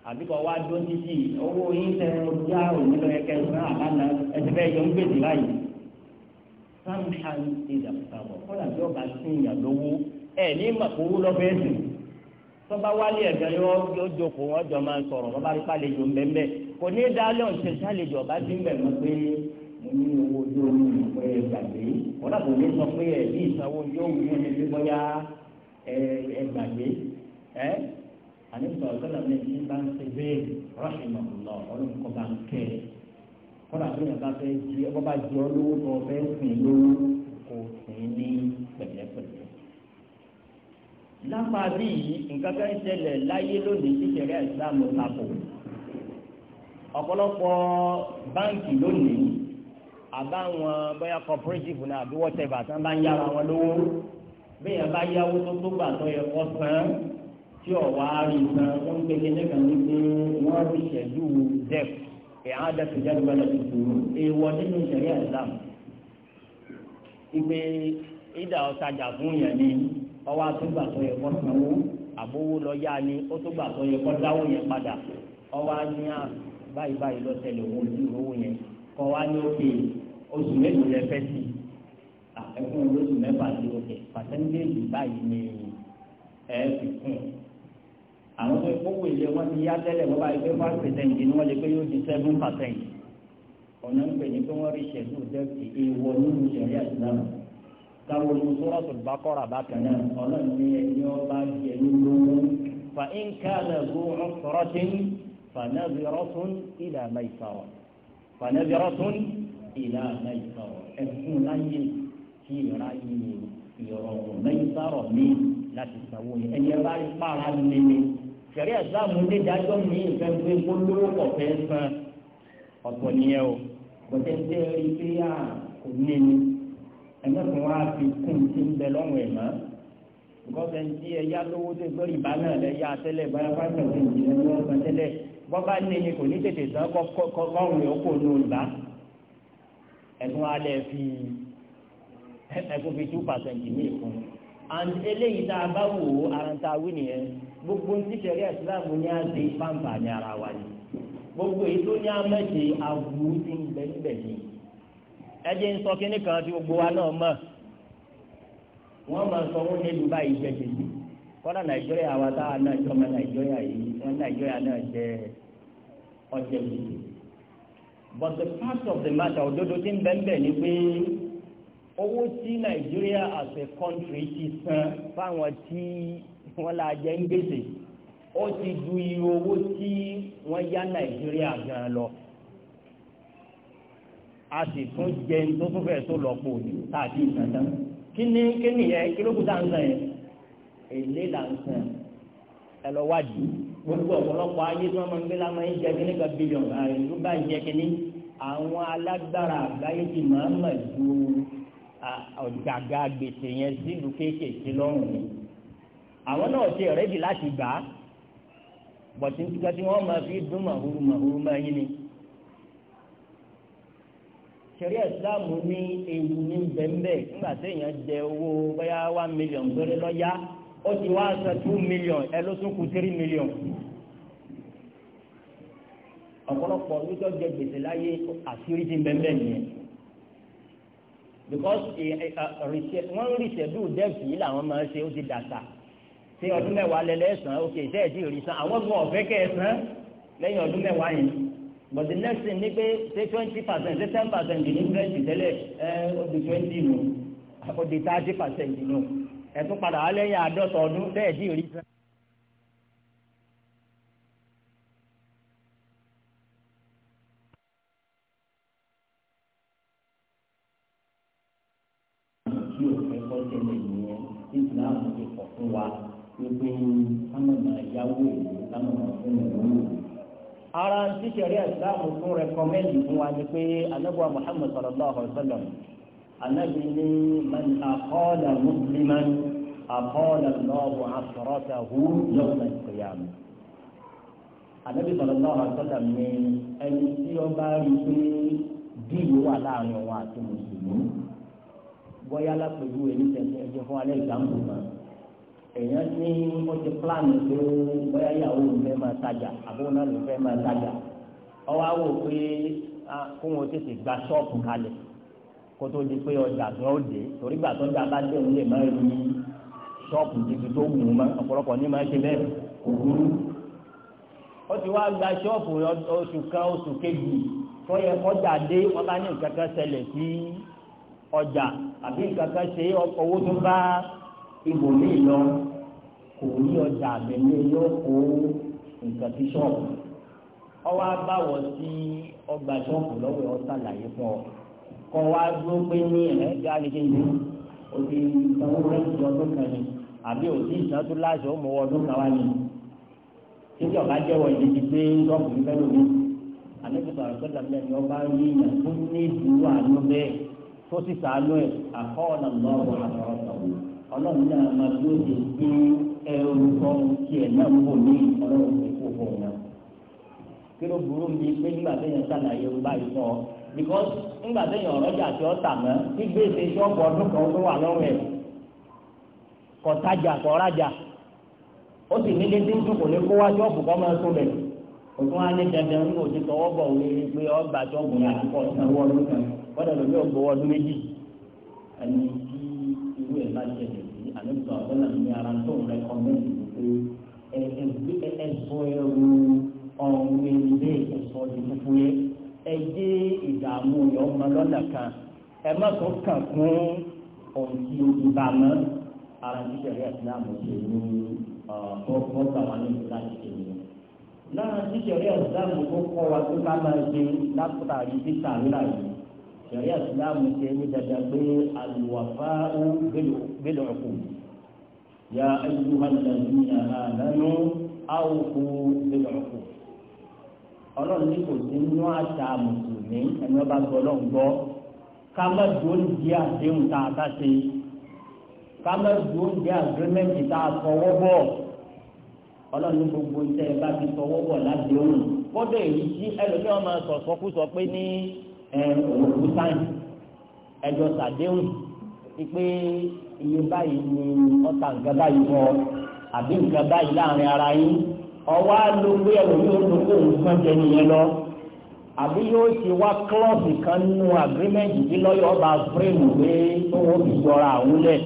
àbíkọ wá dóńdó owó yín tẹ ọjà òun lọ́yẹ̀kẹ́ fún àbáná ẹ ti fẹ́ yọ ń gbèsè báyìí sáńtàlì ìdá pàtàkì kọ́lá bí ọba sí ìyàn lówó ẹ ní màkòwó lọ́fẹ́ sùn tọ́ba wálé ẹ̀gbẹ́ yọ jókòó wọn jọ máa ń sọ̀rọ̀ bàbá rí pàlejò mbẹ́mbẹ́ kò ní dálẹ́ ọ̀sẹ̀ sálejò ọba ti ń bẹ̀ mọ́ pé mo ní owó ojú omi ìpè gbàgbé kọ́lá kò ní sọ pé ẹ̀ bí ìsanwó ojú omi yẹn ní bí bọ́yá ẹ gbàgbé ẹ àníṣọ ọ̀sẹ̀ làwọn ẹni bá ń ṣe bẹ́ẹ̀ rọ́ṣìmọ̀ lọ ọlọ́run kọ́ bá ń kẹ́ ẹ̀ kọ́nà tó yẹn bá fẹ́ jí ẹ bá jí ọ lówó tó fẹ́ sìn lówó kò sìn ní pẹ̀lẹ́pẹ̀lẹ́. lápá nǹkan kan ṣẹlẹ̀ láyé lónìí tí ìṣẹ̀lẹ̀ ìsìlámù takò ọ̀pọ̀lọpọ̀ báǹkì lónìí àbáwọn bóyá cooperative náà àbí whatever tán bá ń yára wọn lówó bẹ́ẹ̀ bá yáwó tó tó gbà tó yẹ kọ́ sàn tí ọ̀wá rí san wọ́n ń gbé kékeré kan wọ́n rí ìṣẹ́jú dẹ́kù ìhádà tó jẹ́ gbọ́dọ̀ tuntun èèwọ̀ nínú ìṣẹ̀lẹ̀ islam ìpè ìdá ọ̀tajà fún yẹn ni ọwọ́ àtúgbà tó yẹ kọ́ sanwó àbówó lọ yá ni ó tó gbà tó yẹ kọ́ dáwó yẹn padà ọwọ́ á ní à ah, báyìí báyìí lọ tẹ́lẹ̀ owó ojú owó yẹn kọ́ wá ní òkè oṣù mélòó lẹ fẹ́ sí ah, ẹkún olóṣù mẹ́fà sí òkè pàṣẹ méjì báyìí ni ẹ fi kún un àwọn tó kówó ilé wọn ti yá tẹ́lẹ̀ wọ́n bá yẹ pé five percent ni wọ́n lè pé yóò di seven percent ọ̀nà ń pè ní pé wọ́n rí ṣẹ̀dú dẹ́kì ìwọ nínú ìṣẹ̀rí àìsàn káwọn olùsọ́rọ̀ tó bá kọ́ra bákan náà ọlọ́run ní ẹni ọba jẹ lólówó fa nǹka lẹ́gbọ́ ọ̀sọ̀rọ̀ ṣe ń fanabirọ́tún ìlà mẹ́sàwọ̀ fanabirọ́tún ìlà mẹ́sàwọ̀ ẹ̀fún láyé tí ìrà yìí ìrọ̀rùn mẹ́sàrọ̀ mi láti sàwọ́ ẹni bá rí pààrà nínú sẹ̀rí ẹ̀sáàmù ní ìdájọ́ mi ìfẹ́ pé kó lówó kọ̀fẹ́ san ọ̀pọ̀ nìyẹn o bọ́tẹ́ ń tẹ́ rí pé à kò ní ni ẹgbẹ́ kan wá fi kún tí ń bẹ lọ́wọ́ ẹ̀ mọ́ gọ́fẹ́ ń tí ẹ̀yá lówó tó gbọ́ ìbá náà lẹ́yà tẹ́lẹ̀ báyà fásitì ọ̀sẹ̀ ìjìnlẹ̀ ní wọ́n san tẹ́lẹ̀ bọ́ bá ní ni kò ní tètè san kọ́kọ́rùn yóò kó ní olùbá ẹ̀tún alẹ́ fi ẹ̀kún fi two percent ní ìfún and eléyìí tá a bá wò ó ara wí nìyẹn gbogbo ní sẹ̀rí ìsìláàmù ní àdé pàmpà ní ara wa ni gbogbo èyí tó ní amẹ́jẹ àwùjọ ti ń bẹ níbẹ̀ ni kan gbogbo wa náà sọ nàìjíríà wa nàìjíríà but the part of the matter ni owó nàìjíríà as a country ti san fáwọn ti. wọ́n la jẹ́ ń gbèsè ó ti ju iye owó tí wọ́n yá nàìjíríà gan lọ a sì tún jẹ tó tún fẹ́ tó lọ́pọ̀ òní tàbí ìtàtà kí ni kí ni yẹ kí ló kú tá à ń sàn yẹn èlé là ń sàn ẹ lọ wádìí gbogbo ọ̀pọ̀lọpọ̀ ayé tí wọ́n máa ń gbé lámọ́ ń jẹ kí ní ka bílíọ̀nù ààrẹ ló bá ń jẹ kí ní àwọn alágbára àgbáyé ti máa ń mọ̀ ju ọ̀jàgà gbèsè yẹn sílùú kéékèèké lọ́rùn ni àwọn náà ṣe rẹ́dì láti gbà á bọ̀tí nígbà tí wọ́n máa fi dún màhúrú màhúrú máa yín ni. ṣẹ̀rí ẹ̀sìláàmù ní ewu ní bẹ́ńbẹ́ nígbà téèyàn jẹ owó bóyá one million péré lọ́yá ó ti wá sọ two million ẹ ló tún kù three million. ọ̀pọ̀lọpọ̀ nítorí jẹ gbèsè láyé àṣírí ti bẹ́ńbẹ́ nìyẹn because eh, eh, eh, wọ́n ń rìṣẹ́dù dẹ́ẹ̀tì yìí làwọn máa ń ṣe ó ti dàtà ṣé ọdún mẹ́wàá lẹ́lẹ́ sàn ókè ṣé ẹ̀ tí ò rí sàn àwọn gbọ́n ọ̀fẹ́ kẹ́ ẹ sàn lẹ́yìn ọdún mẹ́wàá yìí but the next thing ni pé ṣé twenty percent ṣé ten percent ní twenty tẹ́lẹ̀ ẹ odi twenty nù odi thirty percent nù ẹ̀tún padà wá lẹ́yìn àádọ́ta ọdún ṣé ẹ̀ tí ò rí sàn. tí òfin kọ́ tẹ̀lé ìyẹn islam ti kọ̀ fún wa wípé kámọ̀nà yáwó èlò kámọ̀nà fún ìlú. ara ti sẹ̀rí ẹ̀sìláàmù fún rẹ̀kọ́mẹ́ndì fún wa ni pé anábọ̀ muhammed sallallahu alayhi wa sallam anábì ní man akọ́ọ̀dà musliman akọ́ọ̀dà lọ́wọ́ àṣọrọ́tà hu yọ̀ọ̀nà ìkọ̀yàmù. anábì sallallahu alayhi wa sallam ní ẹni tí ó bá rí pé díìlù wà láàrin òun àti mùsùlùmí bọ́yá lápẹ̀jú ẹni tẹ̀sí ẹjẹ fún alẹ́ ìdáhùn náà èèyàn ní ó ti plan pé bóyá ìyàwó òun fẹ́ máa tajà àbúrò náà ló fẹ́ máa tajà ọwọ́ àwò pé ah, kó wọn tètè gba ṣọ́ọ̀pù kalẹ̀ kó tó di pé ọjà gan ó dé torí gbà tó ń dábàá dé òun lè má rí ṣọ́ọ̀pù títí tó wù ú mọ́ ọ̀pọ̀lọpọ̀ ní máa ṣe bẹ́ẹ̀ kò burú ó ti wá gba ṣọ́ọ̀pù oṣù kan oṣù kejì tó yẹ kọjá dé wọn bá ní nǹkan kan ṣẹlẹ̀ sí ọjà àbí nǹkan kan ṣe owó tó bá ibòmíì lọ kò ní ọjà àbẹ̀lẹ̀ yóò kó nǹkan sí ṣọ́ọ̀bù ọwọ́ abáwọ̀ sí ọgbà ṣọ́ọ̀bù lọ́wọ́ ẹ̀ ọ́sàlàyé fún ọ kọ́ wa dúró pé ní ẹ̀ gáàlìkì ní òbí sanwó rẹ́ǹtì ọdún kan ni àbí láṣọ ọdún kan wá ní títí ọ̀gá jẹ́wọ́ pé ń ọba rí ìyàn tó ní ìdúró àánú bẹ́ẹ̀ tó ẹrù kan tiẹ̀ náà ń bò ní ọlọ́run ní kókó náà kí ló burú bíi pé nígbà téèyàn sàlàyé ọba yìí fún ọ because nígbà téèyàn ọ̀rọ̀jà tí ó tà mọ́ tí gbèsè tí ọdún kan tó wà lọ́rùn ẹ̀ tajà rajà ó sì ní tó kò ní kó wá ṣọ́ọ̀bù kọ́ máa tó òtún á ní dandan ní òtún tọwọ́ bọ̀ pé ṣọ́ọ̀bù kọ́ àlejò àbẹ́là ní ara tó ń rẹ́kọ́mẹ́ntì wípé ẹ̀sọ́ ẹrù ọ̀hún ilé ẹ̀sọ́ ti fúfú yẹ ẹ dé ìdààmú yọ ọmọ lọ́nà kan ẹ má tó kàn kún ohun tí o ti bá mọ́ ara ti tẹ̀lé ìsìlámù ṣe ní ọ̀pọ̀ àwọn ẹni láti ṣe ní. lára ti tẹ̀lé ìsìlámù tó kọ́ wa tó ká máa ṣe látàrí títà rírà yìí sẹ̀rí àsìláàmù ṣe ní dada pé àlùwàfà ó bẹ̀lẹ̀ ọ̀kù ya ayyuhallazina amanu awfu bẹ̀lẹ̀ ọ̀kù ọlọ́run ní kò sí nínú àṣà mùsùlùmí ẹni ọba gbọ́ ọlọ́run gbọ́ ká má dùn di àdéhùn tá a bá ṣe ká má dùn di àgírímẹ́ǹtì tá a fọwọ́ bọ̀ ọlọ́run ní gbogbo iṣẹ́ bá ti fọwọ́ bọ̀ ládéhùn kọ́dọ̀ èyí tí ẹlòmíràn máa sọ̀sọ́kú sọ pé ní ẹ òun kú sáyìn ẹjọ sàdéhùn wípé iye báyìí ni ọta nǹkan báyìí kọ àbí nǹkan báyìí láàrin ara yín ọwọ́ ló gbé ẹlòmíì ó ló kó nǹkan jẹ nìyẹn lọ àbí yóò ṣe wá klọ́ọ̀sì kan nínú agirímẹ́ǹtì tí lọ́yọ̀ ọba fúrẹ́mù pé tóun ó fi jọra àwọn lẹ̀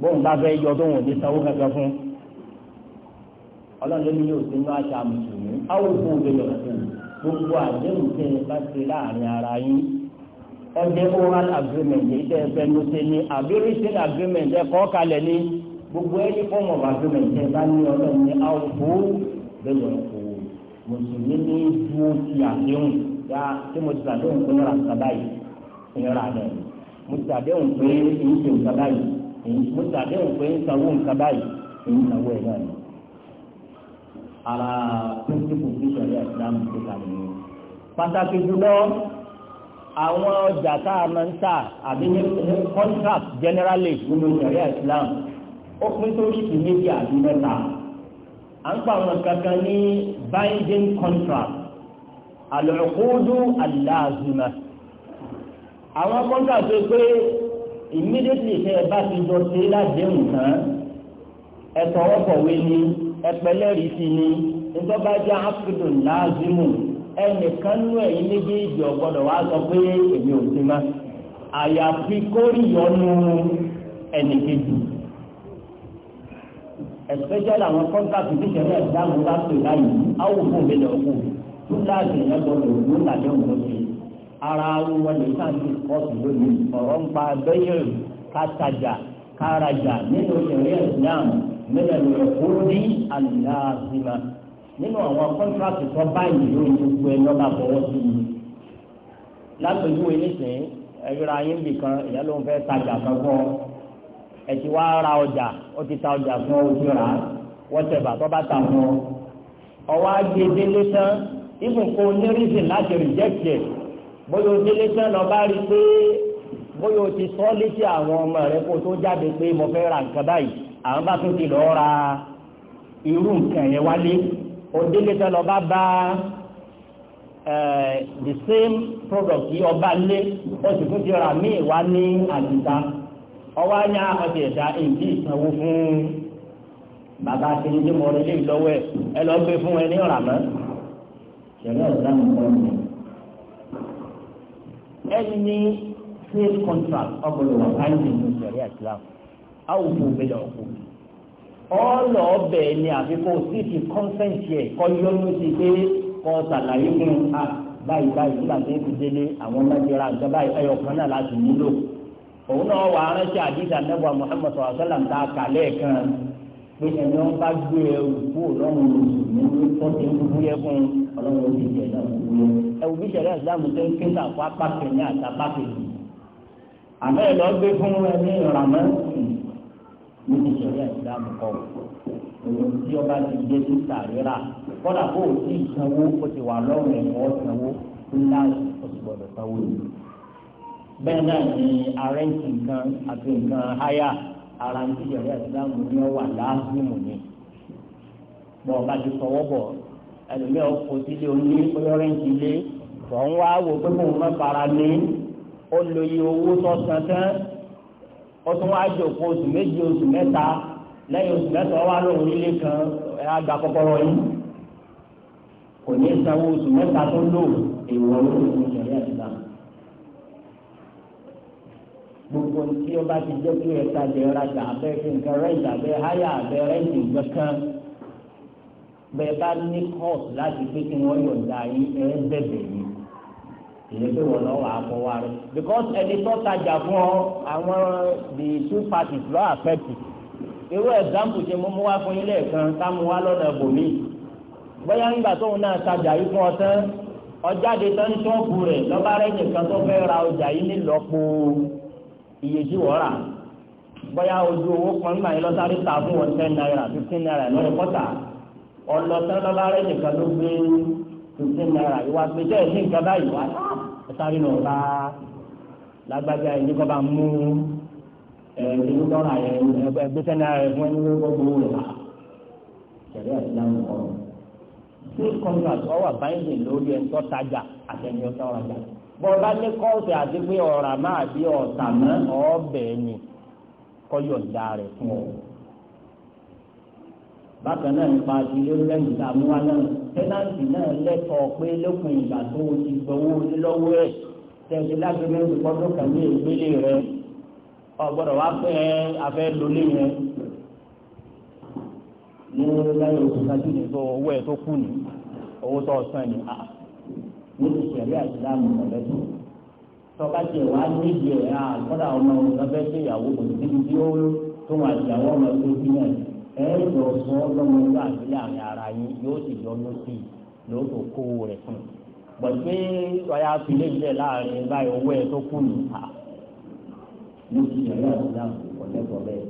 bóun bá fẹ́ yọ tóun ò ní sanwó kankan fún ọlọ́run ló ní yóò sínú àṣà mùsùlùmí áwòkú òde gbogbo àdéhùn tẹ ẹ bá ṣe láàrin ara yín ọjẹ oral agreement èyí tẹ ẹ fẹ́ ló ṣe ní àbí agreement ẹ kọ kalẹ̀ ní gbogbo ẹni form of agreement ẹ bá ní Ọlọ́run ní àwòkó bẹ́ẹ̀ lọ kó mùsùlùmí ní dúró ti àdéhùn yá tí mo ti sàdéhùn pé yọrọ àkàbá yìí yọrọ àná yìí mo ti sàdéhùn pé èyí ṣe òkàbá yìí mo ti sàdéhùn pé ń sanwó òkàbá yìí èyí sanwó ẹ náà yìí ara píríncípù tí ìṣẹ̀lẹ̀ ìsìlámù tó kalẹ̀ ni. pàtàkì jùlọ àwọn ọjà tá a máa ń tà àbí ní contract generally nínú ìṣẹ̀lẹ̀ ìsìlámù ó pín sórí ìméjì àbí mẹ́ta à ń pa àwọn kankan ní binding contract al-uqudu al-lazima àwọn contract tó pé immediately ṣe ẹ bá ti jọ ṣe ládéhùn tán ẹ tọwọ́ kọ̀wé ni ẹ̀pẹ̀lẹ́rìí ti ní ìjọba jẹ́ áfíríkà láàzímù ẹnìkan nú ẹ̀yìn méjèèjì ọ̀gbọ́dọ̀ wá sọ pé èmi ò sí má àyàfi kórìyọnu ẹnìkejì especially àwọn kọ́ńtàkì tí ìṣẹ̀lẹ̀ ìdáhùn bá pè láyìí áwòfò mi lọ kù túláàsì yẹn gbọdọ̀ òun làjọ òun ṣe ara wọn lè sáǹtì kọ́ọ̀tù lónìí ọ̀rọ̀ ń pa bẹ́yẹ̀ kátajà kárajà nínú ìrìn ẹ̀sìn náà mílẹ̀ lọ́kọ́ di àlàzìmá nínú àwọn kọ́ńtàkì tó báyìí lórí gbogbo ẹ̀ lọ́ba fọwọ́ sí i lápẹ̀júwe nísìnyí ẹ̀yọ́ra yín bìkan ìyá ló ń fẹ́ tajà kankan ẹ ti wá ra ọjà ó ti ta ọjà fún ojú ra wọ́tẹ̀bà tó bá ta fún ọ. ọwọ́ ajé e délé tán ibùn kò ní reason láti reject ẹ̀ bóyá o délé tán lọ bá rí i pé bóyá o ti sọ létí àwọn ọmọ rẹ kó tó jáde pé mo fẹ́ ra nǹkan báyìí àwọn bá tún ti lọ ra irú nǹkan yẹn wálé òdélé tó lọ bá bá the same product yìí ọba lé ó sì tún ti ra míì wá ní àdìta ọwọ́ anya ah, ọtí ẹ̀dá èyí ìsanwó fún bàbá akíní tí mo rí lé lọ́wọ́ ẹ̀ ẹ lọ gbé fún ẹ ní ọ̀ràmọ́ ṣẹlẹ̀ ọ̀dà mi kọ́ ẹni ní sale contract ọgbọ̀n lọ́wọ́ káyọ̀ nínú ṣẹlẹ̀ Islam àwùjọ òbẹ̀lẹ̀ ọ̀pọ̀ ọ̀lọ́ ọbẹ̀ ni àfikún sí ti kọ́nsẹ̀ǹtì ẹ̀ kọ́ yọ́nú sí pé kọ́ sàlàyé fún a ah, báyìí báyìí nígbà tó ti délé àwọn mẹ́tẹ́ra nǹkan báyìí ẹyọ kan náà láti nílò òun náà wà aránṣẹ́ àdìsá nẹ́bà Muhammad sọ̀rọ̀ sọ́là ń ta kàlẹ́ kan pé ẹni wọn bá gbé ẹrù kú ọlọ́run lòsùn tó ti ń wúyẹ fún ọlọ́run ó ti jẹ náà wúyẹ ẹwù bí sẹ̀rẹ̀ ìsìlámù tó ń ké sàkó apákẹ́ ní àtàpákẹ́ yìí àmọ́ ẹ̀ lọ́ọ́ gbé fún ẹni ìrànmọ́ níbi ìṣẹ̀lẹ̀ ìsìlámù kọ́ òun tí ọba ti dé sí sàrírà kọ́dà kó o sì sanwó o ti wà lọ́rùn ẹ̀kọ́ sanwó láti ọ̀sùgbọ̀dọ̀ sanwó yìí. bẹ́ẹ̀ náà ni arẹ́ǹtì nǹkan àti nǹkan háyà ara ń tíṣẹ̀lẹ̀ ìsìlámù ni ọ láàbùmù ni. bọ́ọ̀ bá ti sọwọ́ bọ̀ ẹlòmíràn kò sílé onílé ọyọ́rẹ́ǹtì ilé tọ̀ ń wá wo pé kóun má fara ní ó owó tó tán ó tún wá jòkó oṣù méjì oṣù mẹ́ta lẹ́yìn oṣù mẹ́ta wá lóun nílé kan àgbà kọ́kọ́rọ́ yìí kò ní sanwó oṣù mẹ́ta tó lò èèwọ̀ ló ń sọ ní àdìsá. gbogbo tí ó bá ti jẹ́ kí ẹ tajà ẹ rajà abẹ́ fi nǹkan rẹ́ǹtì abẹ́ háyà abẹ́ rẹ́ǹtì gbẹ̀kan bẹ́ẹ̀ bá ní kọ́ọ̀tù láti pé kí wọ́n yọ̀ǹda yín ẹ bẹ̀bẹ̀ yìí ìyẹn pé wọn náà wà á mọ wa rẹ because ẹni tó tajà fún ọ àwọn the two parties lọ àfẹ́tì irú example ṣe mú mú wá fún yín lẹ́ẹ̀kan ká mú wá lọ́nà bòmí bóyá nígbà tóun náà tajà yìí fún ọ tán ọjáde tán ṣọ́ọ̀bù rẹ̀ lọ́ba rẹ̀ nìkan tó fẹ́ ra ọjà yìí nílọ́po iye tí wọ́n rà bóyá ojú owó kan nígbà yẹn lọ́sàrí ta fún wọn ten naira fifteen naira lọ́rẹ̀ kọ́ta ọlọ́tán lọ́ba rẹ̀ nìkan ló gbé tuntun naira ìwà pèsè ní nǹkan báyìí wá ẹ sáré bá lágbájá ẹni kọ́ bá mú ẹni lọ́ra ẹgbẹ́ gbèsè náírà ẹ fún ẹni lọ́wọ́ báyìí lórí ẹni tó tajà àtẹni ọ̀rajà ní kọ́ọ̀sì àti bákan náà nípa ti lórílẹ̀yìn tá a mú wa náà tẹ́nàǹtì náà lẹ́kọ̀ọ́ pé lópin ìgbà tó o ti gbowó lọ́wọ́ ẹ̀ tẹ̀sí láti ní ìfọdún kan ní ìgbélé rẹ ọgbọ́dọ̀ wá pé afẹ́ lólé yẹn ní lẹ́yìn oṣù kájú ní tó owó ẹ̀ tó kù ní owó tó ọ̀sán ni a ní ìṣẹ̀rí àìsílámù ọ̀lẹ́tò tọ́ka tiẹ̀ wá nídìí ẹ̀ àgbọ́dọ̀ àwọn ọmọ tó bí ẹ jọ sọ lọ́mọdé àbílẹ̀ àmì ara yín yóò sì yọ lọ́sì ló tó kó rẹ̀ fún un gbọ̀gbé ọ̀yà àfilẹ̀ ìlẹ̀ láàrin báyìí owó ẹ̀ tó kù nìta ní ìṣẹ̀lẹ̀ islam ọ̀lẹ́gbọ̀n bẹ́ẹ̀.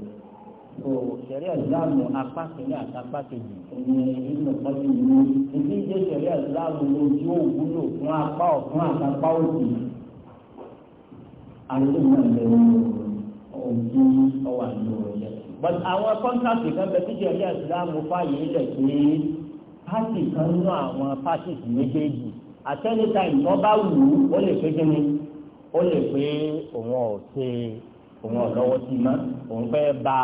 so ìṣẹ̀lẹ̀ islam apá kìíní àti apá kejì ní ìlú ọ̀pọ̀jù ní ibi ìjẹ́ ìṣẹ̀lẹ̀ islam ló tí ó wúlò fún apá ọ̀fún àtàpá òsì but àwọn kọ́ńtàkì kan bẹ tíjọ ilé ìsìlámù fààyè ilẹ̀ pé pàtì kan nú àwọn pàtì méjèèjì àtẹnitá ìmọ̀ bá wù ú ó lè pé kíni ó lè pé òun ò ṣe òun ò lọ́wọ́ sí mọ́ òun fẹ́ ba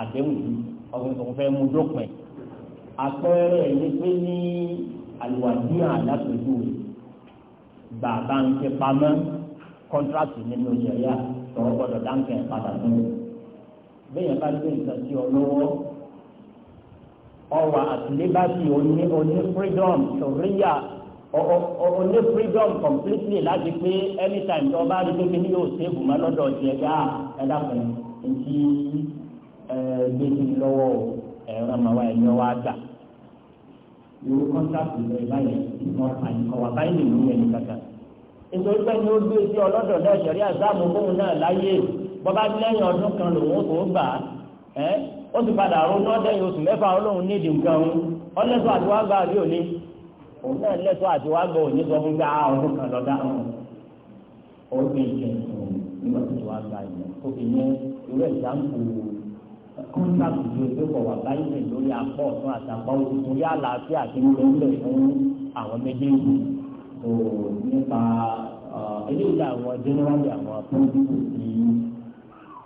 àdéhùn òun fẹ́ mú dópin àpẹẹrẹ ẹni pé ní àlùwàdí àdàpẹ̀jù bàbá ń ṣe pamọ́ kọ́ńtàkì nínú ìṣẹ̀lẹ̀ àtọ̀rọ̀ gbọ́dọ̀ dáńkẹ́ padà fún mi bẹ́ẹ̀ bá gbé nǹkan sí ọ lọ́wọ́ ọwà àtìlébàtì oní oní freedom sọríyà oní freedom completely láti pé anytime tó bá rí kékeré ní yóò ṣe ìbùmọ́ lọ́dọ̀ tiẹ̀ gbá ẹ̀dá kan ntí gbèsè lọ́wọ́ ẹ̀rọ màwa ẹ̀yọ́ wa gbà yóò kọ́ńtàkì lọ ìbáyẹn ìmọ̀ àyíkọ́wà báyìí nìyẹn nìkan kan nítorí pé ní ó gbé sí ọlọ́dọ̀ náà ṣẹ̀rí àzáàmù fóun náà láyé bọ́bá lẹ́yìn ọdún kan lòun kò gbà ẹ́ ó ti padà ronú ọdẹ́yìn oṣù mẹ́fà ọlọ́run nídìí nǹkan òun ọlẹ́sọ̀ àti wá gbà bí òní òun náà lẹ́sọ̀ àti wá gbà òní sọ fún gbà ọdún kan lọ́dá òun ó gbé ìjẹ òun nígbà tó ti wá gbà yẹn ó fi yẹn irú ẹ̀dá ń kú kọ́ńtàkì ju ẹgbẹ́ kọ̀ wà báyìí lórí apọ̀ ọ̀tún àtàpá oṣù tó yá àlàáfíà àti ńlẹ̀ fún àwọn méjèèjì nípa eléyìí àwọn generally àwọn pọ́ńtìkù tí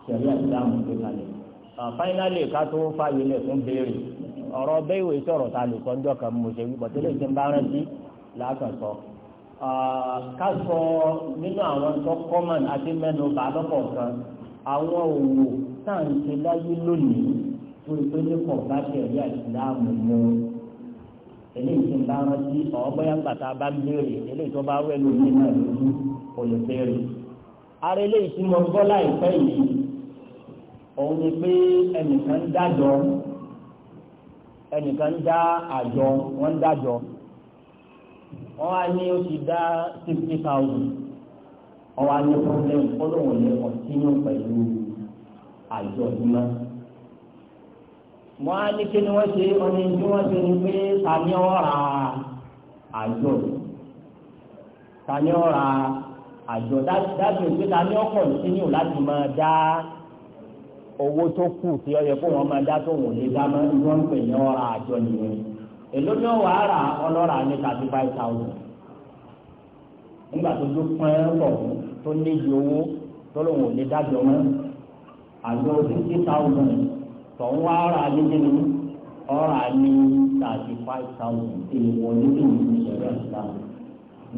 sẹ̀ríà ìsìlámù tó kalẹ̀. fáínálì ká tó fààyè lẹ̀ fún béèrè ọ̀rọ̀ bẹ́ẹ̀ ìwé sọ̀rọ̀ ta lè sọ ọjọ́ kan mo ṣe wí bọ̀tẹ́lẹ̀ tí ń bá rántí láàkàn sọ. ká sọ nínú àwọn tó kọ́mọ̀n àti mẹ́nu bá lọ́kọ̀ kan àwọn òwò tá à ń ṣe láyé lónìí tó ìpé nípò bá sẹ̀ríà ìsìlámù mu eléyìí tí ń bá rántí ọ̀ọ́bọ̀yà gbàtà bá béèrè eléyìí tó bá wẹ̀ lónìí náà lójú kò lè béèrè ara eléyìí tí mo gbọ́ láìpẹ́ yìí òun ni pé ẹnìkan ń dájọ́ ẹnìkan ń dá àjọ wọ́n ń dájọ́ wọ́n wá ní ó dá sixty thousand wọ́n wá ní problem olóhùn lè kọ̀tínú pẹ̀lú àjọ ìmọ̀ wọ́n á ní kí ni wọ́n ṣe ọ̀nà ìdí wọ́n ṣe ni pé tani ọ̀ ra àjọ tani ọ̀ ra àjọ dájú pé tani ọ̀ kọ̀tínú láti máa dá owó tó kù tí ọ yẹ kó wọn máa dá tó wò lé dáná wọn ń pè ní ọ̀rà àjọ nìyẹn èló ní ọ̀wà ara ọlọ́ra ní thirty five thousand nígbà tó tó pọ́n pọ̀ tó níbi owó tó lóun ò lè dájọ́ mọ́ àjọ fifty thousand tó ń wá ọ̀rà ní nínú ọ̀rà ní thirty five thousand èèwọ̀ nínú ìṣẹ̀lẹ̀ ìṣẹ̀lẹ̀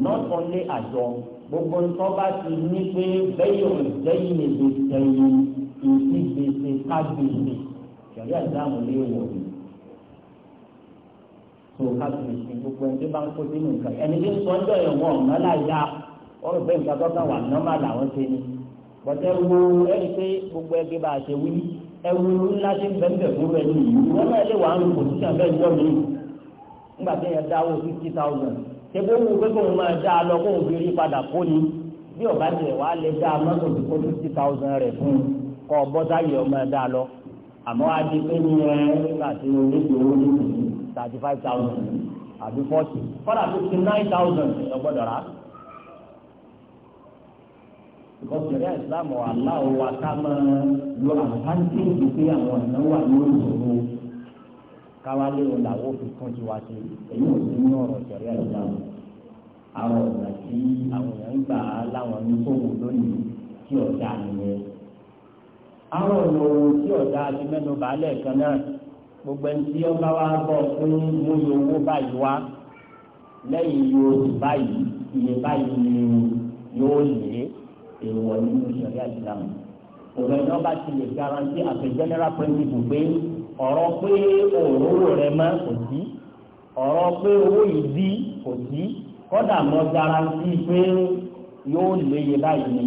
not only àjọ gbogbo nǹkan bá ti ní pé bẹ́yìn ò bẹ́yìn èdè ìsí gbèsè ká gbèsè ìṣẹ̀lẹ̀ ìdáàmú lé wọ̀ ni. tó ká gbèsè gbogbo ẹni tó bá ń kó sínú nǹkan ẹni tó sọ ń dọ̀yọ̀ wọn ọ̀nà láyà wọ́n rò pé nǹkan tó kàn wà nọ́mà làwọn ṣe ni. bọ́tẹ́ wo ẹni pé gbogbo ẹgbẹ́ bá a ṣe wí ẹwu ńlá ti ń bẹ̀ẹ́ fún ẹni yìí wọ́n náà lè wà á ń kò sí àbẹ́ ìjọ mi nígbà tí yẹn dáwọ́ fifty thousand ṣẹ́gbẹ́ wo pé kóun máa dá a lọ kóun fi rí padà kó ni bí ọ̀gá tiẹ̀ wà á lè dá a mọ́tò tó kó fifty thousand rẹ̀ fún un kọ́ bọ́dá yìí ọmọ ẹ̀dá lọ àmọ́ wá di pé ní ẹ láti oríṣi owó ní thirty five thousand àbí forty kọ́dà fifty nine thousand ẹ gbọ́dọ̀ rà. ìkọ́sọ̀rẹ́ ìsìlámù aláwọ̀ wa ká máa lo àǹfààní ìgbé àwọn ìnáwó àwọn olùsòwò káwálé òun làwọn fi tún ti wá sí èyí ò sí ní ọ̀rọ̀ ìṣẹ̀rẹ́ ìsìlámù àwọn ọ̀nà tí àwọn èèyàn ń gbà láwọn oníṣòwò lónìí tí ọ̀dà nìyẹn àwọn ọ̀nà òun tí ọ̀dà àti mẹ́nu bàálẹ̀ kan náà gbogbo ẹni tí ọba wa bọ̀ fún mú iye owó báyìí wá lẹ́yìn iye oṣù báyìí iye báyìí ni yóò lé èèwọ̀ nínú ìṣẹ̀lẹ̀ àìsàn òun ẹni ọba ti lè garanti àti general principle pé ọ̀rọ̀ pé òróró rẹ mọ́ kò sí ọ̀rọ̀ pé owó yìí dí kò sí kọ́dà mọ́ garanti pé yóò lé iye báyìí ni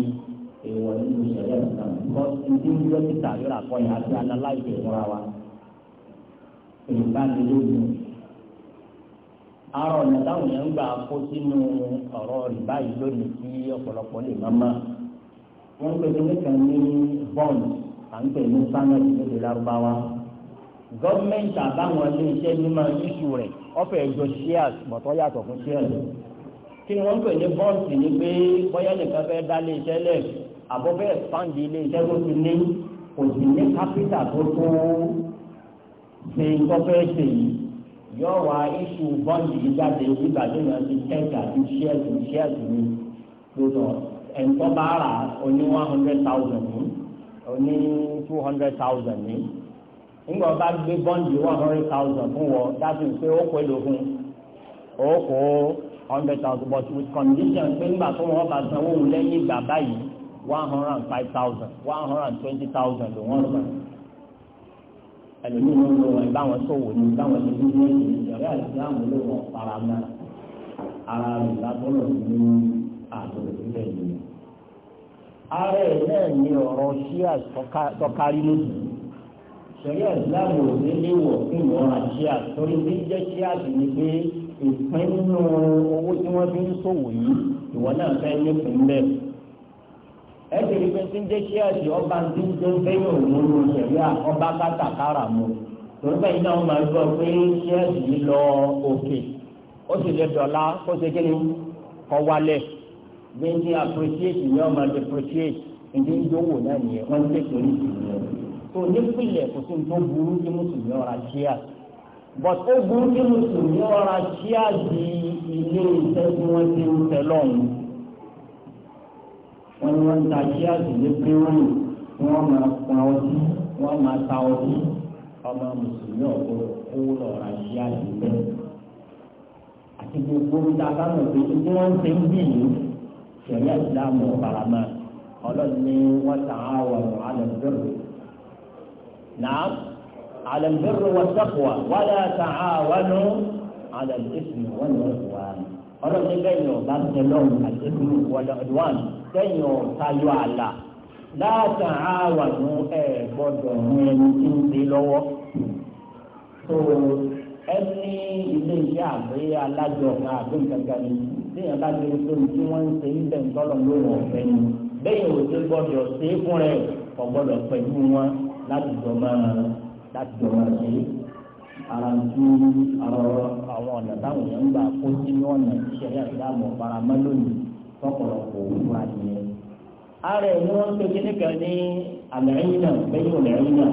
èèwọ̀ nínú ìṣẹ̀lẹ̀ àìsàn. because ndí ń yọ títà yọrọ àkọyà àti analyze ìmúra wa èyíká ara ọ̀nà táwọn yẹn ń gbà kó sínú ọ̀rọ̀ rìbá yìí lónìí tí ọ̀pọ̀lọpọ̀ lè má má wọ́n ń pèsè nìkan ní bond à ń pè ní lárúbáwá àbáwọn rẹ̀ ọ̀fẹ́ shares bọ̀tọ́ yàtọ̀ fún shares kí ni wọ́n ń pè ní pé nìkan fẹ́ àbọ̀bẹ́ ẹ̀fáǹdì ilé iṣẹ́ tó ti ní kò sì ní kápítà tó tó ṣe tọ́fẹ́ ṣe yìí yóò wá iṣu bọ́ǹdì yìí jáde nígbà tó yàn ti tẹ́jà ju ṣẹ́ẹ̀tù ṣẹ́ẹ̀tù ni lọ́dọ̀ ẹ̀ńtọ́ bá rà oní one hundred thousand ní oní two hundred thousand ní nígbà wọn bá gbé bọ́ǹdì one hundred thousand fún wọn dájú pé ó pè ló fún ó kó hundred thousand but with condition pé nígbà tó wọn bá sanwó lẹ́yìn ìgbà báyìí one hundred and five thousand one hundred and twenty thousand ló wọ́n lọ ẹlòmíì ló ń lò wọn ìbáwọn sòwò ní ìjọba ìsìlámù ló wọn fara mọ́ ara rẹ̀ lábọ́lọ̀ ní àgbò ìbílẹ̀ yìí. ara ẹ̀ náà ni ọ̀rọ̀ ṣíà tọ́kárí lóṣù ṣẹ̀rí ìsìlámù ò ní léwọ̀ fún ìwọ̀n àṣíà torí bí jẹ́ ṣíà sì ni pé ìpín nínú owó tí wọ́n fi ń sòwò yìí ìwọ náà fẹ́ nípìn bẹ́ẹ̀ ẹsẹ̀ ìgbẹ́ tí ń jẹ́ sí ẹ̀sìn ọba tí ń jẹ́ fẹ́yìn òun ló ń ṣẹ̀rí ọba kátàkárà mu torí bẹ́ẹ̀ náà máa ń gbọ́ pé sí ẹ̀sìn yìí lọ òkè ó sì lè dọ̀la kó ṣe kí ni kọ́ wálẹ̀ bí ń ṣe appreciate ni ọmọ depreciate ìdí ń dówó náà nìyẹn wọ́n ń tètè ní ìsìnkú tó nípìnlẹ̀ kò sí tó burú kí mùsùlùmí ọ̀rá ṣíà but ó burú kí mùsùlùmí ọ̀rá ṣíà di ilé iṣẹ́ tí wọ́n ti ń tẹ lọ́hùn-ún wọ́n ní wọ́n ń ta ṣé àṣìlẹ̀ pẹ́wọ́n wọ́n máa pa ọtí wọ́n máa ta ọtí ọmọ mùsùlùmí ọ̀gbọ́n owó lọ́ọ̀rọ̀ ṣé àṣìlẹ̀ àti gbogbo níta bá mọ̀ pé tí wọ́n ń ń bì yìí ṣẹ̀rí àṣìlámù ọ̀bàràmà ọlọ́run ní wọ́n ta àwọn àlẹ́bẹ̀rù náà àlẹ́bẹ̀rù wọ́n sọ̀kùwà wọ́n lè ta àwọn àlẹ́bẹ̀rù wọ́n lọ́ọ̀rọ̀ wọ́n ọlọ́run ní bẹ́ẹ̀ ni ọ̀bá tẹ lọ́run àti ẹ̀kú wọ́n lọ́ọ̀rọ̀ sẹ́yìn ọ̀tayọ àlà láàtà àwàdù ẹ̀ gbọ́dọ̀ mú ẹni tí ń gbé lọ́wọ́ tó ẹni ilé iṣẹ́ àgbẹ̀ alájọ kan àbí nǹkan ni téèyàn bá gbé tó ní tí wọ́n ń ṣe níbẹ̀ ń tọ́lọ̀ ló wọ̀ ọ̀fẹ́ ni bẹ́ẹ̀ ò ṣe gbọ́dọ̀ ṣe é fún rẹ̀ kò gbọ́dọ̀ pẹ̀lú wọn láti jọ máa láti jọ máa ṣe é ara ju àwọn ọ̀nà táwọn èèyàn ń gbà kó sínú ọ̀nà ìṣẹ̀lẹ̀ àti àmọ̀ faramọ́ lónìí tọpọlọpọ òwúwa yẹn. ara ẹ̀ ni wọ́n ń pèsè nìkan ní àlẹ́yìn náà lẹ́yìn òlẹ́yìn náà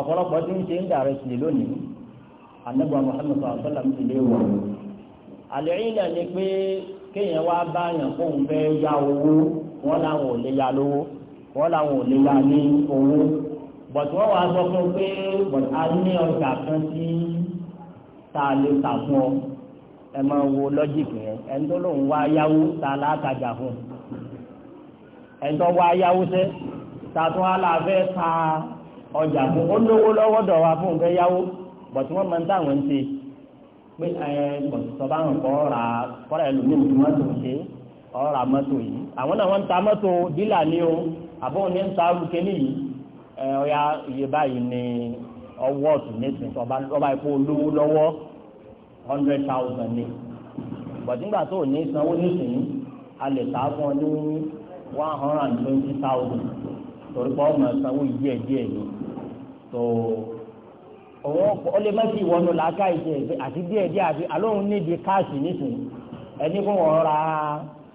ọ̀pọ̀lọpọ̀ tí ń ṣe ń dàrẹ́ sílẹ̀ lónìí anábọ̀ Muhammad sallallahu alaihi wasallam ti lé wọ̀ àlẹ́yìn ni pé kéèyàn wá bá yàn kó ń fẹ́ ya owó wọ́n làwọn ò lè ya lówó wọ́n làwọn ò lè ya ní owó bọ̀tí wọ́n wá sọ fún pé a ní ọjà kan tí tá a lè tà fún ọ ẹ máa wo lọ́jìkì yẹn ẹni tó lóun wá yáwó ta látajà fún ẹni tó wá yáwó sẹ́ tàtún aláfẹ́ ta ọjà fún ó lówó lọ́wọ́ dọ̀ wá fún un fẹ́ yáwó bọ̀tí wọ́n máa ń táwọn ń ṣe pé ẹ bọ̀tí sọ bá ń kọ́ ra kọ́ra ẹlòmíì tí mọ́tò ń ṣe ọ̀ra mọ́tò yìí àwọn náà wọ́n ń ta mọ́tò dílà ní o àbọ̀n ní ń ta arúgbó níyìí ẹ ọ̀ya iye báyìí ni ọwọ́ ọ̀tún nísìnyí ọba ìpò olówó lọ́wọ́ hundred thousand ni gbàdúgbà tó ní sanwó nísìnyí a lè ta fún ọ ní one hundred and twenty thousand torí pé ọmọ sanwó díẹ̀ díẹ̀ ni tó òun ó lè má sí ìwọ́nu làákà ìṣe ìṣe àti díẹ̀ díẹ̀ àti àlóhùn nídìí káàsì nísìnyí ẹni fún wọn ra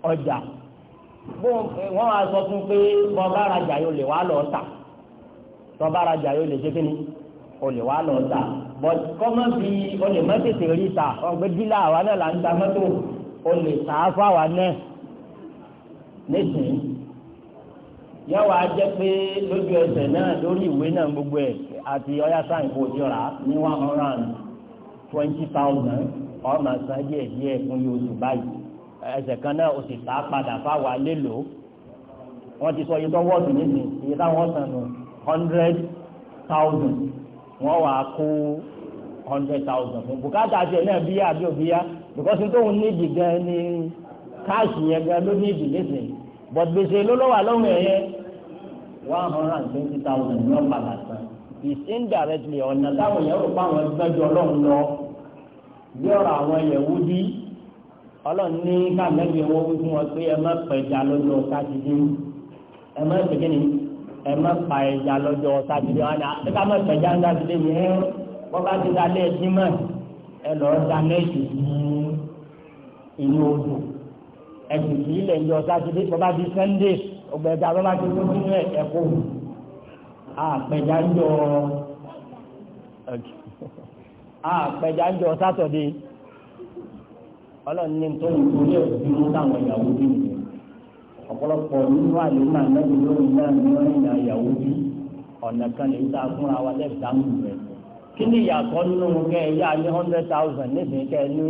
ọjà bó wọn wá sọ fún pé bọba arajà yóò lè wá lọ tà bọba arajà yóò lè ṣe kí ni o lè wá lọ tà but kọ́mọ́ bí o lè má tètè rí ta ọgbẹ́ dílà àwa náà là ń ta mọ́tò o lè tà á náà nísìnyí yàwó ajẹ́ pé lójú ẹsẹ̀ náà lórí ìwé náà gbogbo ẹ̀ àti ọ̀yá sáyìn jọra ní one hundred and twenty thousand ọmọ san díẹ̀ díẹ̀ fún yóò tù báyìí ẹsẹ̀ kan náà o sì tà á padà fáwa lélo wọ́n ti sọ iye tó wọ́ọ̀dù nísìnyí iye táwọn sàn nù hundred thousand wọ́n wàá kó hundred thousand fún bùkátà tiẹ̀ náà bíyà bí òbíyà because tóun níbi gan ni káàsì yẹn gan ló níbi nísìnyí but gbèsè ló lọ́wọ́ ẹ̀yẹ one hundred twenty thousand ní ọ̀pá làtàn is indirectly ọ̀nà táwọn èèyàn rò páwọn ẹgbẹ́jọ ọlọ́run lọ bí ọ̀rọ̀ àwọn Yẹhudi ọlọ́run ní káàmẹ́bí owó fún wọn pé ẹ má pẹja lọ́jọ́ sátidé ẹ má pẹjẹ́ nìyí ẹ má pa ẹja lọ́jọ́ sátidé wọn náà ah, ẹ ká má pa ẹja sátidé yẹn wọ́n bá ti dalẹ̀ ẹtí mọ̀ ẹ lọ́ọ́ da nẹ́ẹ̀tì ní inú odò ẹ̀sìn kì í lẹ̀ yọ sátidé wọ́n bá di sẹ́ńdé ọgbà ẹja wọ́n bá ti tó sínú ẹ̀kọ́ àpẹja ń jọ àpẹja ń jọ sátọ̀dé ọlọ́run ní tó ń torí táwọn ìyàwó bí nìyẹn ọ̀pọ̀lọpọ̀ nínú àlùmọ́ ànábi lórí náà ni wọ́n ń yan ìyàwó bí ọ̀nà kan lè ta fúnra wa lẹ́ẹ̀dá mú rẹ̀. kí ni ìyàtọ̀ nínú kẹ́ ẹ yá ní hundred thousand níbi kẹ́ ẹ ní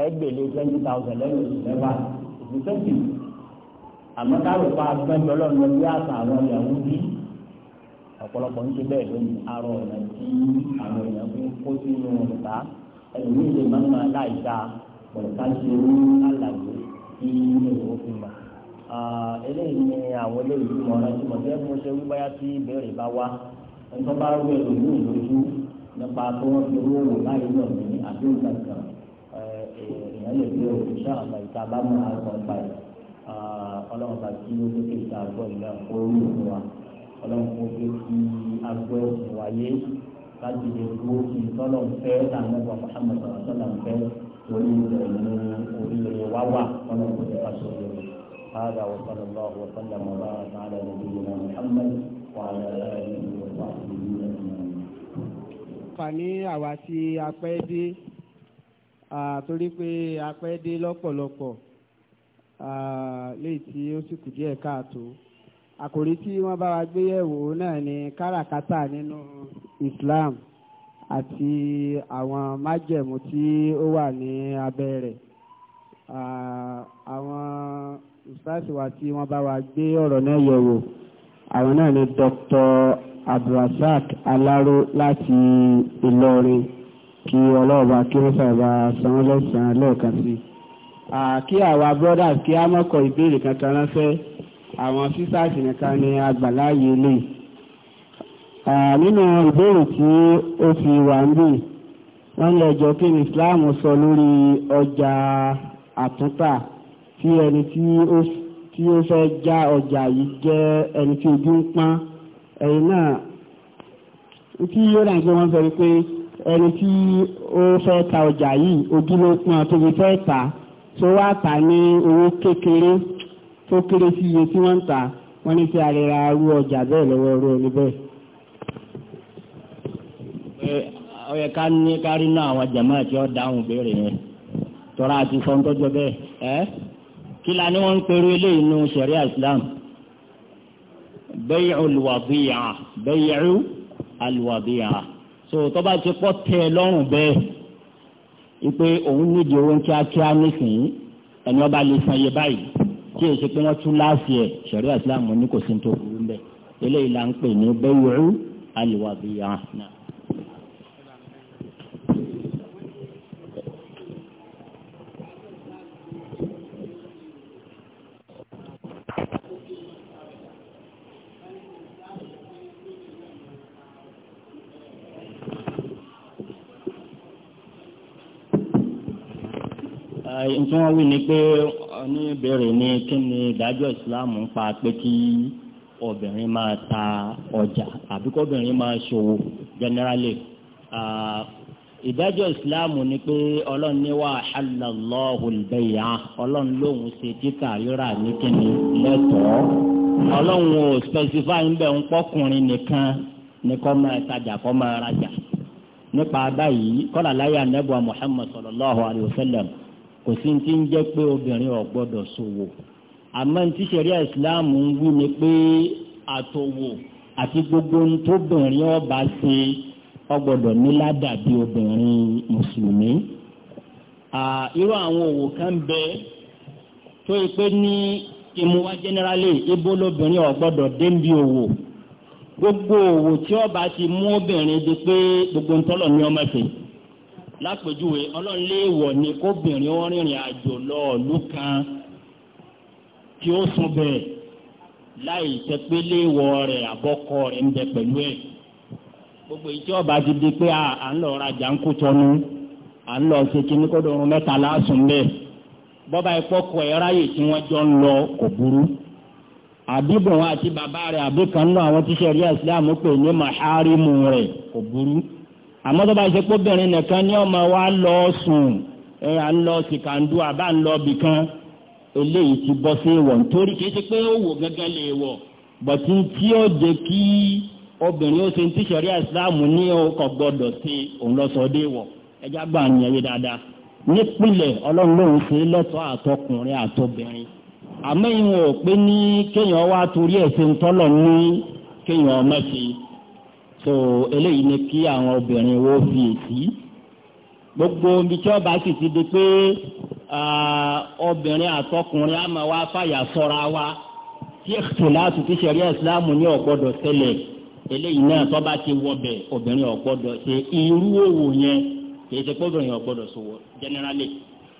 ẹgbẹ̀lẹ̀ twenty thousand lẹ́yìn oṣù mẹ́fà ìfúnṣẹ́sì. àmọ́ táwọn pa agbẹ́jọ́ lọ́nà bí àṣà àwọn ìyàwó bí ọ̀pọ̀lọpọ̀ ń ṣe bẹ́ẹ̀ lónìí arọ ọ̀nà tí àwọn èèyàn fi kó sínú ọ̀tá eléyìí ni àwọn eléyìí mọ̀ ọ́nà tí mo fẹ́ mo ṣe wí báyà tí ìbéèrè bá wá ẹ̀tọ́ bá rú ẹ̀rọ ní ìlójú nípa tó wọ́n fi owó wò láyé náà ní àdéhùn kankan èèyàn lè fi òkú sáà àgbà ìta bá mú àgbà ọ̀gbà yìí ọlọ́run bá kí ó lókè ìta àgbọ̀ ìlà orí òkú wa ọlọ́run kó gbé kí àgbọ̀ ẹ̀sìn wáyé láti lè dúró kí tọ́lọ̀ ń fẹ́ làǹdàgbà Muhammad sọ̀rọ̀ sọ̀rọ̀ ń fẹ́ lórí ìlú oríire wá wà ọlọ́run kó ti ká sórí rẹ̀. هذا وصلى الله وسلم وبارك على نبينا محمد وعلى آله وصحبه أجمعين. àǹfààní àwa tí a pẹ́ dé torí pé a pẹ́ dé lọ́pọ̀lọpọ̀ léyìí tí ó sì kù díẹ̀ káàtó àkòrí tí wọ́n bá wa gbé yẹ̀wò náà ni káràkátà nínú Islam àti àwọn májẹ̀mú tí ó wà ní abẹ́ rẹ̀ àwọn ustaasi wa tí wọ́n bá wa gbé ọ̀rọ̀ náà yẹ̀wò àwọn náà ni Dr. abdulrasaq alaro láti Ìlọrin kí ọlọ́ọ̀bá kí wọ́n sàbà sanwó lọ́sàn-án lẹ́ẹ̀kan sí i. kí àwa brothers kí á mọ́kọ̀ ìbéèrè kankan ránṣẹ́ àwọn sisters nìkan ni agbàláyé lè. nínú ìbéèrè tí ó fi wà ń bì wọ́n lẹ́jọ́ kí ni Islam sọ lórí ọjà àtúntà tí ẹni tí ó fẹ́ já ọjà yìí jẹ́ ẹni tí ojú ń pán ẹ̀yìn náà tí yóò náà jẹ́ wọ́n sọ wípé ẹni tí ó fẹ́ ta ọjà yìí ojú ló pọn tó fi fẹ́ tà tó wá tà ní owó kékeré tó kéré sí iye tí wọ́n ń tà wọ́n ní tí a lè ra irú ọjà bẹ́ẹ̀ lọ́wọ́ irú ẹni bẹ́ẹ̀. ó yẹ ká ní ká rí náà àwọn jàmáà tí ó dáhùn béèrè yẹn tọ́ra àti sọ́ńtọ́jọ́ bẹ́ẹ̀ ẹ́ kila ni wọ́n ń pèrò eléyìí nínú sẹ̀ríà islam bẹ́yẹ̀ olùwàbíyà bẹ́yẹ̀ olùwàbíyà so tọ́ba ti pọ́ tẹ lọ́rùn bẹ́ẹ̀ ipe òun nídìí owó kíákíá nísìnyí ẹni ọba lè san iye báyìí tí èsì pé wọ́n tún láàfin ẹ̀ islam ní kò sí ní tó burú bẹ́ẹ̀ eléyìí là ń pè ní bẹ́yẹ̀ olùwàbíyà náà. tí wọ́n wí ni pé ní ìbéèrè ni kí ni ìdájọ́ ìsìláàmù ń pa pé kí obìnrin máa ta ọjà àbí kóbìnrin máa ṣòwò generally ìdájọ́ ìsìláàmù ni pé ọlọ́run ní wà halallahul bay'a ọlọ́run lòun ṣe títà rírà ní kíni lẹ́tọ̀ọ́ ọlọ́run ò specify ń bẹ̀ ń pọ́kùnrin nìkan ní kó máa tajà kó máa rajà nípa báyìí kọ́lá láyé anábọ̀ Muhammad sallallahu alayhi wa sallam kò sí ti ń jẹ́ pé obìnrin ò gbọ́dọ̀ ṣòwò àmọ́ ní tíṣẹ̀rí ìsìláàmù ń wí ni pé àtòwò àti gbogbo ohun tóbìnrin ọba ṣe ó gbọ́dọ̀ ní ládàbí obìnrin mùsùlùmí. irú àwọn òwò kan bẹ tó yẹ pé ní ìmúwá jẹ́nẹ́rálì ibo lóbìnrin ò débi òwò gbogbo òwò tí ọba ti mú obìnrin di pé gbogbo ń tọ́lọ̀ ní ọmọ ṣe lápèjúwe ọlọ́run léèwọ̀ ni kóbìnrin ó rìnrìn àjò lọ ìlú kan tí ó sùn bẹ́ẹ̀ láì jẹ́ pé léèwọ̀ rẹ̀ àbọ́kọ rẹ̀ ń bẹ pẹ̀lú ẹ̀ gbogbo ìtí ọba ti di pé à ń lọ rajà ń kú tọ́nu à ń lọ ṣe kíní kó dọ̀rùn mẹ́ta lásùn bẹ́ẹ̀ bọ́ba ìpọ́kọ̀ ẹ̀ ráyè tí wọ́n jọ ń lọ kò burú àbíbùn àti bàbá rẹ̀ àbíkan náà àwọn tíṣẹ̀rí ìsìlámù pè ní màhárìmù rẹ̀ kò burú àmọ́ tó bá ṣe pé obìnrin nìkan ni ọmọ wa lọ sùn ẹ à ń lọ sìkàndú àbá ń lọ bìkan eléyìí ti bọ́ sí ìwọ̀ nítorí kìí ṣe pé ó wò gángan lè wọ̀ bọ̀tí tí ó jẹ́ kí obìnrin ó ṣe ń tíṣọ̀rí àìsíláàmù ní ọkọ̀ gbọ́dọ̀ sí òun lọ́sọ̀ọ́dé wọ̀ ẹja gbà ń yẹn dáadáa nípìnlẹ̀ ọlọ́run lòun ṣe lọ́tọ̀ àtọkùnrin àtobìnrin àmọ́ ìwọ̀n ò pé ní kéèyàn wá torí ẹ̀ ṣe ń tọ́lọ̀ ní kéèyàn ọmọ ṣe so eléyìí ni kí àwọn obìnrin wo fi èsì gbogbo ibi tí ọba sì ti di pé obìnrin àtọkùnrin àmọ́ wa fàyà sọ́ra wa tí ìtòláàtú ti ṣẹ̀rí ẹ̀sìláàmù ní ọ̀gbọ́dọ̀ tẹ́lẹ̀ eléyìí náà tọ́ba ti wọbẹ̀ obìnrin ọ̀gbọ́dọ̀ ṣe irú òwò yẹn kìí ṣe pọ́bìnrin ọ̀gbọ́dọ̀ sọ̀wọ́ generally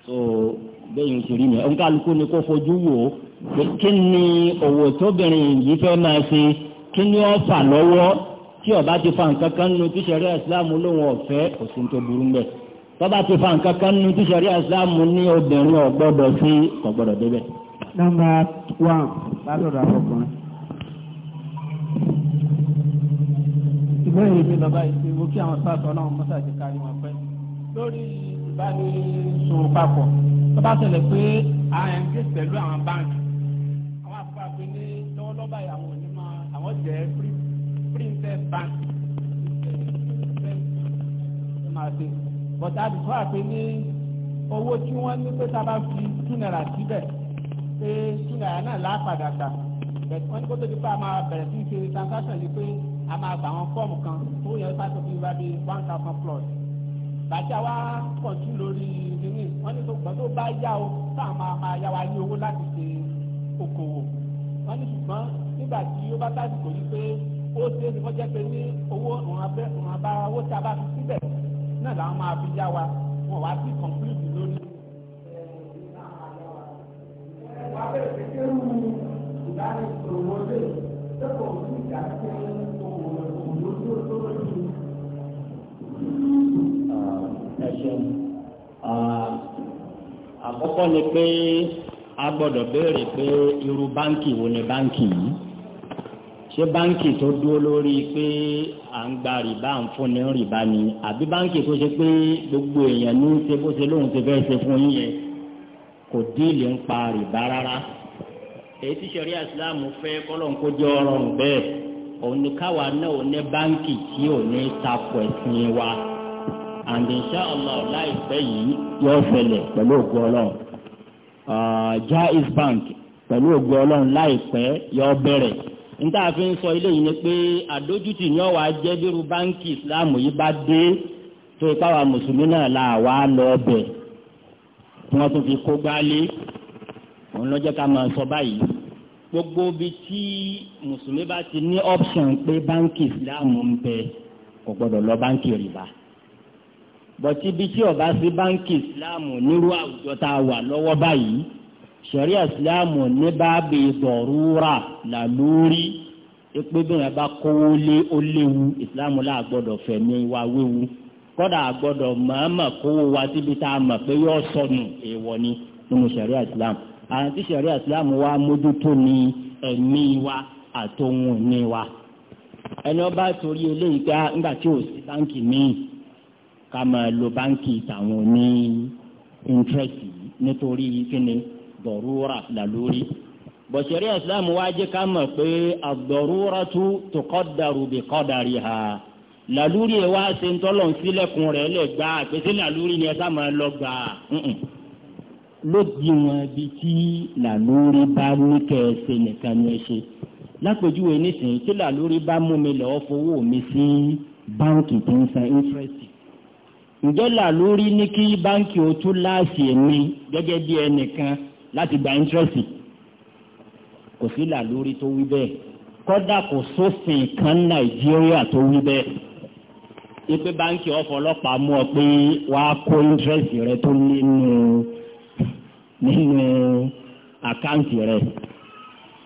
so bẹ́ẹ̀ ń ṣèlérí yẹn oníkàlùkù ni kò fojú wò ó pé kí ni òwò tóbìnrin yìí fẹ́ máa ṣe kí ni ó fà lọ́wọ́ tí ó bá ti fa nǹkan kan nínú tí sẹ̀rí ìsìláàmù lóun ọ̀fẹ́ kò sí tó burú mbẹ́ tó bá ti fa nǹkan kan nínú tí sẹ̀rí ìsìláàmù ní obìnrin ò gbọ́dọ̀ sí kò gbọ́dọ̀ débẹ̀. nọ́mbà one lálọ́dọ̀ àfọkùnrin. ìgbọ́ yìí mi lọ́ba ìṣe wo kí àwọn sáàtọ̀ ọlọ́run mọ́tà ti kárí wọn pẹ́ lórí ìbánisòwò papọ̀ tó bá tẹ̀lé pé à ń gé pẹ̀lú àwọn báńkì àwọn àpapọ̀ ní lọ́wọ́lọ́wọ́ báyìí àwọn ò ní máa àwọn jẹ́ pr báńkì ẹ máa ṣe bọ̀tà àdìsọ́ àti ní owó tí wọ́n ní pé tá a bá fi two naira síbẹ̀ pé two naira náà lápadà gbà bẹ̀rẹ̀ wọ́n ní kó tó di pé a máa bẹ̀rẹ̀ sí ṣe transaction ni pé a máa gbà wọn fọ́ọ̀mù kan owó yẹn bá tó wá bí one thousand plus bàtí àwa kọ̀tún lórí ìdíní wọ́n ní gbogbo tó bá yá o táwọn máa máa yá wa ní owó láti ṣe okòwò wọ́n ní ṣùgbọ́n nígbà tí ó bá tásìkò yìí pé ó ṣe é kọjá pé ní owó ìwọ̀n bá owó tí a bá fi síbẹ̀ náà làwọn máa fi yá wa wọn wá sí kọ̀ǹpútì lórí. àkọ́kọ́ ni pé a gbọ́dọ̀ béèrè pé irú báńkì wo ni báńkì yìí ṣé báńkì tó dúró lórí pé à ń gba rìbá à ń fúnni rìbá ni àbí báńkì tó ṣe pé gbogbo èèyàn ní ṣe bó ṣe lóun ṣe fẹ́ ṣe fún yín yẹn kò díìlì ń pa rìbá rárá èyí tí sẹ̀rí àsìláàmù fẹ́ kọ́lọ́n kó jẹ́ ọrọ̀rùn bẹ́ẹ̀ òun ni káwa náà ò ní báńkì tí ò ní takò ẹ̀sìn wa and insha allah láìpẹ́ yìí yóò ṣẹlẹ̀ pẹ̀lú ògùn ọlọ́run uh, jaiz bank pẹ̀lú ògùn ọlọ́run láìpẹ́ yóò bẹ̀rẹ̀ níta fi ń sọ ilé yìí ni pé àdójútì ní ọ̀wà jẹ́ bírú báńkì ìsìláàmù yìí bá dé tó ipá wa mùsùlùmí náà la wà á lọ ọbẹ̀ tí wọ́n tún fi kó gbálé òun ló jẹ́ ká máa sọ báyìí gbogbo ibi tí mùsùlùmí bá ti ní option pé báńkì ìsìláàmù ń bẹ kò gbọdọ̀ lọ báńkì rìbá bọ̀tí ibi tí ọ̀bá sí báńkì ìsìláàmù nírú àwùjọ tá a wà lọ́wọ́ báyìí sọ̀rí ìsìláàmù ní báàbí dọ̀rúra làlórí pé bí wọn bá kówó lé ó léwu ìsìláàmù là gbọ́dọ̀ fẹ̀mí wa wéwu kọ́dà gbọ́dọ̀ màmá kówó wa síbi tá a mọ̀ pé sọnù èèwọ̀ ni nínú ìsìláàmù àwọn tí ìsìláàmù wa mójútó ni ẹ̀mí wa àtòhun ní wa ẹni torí eléyìí ńgbà tí ò sí míì lo ní íńtírẹ́sì nítorí dọ̀rúra làlórí bọ̀sẹ̀rí islam wá jẹ́ ká mọ̀ pé àdọ̀rúra tú tó kọ́dàrú bí kọ́dàrí ha làlórí ẹ̀ wá ṣe ń tọ́lọ̀ ń sílẹ̀kùn rẹ̀ lẹ̀ gbà àpèsè làlórí ni ẹ sá máa lọ gbà lóbi wọn bí tí làlórí bá ní kẹsẹ̀ nìkan ni ẹ ṣe lápèjúwe nísìnyí tí làlórí bá mú mi lọ́ọ́ fowó mi sí báńkì tó ń san interest ǹjẹ́ làlórí ní kí báńkì ó tún láàṣì mi gẹ́gẹ́ bí ẹnìkan láti gba íńtírẹ́sì kò sí làlórí tó wí bẹ́ẹ̀ kọ́dà kò sófin kan nàìjíríà tó wí bẹ́ẹ̀ ipe báńkì ọ̀fọ̀ ọlọ́pàá mú ọ pé wàá kó íńtírẹ́sì rẹ tó nínú nínú àkáǹtì rẹ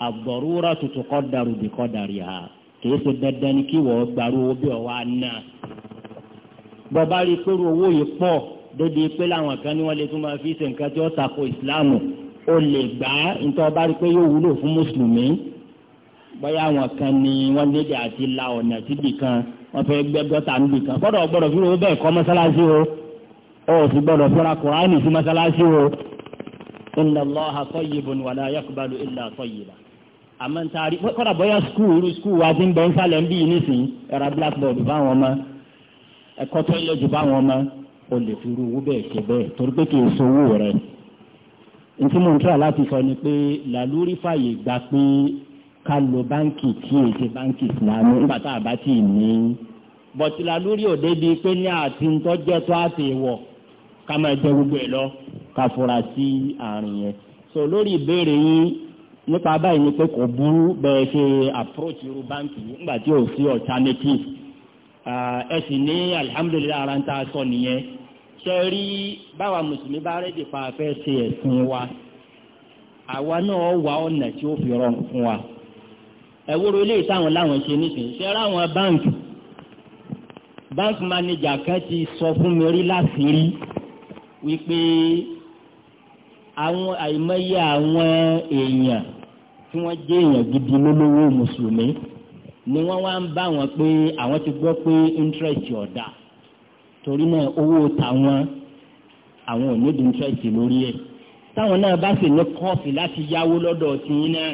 àbọ̀rúra tuntun kọ́ dàrú bí kọ́ dàrí ha kìí ṣe dandan ni kí wọ́n gbarú owó bí ọwọ́ àná bọ́ba rí i pé owó yìí pọ̀ débi pé làwọn kan ní wọ́n lè tún máa fi ṣe nǹkan tí ó tako ìsìláàmù o lè gbà nítorí ọba rí pé yóò wúlò fún mùsùlùmí bóyá kan ni wọn lédè àti la ọ̀nà kan wọ́n fẹ́ gbẹ́ gọ́tà níbì kan gbọdọ fi wo o ó sì gbọ́dọ̀ fọ́ra kùránì sí o inna Allaha tayyibun wala yaqbalu illa tayyiba àmọ́ taari kọ́dà bóyá skul skul wa ti ń ń sálẹ̀ ń bí yìí ẹ̀rọ blackboard ẹ̀kọ́ ntí mo ń tọ́ láti sọ ni pé làlórí fàyè gbà pé ká lo báǹkì tí èyí ṣe báǹkì ìsìlámù nígbà tá a bá tì ní. bọ̀tìlà lórí òde di pé ní àti ntọ́jẹ́ tó a ti wọ̀ ká máa jẹ gbogbo ẹ̀ lọ ká fura sí àárín yẹn. so lórí ìbéèrè yín nípa báyìí ni pé kò burú bẹ́ẹ̀ ṣe approach irú báǹkì nígbà tí ò sí alternative. Ah, ẹ sì ní alihamudulilayi ara ń ta sọ nìyẹn ṣe rí báwa mùsùlùmí bá rẹ́dì pa afẹ́ ṣe ẹ̀sìn wa àwa náà wà ọ̀nà tí ó fi rọrùn fún wa ẹ̀wúrò ilé ìtàwọn láwọn ṣe nísìnyí ṣe ráwọn báǹkì báǹkì mánéjà kan ti sọ fún mi rí láti wípé àwọn àìmọye àwọn èèyàn tí wọ́n jẹ́ èèyàn gidi lólówó mùsùlùmí ni wọ́n wá ń bá wọn pé àwọn ti gbọ́ pé interest ọ̀dà torí náà owó tàwọn àwọn ò ní di lórí ẹ̀ táwọn náà bá sì ní kọ́ọ̀fì láti yáwó lọ́dọ̀ tìyín náà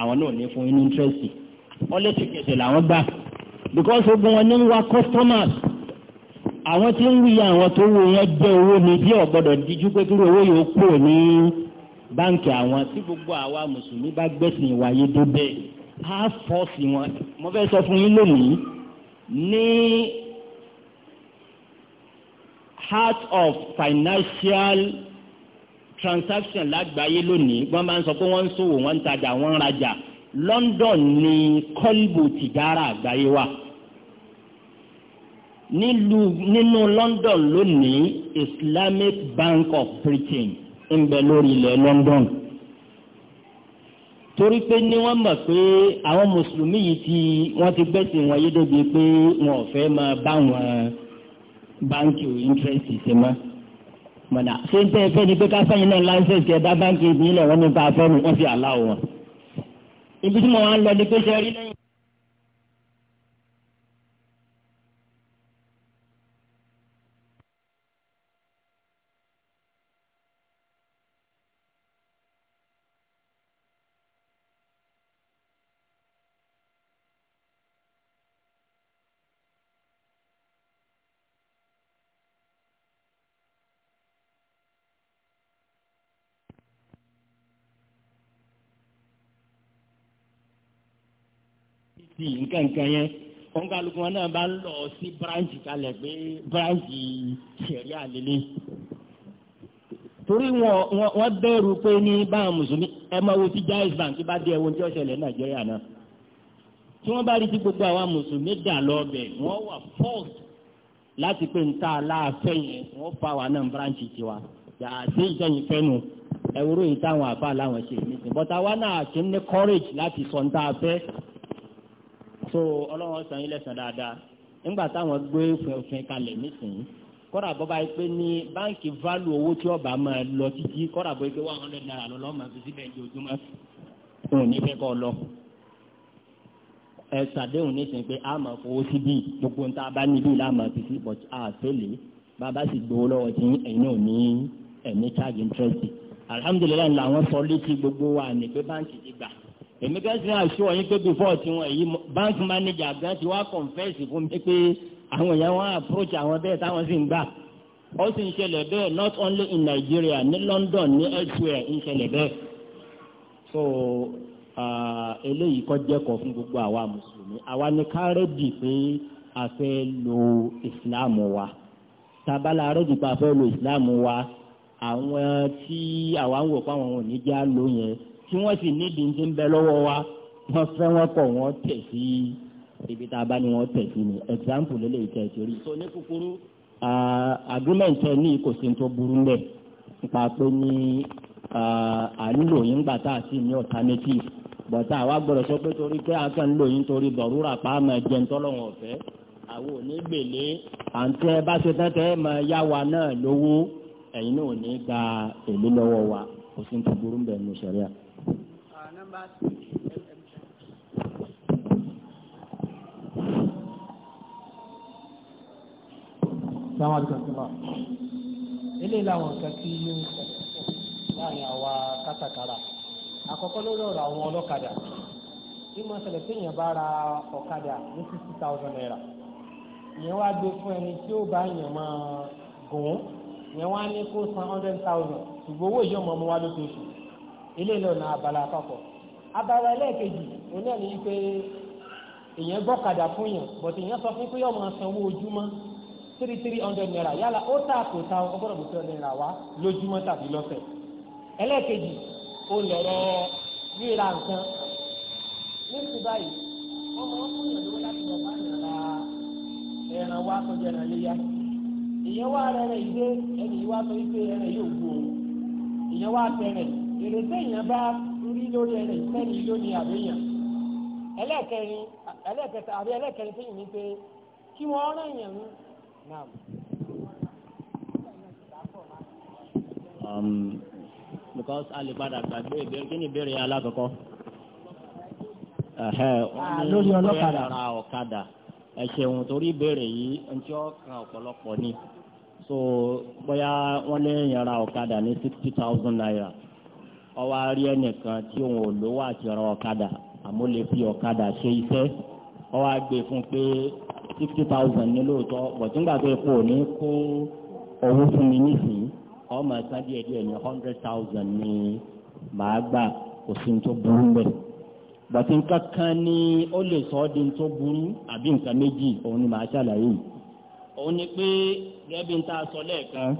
àwọn náà ní fún yín ní interest ọlẹ́tìkẹ̀tẹ̀ làwọn gbà because ogun wọn ní ń wa customers àwọn tí ń wíyà àwọn tó wo yẹn jẹ́ owó ni bí ọ̀gbọ́dọ̀ díjú pé kí owó yóò kúrò ní báǹkì àwọn tí gbogbo àwa mùsùlùmí bá gbẹ̀sìn ìwàyé débẹ̀ á fọ́ọ̀sì wọn mo fẹ́ sọ fún yín lónìí ní heart of financial transaction lágbàáyé lónìí wọ́n máa ń sọ pé wọ́n ń ṣòwò wọ́n ń tajà wọ́n ń rajà London ni kọ́lbù tìjára àgbáyé wà nílùú nínú London lónìí Islamic Bank of Britain ń bẹ lórí ilẹ̀ London torí pé ní wọ́n mọ̀ pé àwọn mùsùlùmí yìí ti wọ́n ti gbẹ́sìn wọn yé débi pé wọn ò fẹ́ máa bá wọn. Uh, báńkì ò interest ṣe ma. mọ̀nà ṣé ń tẹ́ ẹ fẹ́ ni pé ká fẹ́yìn náà láńsẹ̀sì ẹ̀dá báńkì ìdílé wọn nípa afẹ́nu wọn fi àlá wọn. ibi tí mo wá ń lọ ni pé ṣe rí lẹ́yìn sí nkankan yẹn wọn kálukú wọn náà bá ń lọ sí branch kalẹ̀ pé branch sẹ̀rí àlélẹ́ torí wọn bẹ̀rù pé ní báwọn mùsùlùmí ẹ máa wo ti Jaiz Bank bá dé ẹwọ́n tí ó ṣẹlẹ̀ Nàìjíríà náà tí wọ́n bá rí ti gbogbo àwọn mùsùlùmí dà lọ́ọ̀bẹ̀ wọ́n wà fọ́ọ̀sì láti pé nta aláàfẹ́ yẹn wọ́n fa wà náà branch tiwa yàtí ìjọyìn fẹ́nu ẹ̀wúrò yìí táwọn àbá làwọn ṣe courage láti sọ so ọlọ́wọ́n san yín lẹ́sàn dáadáa nígbà táwọn gbé òfin kalẹ̀ nísìnyí kọ́ra bọ́ba yìí pé ní báńkì válù owó tí ọba máa lọ títí kọ́ra bọ́ yìí pé one hundred naira lọ́lọ́ máa fi síbẹ̀ di ojúmọ́ òun ní fẹ́ kọ́ lọ. ẹ sàdéhùn nísìnyí pé a máa fowó sí bíi gbogbo nta bá níbí la máa fi sí but a fẹ́lẹ̀ bàbá sì gbowó lọ́wọ́ tí ẹ̀yin ò ní ẹ̀mí charge interest alhamdulilayi làwọn sọ létí gbogbo wa ní pé báńkì ti gbà èmi kẹ́sì àṣọ yín pé before tí wọ́n bank manager gan ti wá confess fún mi pé àwọn èèyàn wọn approach àwọn bẹ́ẹ̀ táwọn sì ń gbà ó sì ń ṣẹlẹ̀ bẹ́ẹ̀ not only in Nigeria ní London ní elsewhere ń ṣẹlẹ̀ bẹ́ẹ̀ so uh, eléyìí kọ́ jẹ́kọ̀ọ́ fún gbogbo àwa mùsùlùmí àwa ni ká rẹ́dì pé a fẹ́ lo ìsìláàmù wa tabala rẹ́dì pé a fẹ́ lo ìsìláàmù wa àwọn tí àwa ń wò pé àwọn ò ní já lóyún tí wọ́n sì nídìí ti ń bẹ lọ́wọ́ wa wọ́n fẹ́ wọ́n kọ̀ wọ́n tẹ̀ sí ibi tá a bá ní wọ́n tẹ̀ sí ni example lélẹ̀ ìtẹ̀ ìtòrí. so ní kúkúrú agreement ẹ ní kò sí tó burú mbẹ nípa pé ní à ń lò yín gbà tá a sì ní alternative bọ̀tá àwa gbọ́dọ̀ sọ pé torí pé a kàn ń lò yín torí bọ̀rúra pa á máa jẹun tọ́lọ́wọ̀n ọ̀fẹ́ àwọn òní gbèlé àǹtẹ bá ṣe tẹ́tẹ́ máa yá wa náà lówó ẹ̀yin náà ò ní gba èlé lọ́wọ́ wa kò sí tó burú mbẹ nù sẹ́ríà number six. Sáwọn àdìgbàsílá. Ilé ìlànà kan tí ó ń sọ láàrin àwa kátàkárà. Àkọ́kọ́ lórí ọ̀rọ̀ àwọn ọlọ́kadà. Bí mo ṣẹlẹ̀ tí èèyàn bá ra ọ̀kadà ní sixty thousand naira. Ìyẹn wá gbé fún ẹni tí ó bá yàn máa gùn. Ìyẹn wá ní kó san hundred thousand. Ṣùgbọ́n owó ìyá ọmọ ọmọ wa lóṣooṣù ilé lọ́nà abala àkọ́kọ́ abala ẹlẹ́ẹ̀kejì òun náà ní pé èèyàn gbọ́kadà fún yàn bọ̀tì èèyàn sọ fún pé yóò máa sanwó ojúmọ́ three three hundred naira yálà ó tà kò ta ọgbọ́dọ̀ bùtọ́ naira wá lójúmọ́ tàbí lọ́sẹ̀ ẹlẹ́ẹ̀kejì ó lọ̀rọ̀ ríra nǹkan ní ti báyìí wọ́n máa ń fún yàn láti lọ́ọ́ bá yàn ẹran wá tó ẹran léyà ìyẹn wá rẹ̀ rẹ̀ ìdé ẹni yìí wá sọ wípé yóò wú ìyẹn wá tẹ̀rẹ̀ èrè téèyàn bá rí lórí ẹni sẹ́ni lónìí àbíyàn ẹlẹ́ẹ̀kẹrin ẹlẹ́ẹ̀kẹta àbí ẹlẹ́ẹ̀kẹrin téèyàn ní pé kí wọ́n rán èèyàn ní náà. Um, because a lè padà gbàgbé ìbéèrè kí ni ìbéèrè alákọ̀ọ́kọ́. Ah, lórí ọlọ́kadà ra ọ̀kadà ẹ torí ìbéèrè yìí ń tí ó kan ọ̀pọ̀lọpọ̀ ni so bóyá wọ́n lè yàrá ọ̀kadà ní sixty thousand naira ọwọ́ arí ẹnìkan tí òun ò lówó àti ọ̀rọ̀ ọ̀kadà àmọ́ lè fi ọ̀kadà ṣe iṣẹ́ ọwọ́ agbè fún pé sixty thousand ní lóòótọ́ bọ̀tí nígbà tó epo ní kó owó fún mi nísìnyí ọmọ ẹ̀sán díẹ̀ díẹ̀ ní hundred thousand ní màá gbà kò sí ní tó burú bẹ́ẹ̀ bọ̀tí kankan ni ó lè sọ ọ́ di ní tó burú àbí nǹkan méjì òun ni màá ṣàlàyé yìí òun ni pé gẹ́gẹ́ bí n sọ lẹ́ẹ̀kan.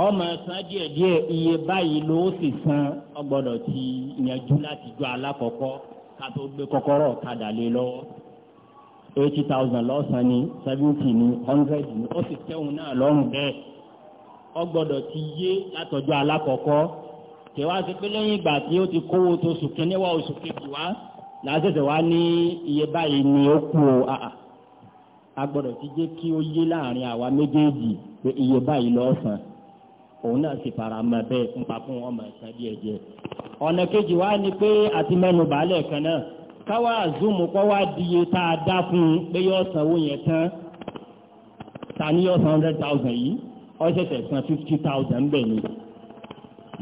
ọmọ san díẹ̀ díẹ̀ iye báyìí ló sì san ọgbọdọ ti yanjú láti jọ alákọ̀ọ́kọ́ ká tó gbé kọkọrọ kadà lé eighty thousand lọ́sàn-án ni seventy ni hundred ni ó sì tẹ́hùn náà lọ́rùn bẹ́ẹ̀ ọgbọ́dọ̀ ti yé látọjọ́ pé lẹ́yìn ìgbà tí ó ti tó wá oṣù kejì o àà a ti kí ó yé láàrin àwa méjèèjì pé òun náà sì fara mọ́ bẹ́ẹ̀ fún papọ̀ wọn mọ̀ ẹ̀ka díẹ̀ díẹ̀. ọ̀nà kejì wá ni pé àti mẹ́nu bàálẹ̀ kan náà káwá zoomu kọ́ wá di iye tá a dá fún un pé yọ sanwó yẹn tán ta ni yọ san hundred thousand yìí ọ ṣẹ̀ṣẹ̀ san fifty thousand bẹ́ẹ̀ ni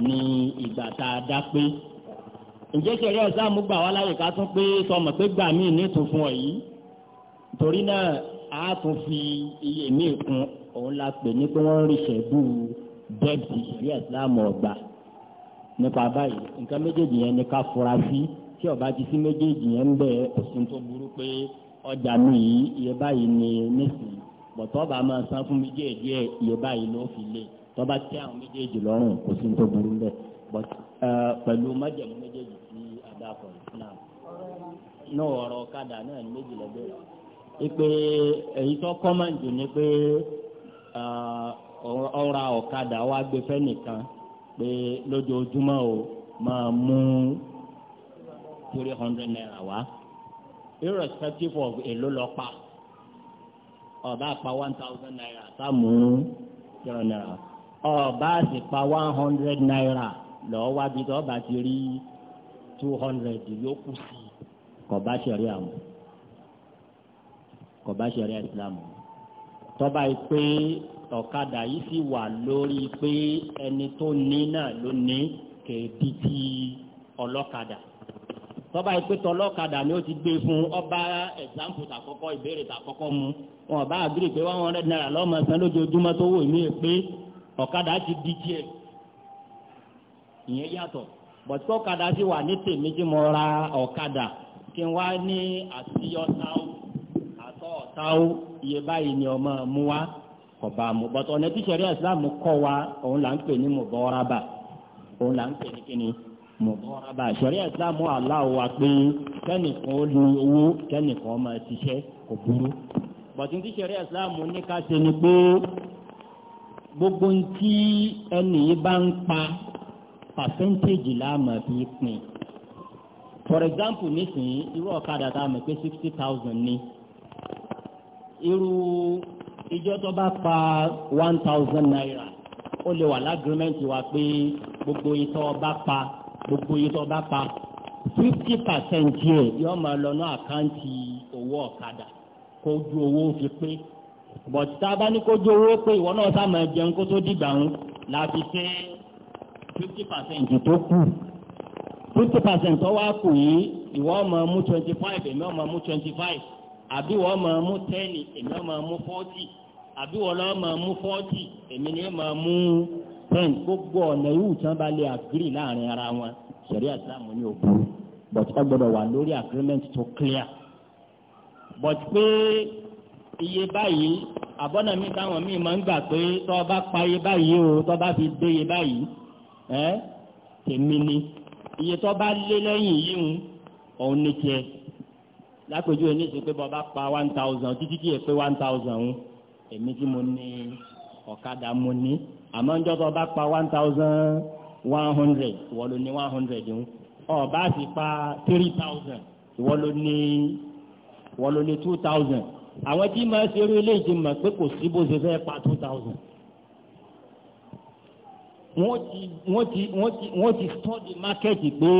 ní ìgbà tá a dá pé ǹjẹ́ sẹ̀rí ẹ̀sáàmù gbà wá láyè ká tún pé sọmọ pé gbà míì ní tuntun ọ̀ yìí torí náà a tún fi iye míì kún òun la pè ní pé wọ́n ń rí ṣẹ́gbù dẹ́ẹ̀tì sí islam ọ̀gbà nípa báyìí nǹkan méjèèjì yẹn ni ká fura sí tí ọba ti sí méjèèjì yẹn ń bẹ òsùn tó burú pé ọjà mi yìí iye báyìí ni nísìnyí bọ̀tọ́ ọba máa san fún méjèèjì ẹ̀ iye báyìí ló fi lé tọ́ba tẹ àwọn méjèèjì lọ́rùn òsùn tó burú bẹ́ẹ̀ pẹ̀lú májẹ̀mú méjèèjì tí a islam náà ọ̀rọ̀ ọ̀kadà náà méjì lọ́gbẹ̀rẹ̀ ìpè èyí tó kọ́mọ̀ jù ni pé ọ̀ra ọ̀kadà wa gbé fẹ́nìkan pé lójoojúmọ́ o máa mú three hundred naira wá irrespective of èlò lọ́pà ọba pa one thousand naira sáàmù three hundred naira ọba sì pa one hundred naira lọ́ọ́ wájú tó ọba ti rí two hundred yókù sí kọba sẹ̀rí àmọ́ kọba sẹ̀rí ìsìlámù tọ́ba yìí pé ọ̀kadà yìí sì wà lórí pé ẹni tó ní náà ló ní kéèdì tí ọlọ́kadà tọ́ba yìí pé tọlọ́kadà ni ó ti gbé fún ọba ẹ̀sáǹpù tàkọ́kọ́ ìbéèrè tàkọ́kọ́ mu wọn ọba àgírí pé one hundred naira lọ́mọ san lójoojúmọ́ tó wò ní pé ọ̀kadà ti di tiẹ̀ ìyẹn yàtọ̀ bọ̀tí ọ̀kadà sì wà ní tèmi tí mo ra ọ̀kadà kí n wá ní àti ọ̀tá o àtọ̀ ọ̀tá o iye báyìí ni ọmọ mu wá kọba mu bọ́tọ̀ ọ̀nà tí sọ̀rí islam kọ́ wa òun là ń pè ní mọ̀bọ́rábà òun là ń pè ní kíni mọ̀bọ́rábà sọ̀rí islam aláwọ̀ wa pé kẹ́nìkan ó lu owó kẹ́nìkan máa ṣiṣẹ́ kò burú bọ̀tí tí sọ̀rí islam ní ká ṣe ni pé gbogbo ntí ẹnì yìí bá ń pa pàṣẹ́ntéèjì láàmà fi pin for example nísìnyí irú ọ̀kadà tá a mọ̀ pé sixty thousand ni irú ìjọ tó bá pa one thousand naira ó lè wà lágrímẹ́ǹtì wa pé gbogbo ìtọ́ bá pa gbogbo ìtọ́ bá pa fifty percent yẹn yóò máa lọ ní àkáǹtì owó ọ̀kadà kó ju owó fi pé bọ̀tí tá a bá ní kó ju owó pé ìwọ náà sá máa jẹun kó tó dìgbà ń la fi ṣe fifty percent tó kù fifty percent tó wá kù yìí ìwọ máa mú twenty five èmi máa mú twenty five àbí wọ́n máa mú tẹ́ẹ̀nì èmi máa mú fọ́ọ̀tì àbí wọ́n lọ́ máa mú fọ́ọ̀tì èmi ni máa mú tẹ́ẹ̀nì gbogbo ọ̀nà yìí tí wọ́n bá lè àgírì láàrin ara wọn sẹ̀rí àtàwọn ní òbu but wọ́n gbọ́dọ̀ wà lórí agreement tó clear but pé iye báyìí àbọ̀nà mi táwọn míì máa ń gbà pé tọ́ ọ bá pa iye báyìí o tọ́ bá fi dé iye báyìí ẹ́ tèmi ni iye tọ́ bá lé lẹ́yìn yìí òun ní tiẹ̀ lápèjú ẹ níṣẹ́ pé bàbá pa one thousand títí tí ẹ pé one thousand ń èmi tí mo ní ọ̀kadà mo ní àmọ́ ń jọ́tọ̀ bá pa one thousand one hundred ìwọ ló ní one hundred ń ọba sì pa three thousand ìwọ ló ní ìwọ ló ní two thousand àwọn tí máa ṣe eré ilé ìjìnmọ̀ pé kò sí bó ṣe fẹ́ pa two thousand wọ́n ti wọ́n ti wọ́n ti wọ́n ti study market pé.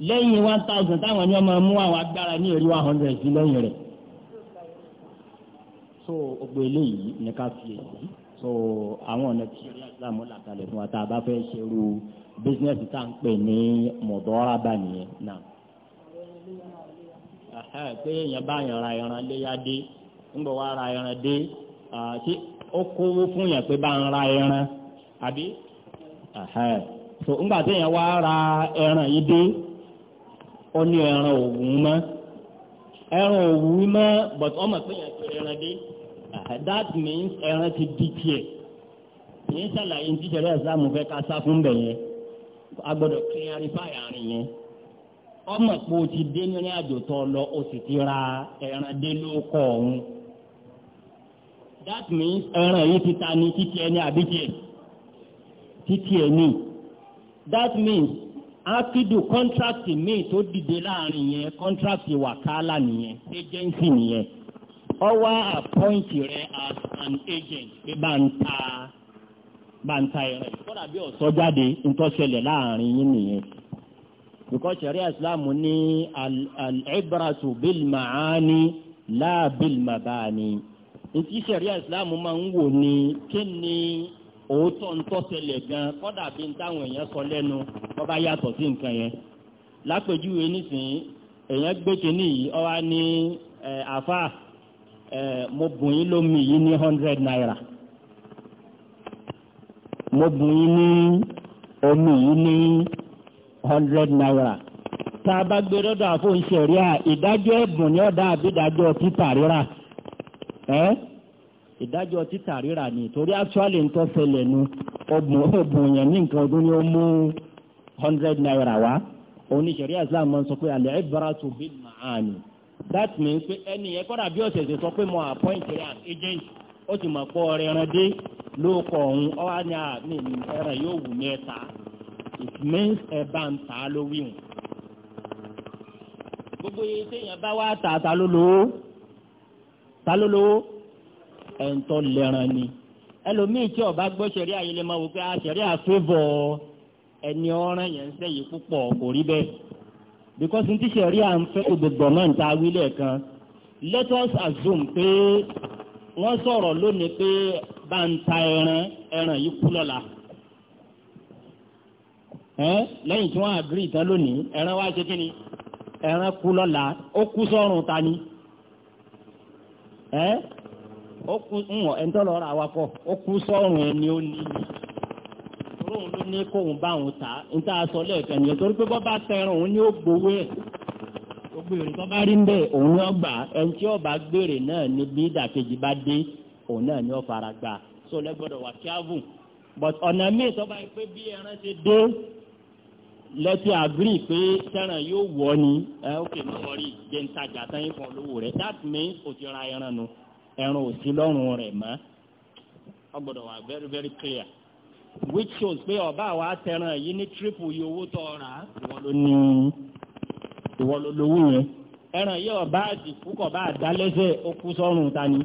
lẹ́yìn one thousand táwọn ẹni ọmọ mú àwọn agbára ní èrè one hundred sí lẹ́yìn so gbogbo eléyìí n'i ká fi so àwọn ọ̀nà tí ìrìn islam là kalẹ̀ fún wa tá a bá fẹ́ ṣerú tá à ń pè tí ó bá ń ra ẹran àbí ó ní ẹran òwú mọ́ ẹran òwú mọ́ but ọmọ pé yẹn pé ẹran dé that means ẹran ti di tiẹ̀ yẹn ṣàlàyé ní tíṣẹ̀rẹ́ ẹ̀sìlámù fẹ́ ká sá fún bẹ̀yẹn a gbọ́dọ̀ clarify àárín yẹn ọmọ pé o ti dé nínú àjò tó lọ o sì ti ra ẹran dé ló ọ̀hún that means ẹran yìí ti ta ni títí ẹni àbí tiẹ̀ títí ẹni that means akidu kọ́ńtrákì míì tó dìde láàrin yẹn kọ́ńtrákì wàkálà nìyẹn agency nìyẹn ọ wá appoint rẹ as an agent pé bá ń ta bá ń ta ẹrẹ kọ́dà bí ọ̀sọ́ jáde ń tó ṣẹlẹ̀ láàrin yín nìyẹn because sharia ní al-ibratu bil ma'ani la máa ń wò ní kí ni. òótọ́ ntọ́sẹlẹ̀ gan kọ́dà bí n táwọn èèyàn sọ lẹ́nu wọ́n bá yàtọ̀ sí nǹkan yẹn lápèjúwe nísìnyí èèyàn gbé kínní yìí ọ wá ní àfa mo bùn yín lómi yìí ní hundred naira mo bùn yín ní omi yìí ní hundred naira tá a bá gbé lọ́dọ̀ àfọ̀nṣẹ̀ríà ìdájọ́ ẹ̀bùn ni ọ̀dà àbídájọ́ títà rírà ẹ́. Eh? ìdájọ́ títà ríra ni torí actually ń tọ́ ṣẹlẹ̀ nu ọ̀bùn ọ̀bùn yẹn ní nǹkan ọdún ni ó mú hundred naira wá oníṣẹ̀rí islam máa ń sọ pé alẹ́ ibaratu bil maani that means pé ẹni yẹn kọ́ra bí ọ̀sẹ̀ ṣe sọ pé mo appoint an agent ó ti mọ̀ pọ̀ ọ̀rẹ́ dé ló kọ̀ ọ̀hún ẹran yóò wù ẹ̀ta it means ẹ bá ń ta ló gbogbo iye téèyàn bá wá ta ta ló lówó ta ló lówó. ẹ̀ńtọ́ lẹ́ran ni ẹlòmíì tí ọba gbọ́ sẹ̀rí àyẹlẹ máa wò pé a sẹ̀rí àfẹ́bọ̀ ẹni ọ̀ràn yẹn ń sẹ́yìn púpọ̀ kò rí bẹ́ẹ̀ because n ti sẹ̀rí à ń fẹ́ gbogbo náà ta wílẹ̀ kan let us assume pé wọ́n sọ̀rọ̀ lónìí pé bá ń ta ẹran ẹran yìí kú lọ́la lẹ́yìn tí wọ́n agree tán lónìí ẹran wá ṣe kí ni ẹran kú lọ́la ó kú sọ́run ta ni ó kú ńwọ̀n ẹni tó lọ ra wa kọ́ ó kú sọ́run ẹni ó ní tóun ló ní kóun bá òun ta ń tá a sọ lẹ́ẹ̀kan yẹn torí pé bọ́ tẹran òun ní ó gbowó ẹ̀ gbogbo èrè tó bá rí ń bẹ òun ọgbà ẹni tí ọba gbèrè náà ni bí ìdàkejì bá dé òun náà ni ó fara gbà so lẹ́gbọ́dọ̀ wà kíávù but ọ̀nà míì tó bá yẹ pé bí ẹran ti dé lẹ́tí agree pé sẹ́ràn yóò wọ̀ ni ẹ ó kè mọ́ wọ́rí jẹ́ ń tajà tán yín fún olówó rẹ̀ that means òtí ra ẹran nu. No ẹran ò lọ́rùn rẹ̀ mọ́ ọ wà very very clear which shows pé ọba àwa tẹran yìí ní triple yìí owó tó rà ìwọ ló ní ìwọ ló ọba kọ̀ bá àdá lẹ́sẹ̀ ó kú sọ́rùn tani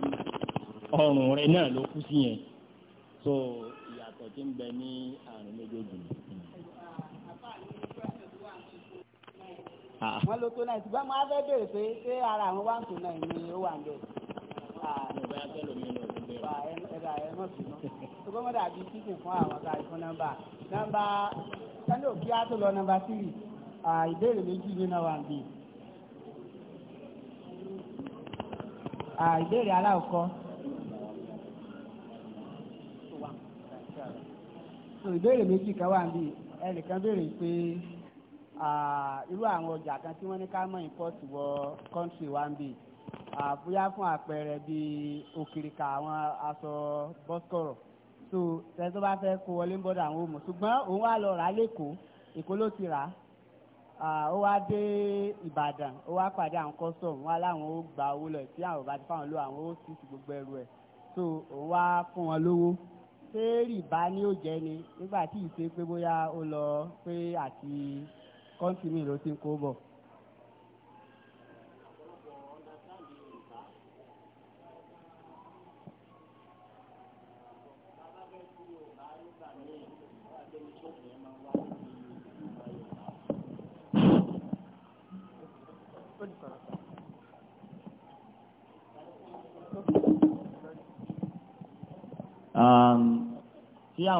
ọrùn rẹ̀ náà ló kú sí yẹn so ìyàtọ̀ ń bẹ ní àrùn méjèèjì ah. ọ̀bẹ akẹ́lòmí lọ sí bẹ́ẹ̀. ẹ̀dà ẹ̀ mọ̀ sí náà ṣùgbọ́n mọ́dà bíi títì fún àwọn ọ̀gá ìfún nọ́mbà nọ́mbà sálẹ̀ òkè á tó lọ nọ́mbà tírì ìbéèrè méjì ní náà wà ń bì. ìbéèrè aláwọ̀kọ́. ìbéèrè méjì kan wà ń bì ẹnìkan béèrè pé irú àwọn ọjà kan tí wọ́n ní ká mọ̀ ìpọ́tù wọ kọ́ńtì wa ń bì àbúyá fún àpẹẹrẹ bíi òkìrìkà àwọn aṣọ bọ́sikọ̀rọ̀ so tẹ́tí tó bá fẹ́ kó wọlé ń bọ́dọ̀ àwọn òmò ṣùgbọ́n òun wà lọ rà á lẹ́kọ̀ọ́ èkó ló ti rà á ó wá dé ìbàdàn ó wá pàdé àwọn kọ́sọ̀mù wọn láwọn ó gba owó lọ tí àwọn bá ti fáwọn lọ àwọn ó sì sí gbogbo ẹrù ẹ̀ so òun wá fún wọn lówó ṣé rìbá ni ó ni nígbà tí ìṣe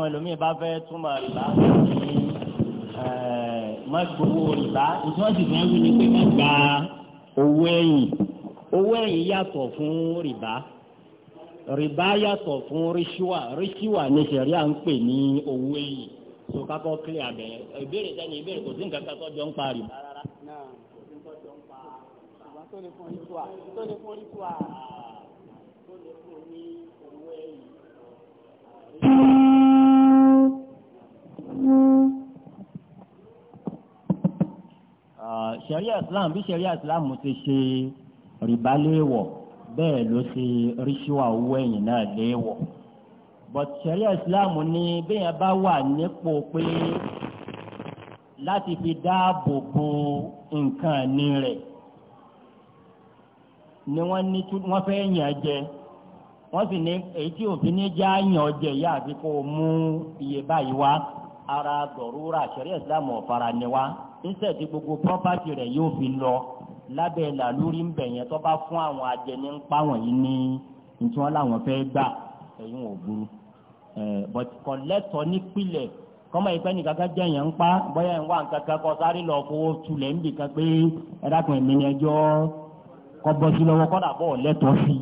ẹlòmíì bá fẹ́ túmọ̀ rìbá eh, má gbowó rìbá ìtọ́ sì fẹ́ wí ni pé má gba owó ẹ̀yìn owó ẹ̀yìn yàtọ̀ fún rìbá rìbá yàtọ̀ fún ríṣíwà ríṣíwà ní sẹ̀rí à ń pè ní owó ẹ̀yìn tó kakọ́ kílẹ̀ abẹ ìbéèrè sẹ́ni ìbéèrè kò sí nǹkan kan tó jọ ń pa rìbá rárá ṣẹ̀ríà ah, islam bí ṣẹ̀ríà islam ti ṣe rìbá léèwọ̀ bẹ́ẹ̀ ló ṣe ríṣíwá owó ẹ̀yìn náà léèwọ̀ but ṣẹ̀ríà islam ní bẹ́ẹ̀ bá wà nípò pé láti fi dáàbò bo nǹkan ní rẹ̀ ni wọ́n ní wọ́n fẹ́ yàn jẹ wọ́n sì ní èyí tí òfin ní já yàn jẹ yá àfi mú iye báyìí wá ara dọ̀rúra sẹ̀rí ìsìlámù ọ̀fara ni wa níṣẹ́ tí gbogbo pọ́pátì rẹ̀ yóò fi lọ lábẹ́ làlúrí ń bẹ̀yẹn tó bá fún àwọn ajẹni ń pa wọ̀nyí ní ntí wọn làwọn fẹ́ gbà ẹ̀yìn ò burú but kọ̀lẹ́tọ̀ nípìlẹ̀ kọ́mọ ìpẹ́ nìkan kan jẹ́ yẹn ń pa bóyá ń wá nǹkan kan kọ́ sáré lọ fowó tulẹ̀ ń bì kan pé ẹ̀dàkùn ẹ̀mí ni ẹjọ́ kọ́ bọ́ sí lọ́wọ́ kọ́dà bọ́ọ̀ lẹ́tọ̀ọ́ sí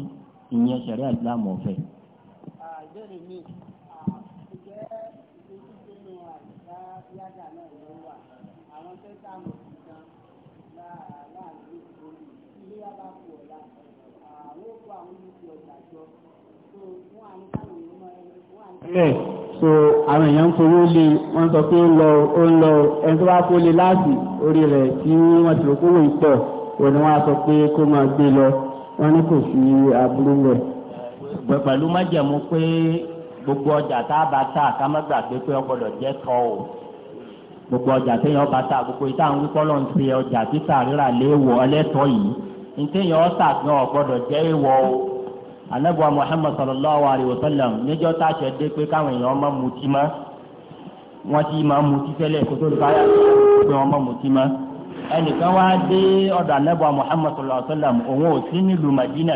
ìyẹn sẹ̀rí ìsìlámù ọ̀fẹ́. àìbẹ̀rẹ̀ mi bẹ́ẹ̀ so àwọn èèyàn ń fowó lé wọ́n sọ pé ó lọ ó lọ ẹni tó bá fowó lé láti orí rẹ̀ tí wọ́n ti rògbò wò ìtọ̀ wọ́n ni wọ́n á sọ pé kó máa gbé lọ wọ́n ní kò sí aburú rẹ̀. pẹ̀lú májẹ̀mú pé gbogbo ọjà tá a bá tà ká má gbàgbé pé ó gbọ́dọ̀ jẹ́ tọ́ o. gbogbo ọjà téèyàn bá ta gbogbo ìta àwọn wípọ́ lọ́n ọjà títà rírà léèwọ̀ ẹlẹ́tọ́ yìí jẹ́ anabuwa sallallahu alayhi wa sallam níjọ́ tá a ṣe dé pé káwọn èèyàn máa mọ́ wọ́n ti máa mutí tẹ́lẹ̀ kó tó báyà pé wọ́n máa mọ́ ẹnìkan wá dé ọ̀dọ̀ anabuwa muhammad sallallahu alayhi wa sallam òun ò sí nílùú madina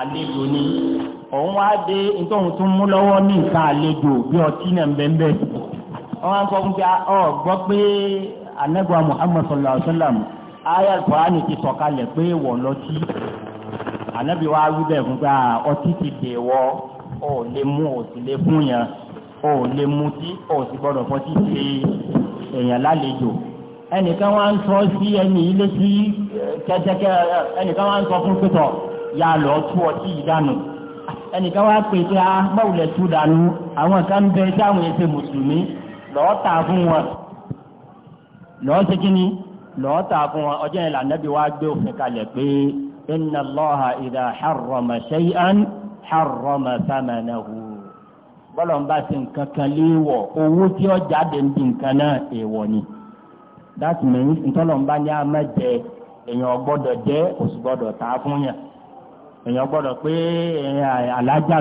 àlejò ni òun wá dé nítorí tó mú lọ́wọ́ ní wọ́n á sọ fún pé ọ gbọ́ pé anagba muhammad sallallahu alaihi wa sallam ayé kọ́ránì ti sọ̀kalẹ̀ pé wọ̀ lọ́tí anabi wa wí bẹ́ẹ̀ fún pé ọtí ti dè wọ́ ọ lè mú ọ sì lè fún yẹn ọ lè mú tí ọ sì gbọ́dọ̀ fọtí ṣe èèyàn lálejò ẹnìkan wá ń sọ sí ẹni ilé sí eh, kẹtẹkẹ ẹnìkan wá ń sọ fún pẹtọ ya lọ tú ọtí ìdánù ẹnìkan wá pè pé a ah, báwo lẹ tú dànù àwọn kan bẹ táwọn ẹsẹ mùsùlùmí lọ́ọ́ tà fún wọn lọ́ọ́ ṣe kí ni lọ́ọ́ tà fún wọn ọjọ́ ìlànà Ànábì wa gbé òfin kalẹ̀ pé inna Allaha idha harrama shay'an harrama thamanahu bọ́lọ̀ ń bá ṣe nǹkan kan léèwọ̀ owó tí ó jáde ń di nǹkan náà èèwọ̀ ni that means ntọ́lọ̀ ń bá ní àmọ́ jẹ èèyàn gbọ́dọ̀ jẹ́ kò sì fún yàn èèyàn gbọ́dọ̀ pé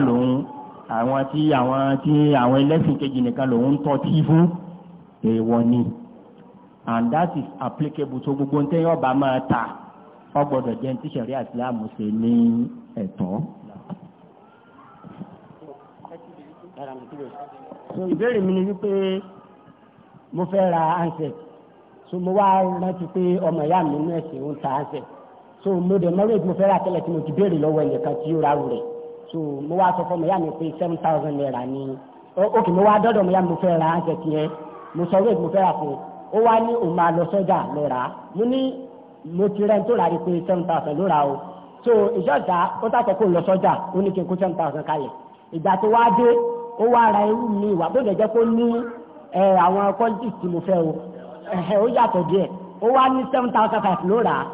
lòun àwọn tí àwọn tí àwọn ẹlẹ́sìn kejì nìkan lòun ń tọ́ tí fún èèwọ̀ ni and that is applicable to gbogbo ní tẹ́yìn ọba máa ta ọgbọ́dọ̀ jẹ́ ti sẹ̀rí àsìlámù ṣe ní ẹ̀tọ́. so ìbéèrè mi ni wípé mo fẹ́ ra handset so mo wá rántí pé ọmọ ìyá mi nínú ẹ̀sìn ń ta handset so mo dẹ̀ mọ́rẹ́ẹ̀dì mo fẹ́ ra tẹ́lẹ̀ tí mo ti béèrè lọ́wọ́ ẹnìkan tí ó ra rẹ̀ so mo wá sọ fún mi yá mi pé seven thousand naira ni ok mo wá dọ́dọ̀ mi yá mi fẹ́ ra ẹsẹ̀ tiẹ̀ mo sọ wéèdì mo fẹ́ rà fún ó wá ní òun máa lọ sọ́jà lọ rà á mo ní mo ti rẹ́ni tó rà rí pé seven thousand ló rà o so ìjọba ó tàkọ́ kó lọ sọ́jà ó ní kí n kó seven thousand kalẹ̀ ìgbà tó wá dé ó wá ra irú mi ìwà bó lè jẹ́ kó ní àwọn quality tí mo fẹ́ o ó yàtọ̀ díẹ̀ ó wá ní seven thousand five ló rà á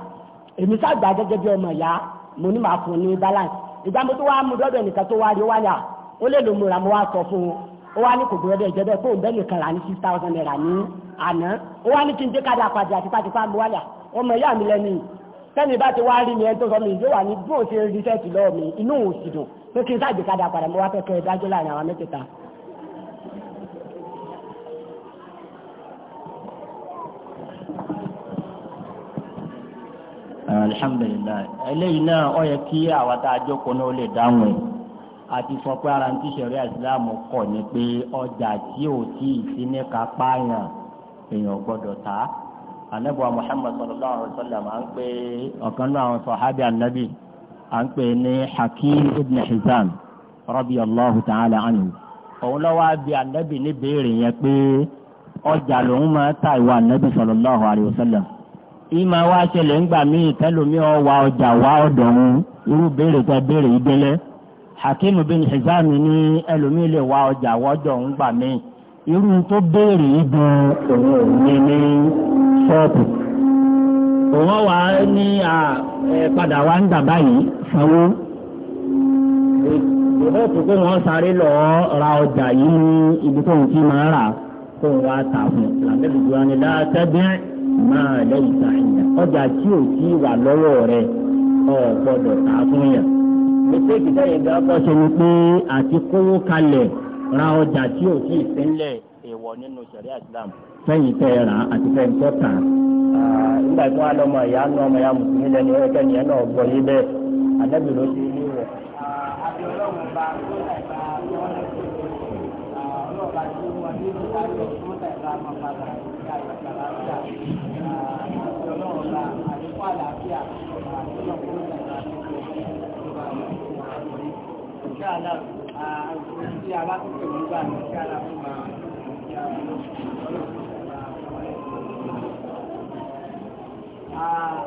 èmi sáà gbà gẹ́gẹ́ bí ọmọ ìyá mo ní màá fún ní balance ìgbà mi tó wá mú dọ́dọ̀ nìkan tó wá rí wá yà ó lè lò múra mo wá sọ fún un ó wá ní kò gbọ́dọ̀ ìjẹ́ bẹ́ẹ̀ fóun bẹ́ẹ̀ nìkan rà ní six thousand naira ní àná ó wá ní kí n dé kájà pàdé àti pàtìpá mo wá yà ọmọ ìyá mi lẹ́nu sẹ́ni bá ti wá rí mi ẹ tó sọ mi yóò wà ní bóun ṣe rí sẹ́ẹ̀tì lọ́wọ́ mi inú òsì dùn pé kí n sáà gbé kájà padà mo wá fẹ́ kẹ́ láàrin àwọn mẹ́tẹ̀ẹ̀ta alhamdulilayi eléyìí náà ó yẹ kí àwa tá a jókòó náà ó lè dáhùn ẹ̀ àti sọ pé ara ti sẹ̀rí àìsílámù kọ̀ ni pé ọjà tí ò tí ì sí ní kápá yàn èèyàn gbọ́dọ̀ ta anabi wa muhammad sallallahu alaihi wa sallam à ń pè ọ̀kan náà àwọn sọ̀hábì anabi à ń pè ní hakim ibn hizam radiyallahu ta'ala anhu òun lọ́wọ́ àbí anabi ní béèrè yẹn pé ọjà lòun máa ta ìwà anabi sallallahu alaihi wa sallam. ìmọ̀ wa ṣẹlẹ̀ ńgbà míì tẹ́lómi ọwà ọjà wa ọ̀dọ̀ ń irú béèrè tẹ béèrè ìdẹ́lẹ́ hakimu bin Hizam ní ẹlòmíì lè wa ọjà wọ́dọ̀ ń gbà míì irú tó béèrè ìdùn òun òun ní ṣọ́ọ̀bù òun wà ní padà wá ń dà báyìí sanwó wọn sáré lọ ra ọjà yìí ní ibi tó ń máa rà wá máa lẹ́yìn sáyẹn ọjà tí ò tí wà lọ́wọ́ rẹ ọ ta fún yàn. pèsè ìkìtẹ́ yìí gbà ṣe ni àti kówó kalẹ̀ ra ọjà tí ò tí ì sílẹ̀ èèwọ̀ nínú sẹ̀rí àìsílámù fẹ́yìn tẹ́ àti fẹ́yìn ah, nígbà tí wọ́n á ìyá ọmọ ìyá mùsùlùmí lẹ́nu náà gbọ́ yé bẹ́ẹ̀ ló fún àlàáfíà ìṣàlá àwọn tí alákòókò nígbà ní ìṣàlá fún àwọn ọlọ́pàá